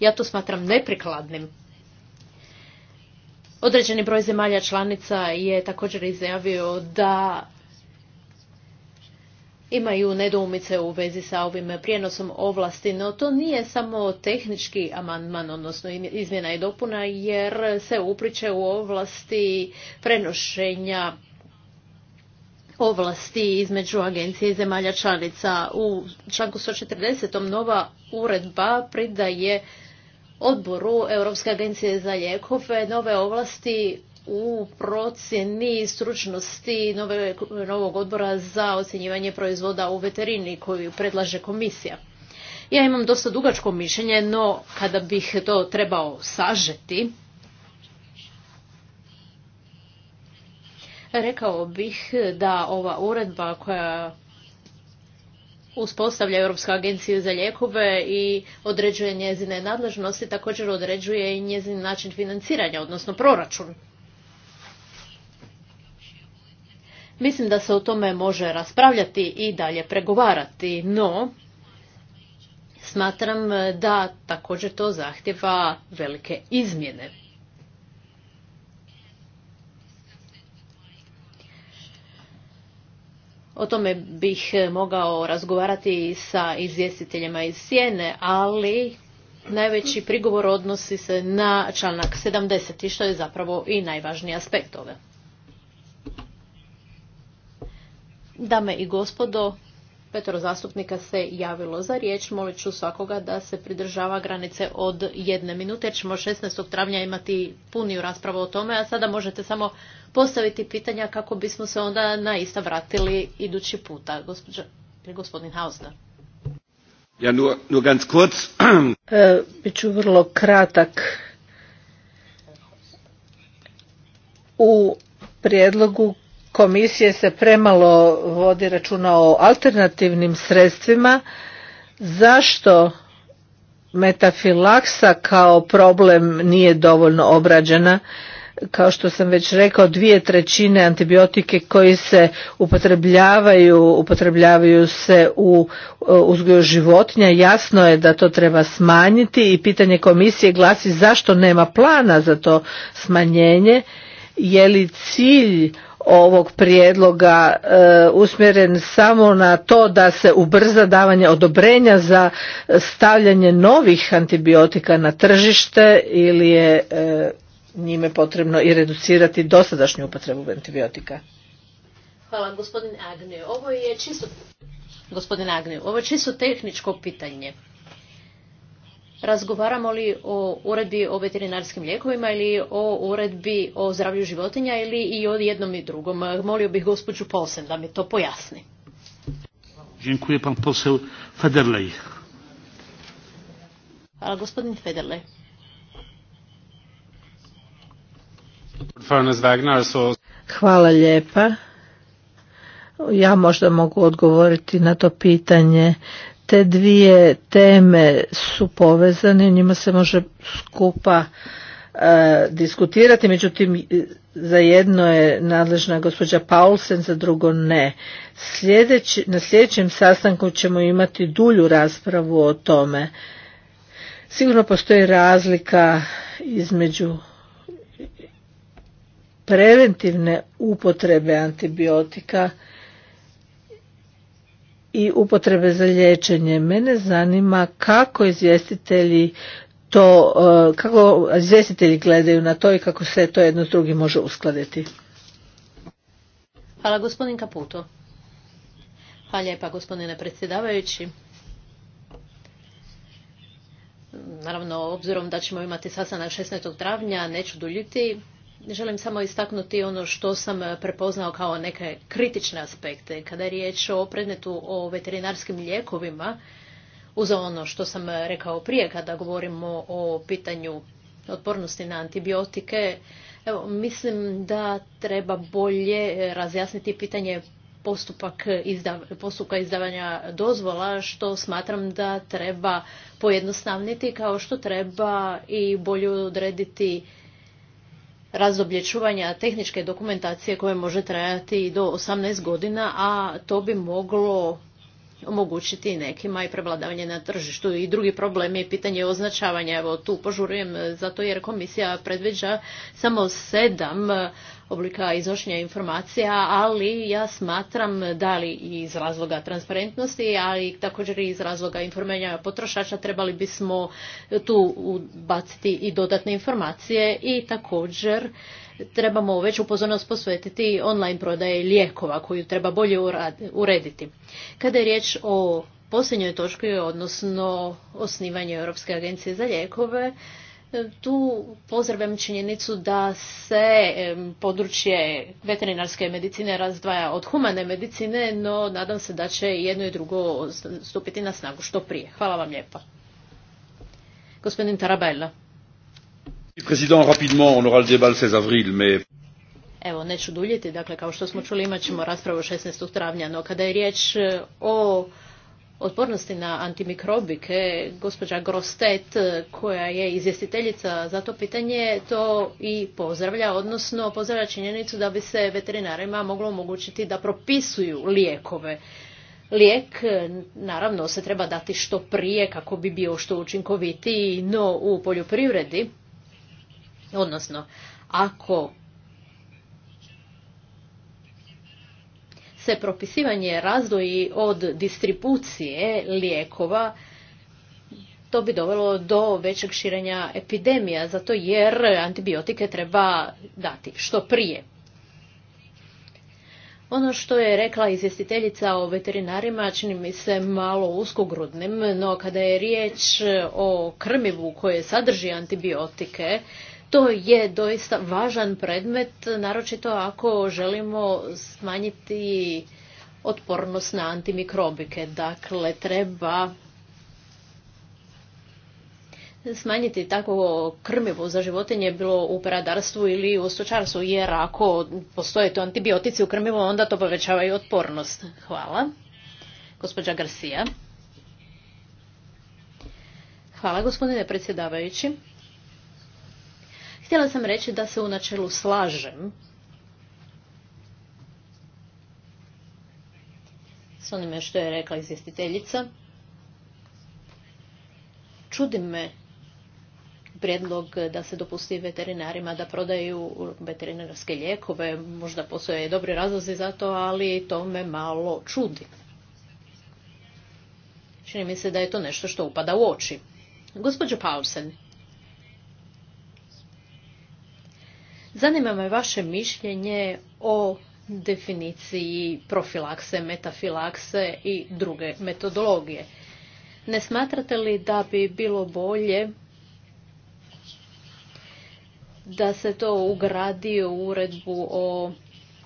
Ja to smatram neprikladnim. Određeni broj zemalja članica je također izjavio da imaju nedoumice u vezi sa ovim prijenosom ovlasti, no to nije samo tehnički amandman, odnosno izmjena i dopuna, jer se upriče u ovlasti prenošenja ovlasti između agencije i zemalja članica. U članku 140. nova uredba pridaje odboru Europske agencije za lijekove nove ovlasti u procjeni stručnosti novog odbora za ocjenjivanje proizvoda u veterini koju predlaže komisija. Ja imam dosta dugačko mišljenje, no kada bih to trebao sažeti, rekao bih da ova uredba koja uspostavlja Europsku agencija za lijekove i određuje njezine nadležnosti, također određuje i njezin način financiranja, odnosno proračun. Mislim da se o tome može raspravljati i dalje pregovarati, no smatram da također to zahtjeva velike izmjene. O tome bih mogao razgovarati sa izvjestiteljima iz Sjene, ali najveći prigovor odnosi se na članak 70, što je zapravo i najvažniji aspekt ove Dame i gospodo, Petro zastupnika se javilo za riječ. Molit ću svakoga da se pridržava granice od jedne minute, jer ćemo 16. travnja imati puniju raspravu o tome, a sada možete samo postaviti pitanja kako bismo se onda naista vratili idući puta. gospodin Hausner. Ja, ganz kurz. E, Biću vrlo kratak. U prijedlogu komisije se premalo vodi računa o alternativnim sredstvima zašto metafilaksa kao problem nije dovoljno obrađena kao što sam već rekao dvije trećine antibiotike koji se upotrebljavaju upotrebljavaju se u uzgoju životinja jasno je da to treba smanjiti i pitanje komisije glasi zašto nema plana za to smanjenje je li cilj ovog prijedloga e, usmjeren samo na to da se ubrza davanje odobrenja za stavljanje novih antibiotika na tržište ili je e, njime potrebno i reducirati dosadašnju upotrebu antibiotika. Hvala gospodine Agne. Ovo je čisto ovo je čisto tehničko pitanje. Razgovaramo li o uredbi o veterinarskim lijekovima ili o uredbi o zdravlju životinja ili i o jednom i drugom? Molio bih gospođu Polsen da mi to pojasni. Dziękuję pan poseł Federlej. Hvala gospodin Federlej. Hvala lijepa. Ja možda mogu odgovoriti na to pitanje te dvije teme su povezane, njima se može skupa e, diskutirati, međutim za jedno je nadležna gospođa Paulsen, za drugo ne. na sljedećem sastanku ćemo imati dulju raspravu o tome. Sigurno postoji razlika između preventivne upotrebe antibiotika i upotrebe za liječenje. Mene zanima kako izvjestitelji to, e, kako izvjestitelji gledaju na to i kako se to jedno s drugim može uskladiti. Hvala gospodin Kaputo. Hvala lijepa gospodine predsjedavajući. Naravno, obzirom da ćemo imati sastanak 16. travnja, neću duljiti želim samo istaknuti ono što sam prepoznao kao neke kritične aspekte. Kada je riječ o predmetu o veterinarskim lijekovima, uz ono što sam rekao prije kada govorimo o pitanju otpornosti na antibiotike, evo, mislim da treba bolje razjasniti pitanje postupak izdav postupka izdavanja dozvola što smatram da treba pojednostavniti kao što treba i bolje odrediti razdoblje čuvanja tehničke dokumentacije koje može trajati i do 18 godina, a to bi moglo omogućiti nekima i prevladavanje na tržištu. I drugi problem je pitanje označavanja. Evo tu požurujem zato jer komisija predviđa samo sedam e, oblika iznošenja informacija, ali ja smatram da li iz razloga transparentnosti, ali također i iz razloga informiranja potrošača trebali bismo tu ubaciti i dodatne informacije i također trebamo veću pozornost posvetiti online prodaje lijekova koju treba bolje urediti. Kada je riječ o posljednjoj točki, odnosno osnivanju Europske agencije za lijekove, tu pozdravljam činjenicu da se područje veterinarske medicine razdvaja od humane medicine, no nadam se da će jedno i drugo stupiti na snagu što prije. Hvala vam lijepa. Gospodin Tarabella. Evo, neću duljiti, dakle, kao što smo čuli, imat ćemo raspravu 16. travnja, no kada je riječ e, o otpornosti na antimikrobike, gospođa Grostet, e, koja je izvjestiteljica za to pitanje, to i pozdravlja, odnosno pozdravlja činjenicu da bi se veterinarima moglo omogućiti da propisuju lijekove. Lijek, e, naravno, se treba dati što prije kako bi bio što učinkovitiji, no u poljoprivredi, Odnosno, ako se propisivanje razdoji od distribucije lijekova, to bi dovelo do većeg širenja epidemija, zato jer antibiotike treba dati što prije. Ono što je rekla izvjestiteljica o veterinarima čini mi se malo uskogrudnim, no kada je riječ o krmivu koje sadrži antibiotike, to je doista važan predmet, naročito ako želimo smanjiti otpornost na antimikrobike. Dakle, treba smanjiti tako krmivo za životinje, bilo u peradarstvu ili u stočarstvu, jer ako postoje to antibiotici u krmivu, onda to povećava i otpornost. Hvala. Gospođa Garcia. Hvala, gospodine predsjedavajući. Htjela sam reći da se u načelu slažem s onime što je rekla izvjestiteljica. Čudi me prijedlog da se dopusti veterinarima da prodaju veterinarske lijekove. Možda postoje dobri razlozi za to, ali to me malo čudi. Čini mi se da je to nešto što upada u oči. Gospođo Paulsen, Zanima me vaše mišljenje o definiciji profilakse, metafilakse i druge metodologije. Ne smatrate li da bi bilo bolje da se to ugradi u uredbu o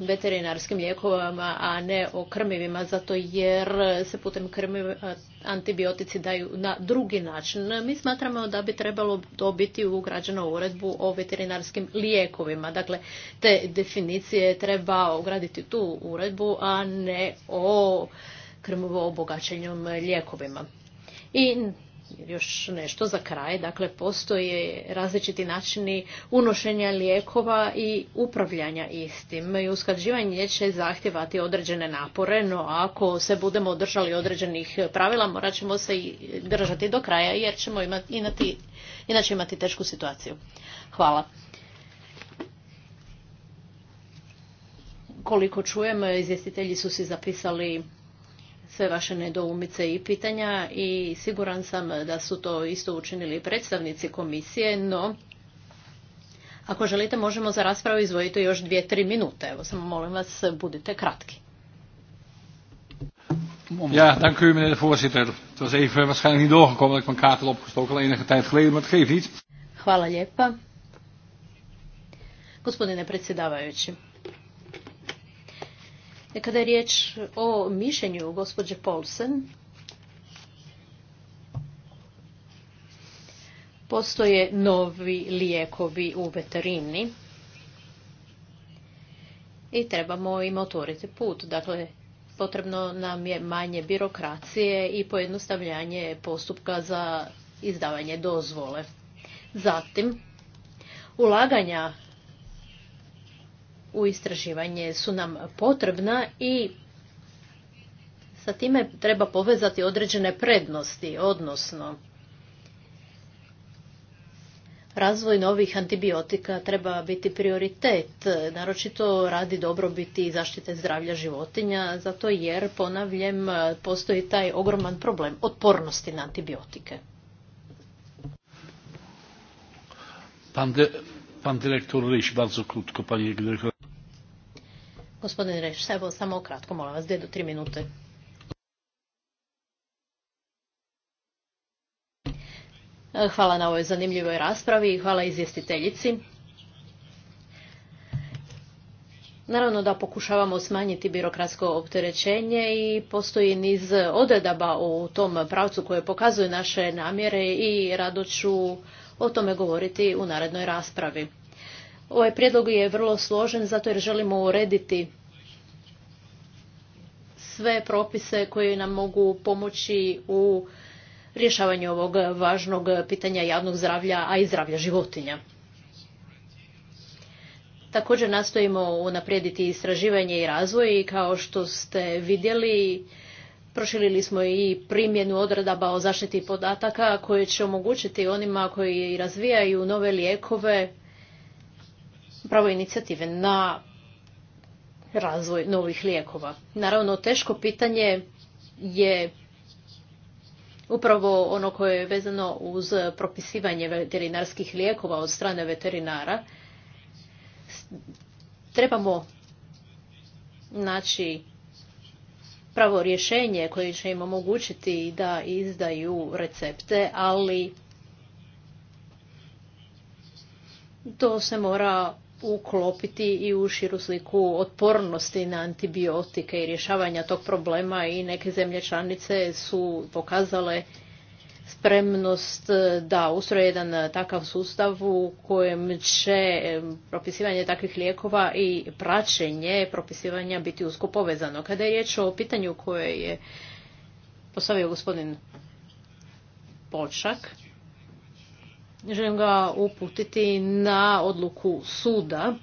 veterinarskim lijekovima, a ne o krmivima, zato jer se putem krmiva antibiotici daju na drugi način. Mi smatramo da bi trebalo dobiti ugrađenu uredbu o veterinarskim lijekovima. Dakle, te definicije treba ugraditi tu uredbu, a ne o krmivo obogaćenjem lijekovima. I još nešto za kraj. Dakle, postoje različiti načini unošenja lijekova i upravljanja istim. I usklađivanje će zahtjevati određene napore, no ako se budemo držali određenih pravila, morat ćemo se i držati do kraja, jer ćemo imati, inati, inače imati tešku situaciju. Hvala. Koliko čujem, izvjestitelji su si zapisali sve vaše nedoumice i pitanja i siguran sam da su to isto učinili predstavnici komisije, no ako želite možemo za raspravu izvojiti još dvije, tri minute. Evo samo molim vas budite kratki. Ja, dank u meneer de voorzitter. Het was even eh, waarschijnlijk niet doorgekomen dat ik mijn kaart had opgestoken al enige tijd geleden, maar het geeft niet. Hvala lijepa. Gospodine predsjedavajući. Kada je riječ o mišljenju gospođe Polsen, postoje novi lijekovi u veterini i trebamo im otvoriti put. Dakle, potrebno nam je manje birokracije i pojednostavljanje postupka za izdavanje dozvole. Zatim, ulaganja u istraživanje su nam potrebna i sa time treba povezati određene prednosti, odnosno razvoj novih antibiotika treba biti prioritet, naročito radi dobrobiti i zaštite zdravlja životinja, zato jer, ponavljam, postoji taj ogroman problem otpornosti na antibiotike. Pan, bardzo krótko, panie Gospodin Reš, evo samo kratko, molim vas, dvije do tri minute. Hvala na ovoj zanimljivoj raspravi i hvala izvjestiteljici. Naravno da pokušavamo smanjiti birokratsko opterećenje i postoji niz odredaba u tom pravcu koje pokazuju naše namjere i rado ću o tome govoriti u narednoj raspravi. Ovaj prijedlog je vrlo složen zato jer želimo urediti sve propise koji nam mogu pomoći u rješavanju ovog važnog pitanja javnog zdravlja, a i zdravlja životinja. Također nastojimo unaprijediti istraživanje i razvoj i kao što ste vidjeli proširili smo i primjenu odredaba o zaštiti podataka koje će omogućiti onima koji razvijaju nove lijekove pravo inicijative na razvoj novih lijekova. Naravno, teško pitanje je upravo ono koje je vezano uz propisivanje veterinarskih lijekova od strane veterinara. Trebamo naći pravo rješenje koje će im omogućiti da izdaju recepte, ali to se mora uklopiti i u širu sliku otpornosti na antibiotike i rješavanja tog problema i neke zemlje članice su pokazale spremnost da ustroje jedan takav sustav u kojem će propisivanje takvih lijekova i praćenje propisivanja biti usko povezano. Kada je riječ o pitanju koje je postavio gospodin Počak, želim ga uputiti na odluku suda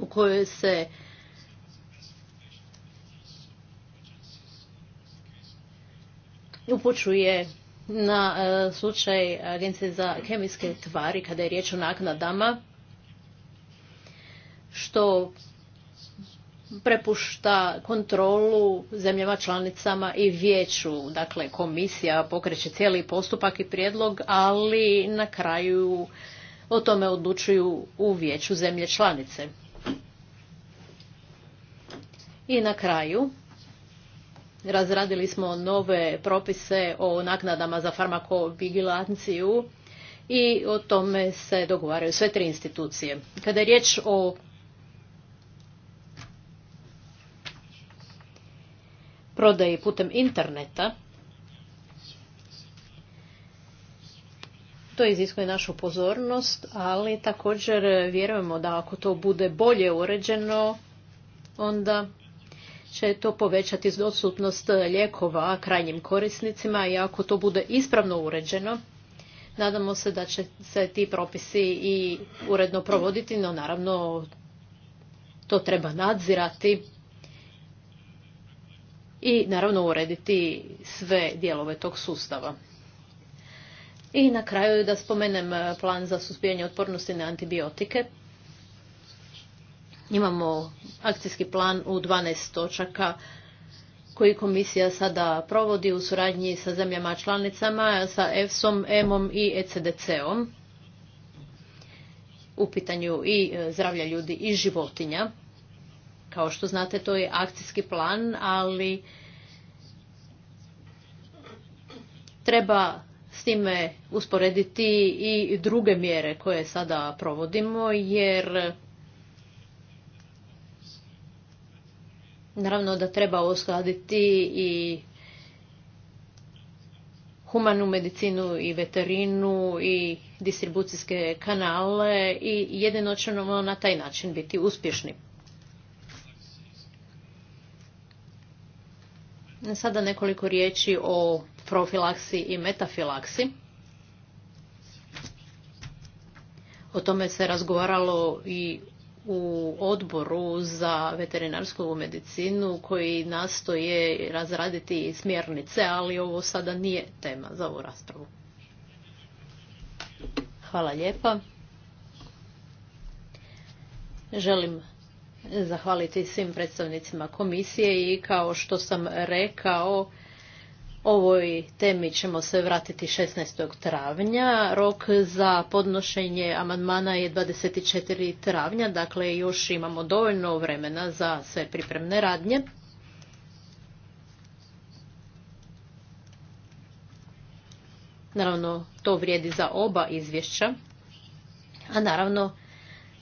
u kojoj se upućuje na e, slučaj Agencije za kemijske tvari kada je riječ o naknadama što prepušta kontrolu zemljama članicama i vijeću. Dakle, komisija pokreće cijeli postupak i prijedlog, ali na kraju o tome odlučuju u vijeću zemlje članice. I na kraju razradili smo nove propise o naknadama za farmakovigilanciju i o tome se dogovaraju sve tri institucije. Kada je riječ o prodaje putem interneta, To iziskuje našu pozornost, ali također vjerujemo da ako to bude bolje uređeno, onda će to povećati dostupnost lijekova krajnjim korisnicima i ako to bude ispravno uređeno, nadamo se da će se ti propisi i uredno provoditi, no naravno to treba nadzirati i naravno urediti sve dijelove tog sustava. I na kraju da spomenem eh, plan za suzbijanje otpornosti na antibiotike. Imamo akcijski plan u 12 točaka koji komisija sada provodi u suradnji sa zemljama članicama, sa EFSOM, EMOM i ECDC-om u pitanju i eh, zdravlja ljudi i životinja. Kao što znate, to je akcijski plan, ali treba s time usporediti i druge mjere koje sada provodimo, jer naravno da treba uskladiti i humanu medicinu i veterinu i distribucijske kanale i jedinočno na taj način biti uspješni. Sada nekoliko riječi o profilaksi i metafilaksi. O tome se razgovaralo i u odboru za veterinarsku medicinu koji nastoje razraditi smjernice, ali ovo sada nije tema za ovu raspravu. Hvala lijepa. Želim zahvaliti svim predstavnicima komisije i kao što sam rekao, ovoj temi ćemo se vratiti 16. travnja. Rok za podnošenje amandmana je 24. travnja, dakle još imamo dovoljno vremena za sve pripremne radnje. Naravno, to vrijedi za oba izvješća. A naravno,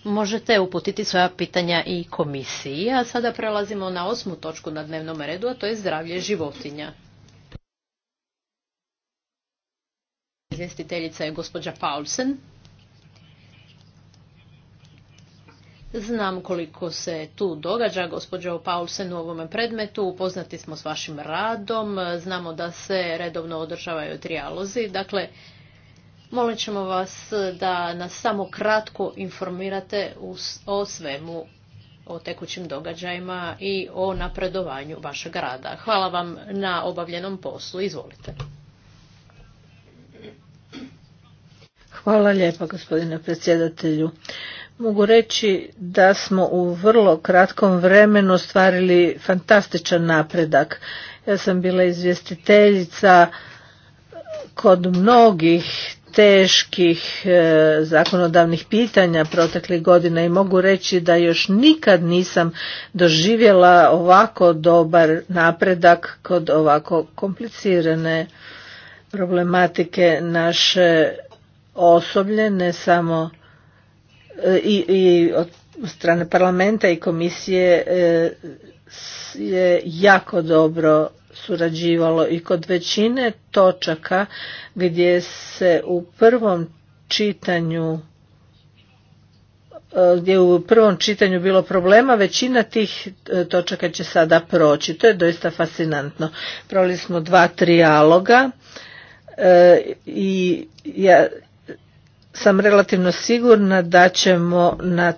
možete uputiti svoja pitanja i komisiji. A sada prelazimo na osmu točku na dnevnom redu, a to je zdravlje životinja. Izvjestiteljica je gospođa Paulsen. Znam koliko se tu događa, gospođo Paulsen, u ovome predmetu. Upoznati smo s vašim radom. Znamo da se redovno održavaju trijalozi. Dakle, Molit ćemo vas da nas samo kratko informirate o svemu, o tekućim događajima i o napredovanju vašeg rada. Hvala vam na obavljenom poslu. Izvolite. Hvala lijepa gospodine predsjedatelju. Mogu reći da smo u vrlo kratkom vremenu ostvarili fantastičan napredak. Ja sam bila izvjestiteljica kod mnogih teških e, zakonodavnih pitanja proteklih godina i mogu reći da još nikad nisam doživjela ovako dobar napredak kod ovako komplicirane problematike naše osoblje, ne samo e, i, i od strane parlamenta i komisije e, je jako dobro surađivalo i kod većine točaka gdje se u prvom čitanju e, gdje u prvom čitanju bilo problema, većina tih e, točaka će sada proći. To je doista fascinantno. proli smo dva trijaloga e, i ja sam relativno sigurna da ćemo na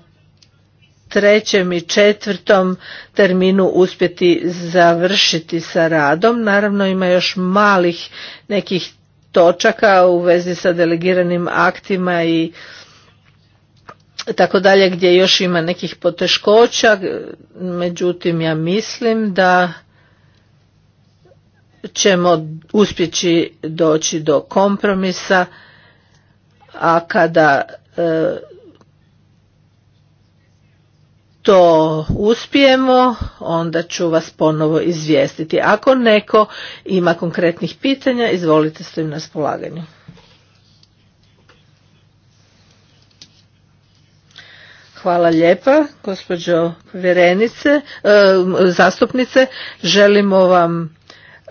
trećem i četvrtom terminu uspjeti završiti sa radom. Naravno ima još malih nekih točaka u vezi sa delegiranim aktima i tako dalje gdje još ima nekih poteškoća, međutim ja mislim da ćemo uspjeći doći do kompromisa, a kada e, to uspijemo, onda ću vas ponovo izvijestiti. Ako neko ima konkretnih pitanja, izvolite stojim na spolaganju. Hvala lijepa, gospođo povjerenice, e, zastupnice. Želimo vam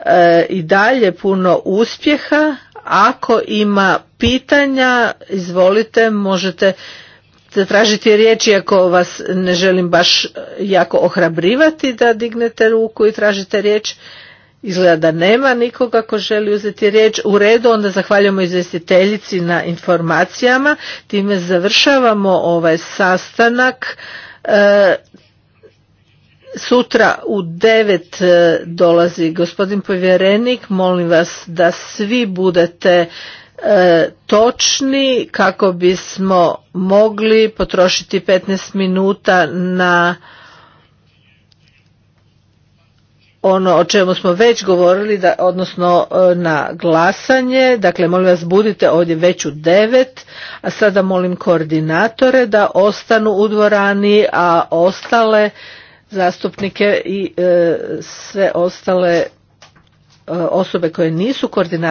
e, i dalje puno uspjeha. Ako ima pitanja, izvolite, možete tražiti riječ iako vas ne želim baš e, jako ohrabrivati da dignete ruku i tražite riječ. Izgleda da nema nikoga ko želi uzeti riječ. U redu onda zahvaljujemo izvjestiteljici na informacijama. Time završavamo ovaj sastanak. E, sutra u devet e, dolazi gospodin povjerenik. Molim vas da svi budete E, točni kako bismo mogli potrošiti 15 minuta na ono o čemu smo već govorili, da, odnosno e, na glasanje. Dakle, molim vas budite ovdje već u devet, a sada molim koordinatore da ostanu u dvorani, a ostale zastupnike i e, sve ostale osobe koje nisu koordinatore,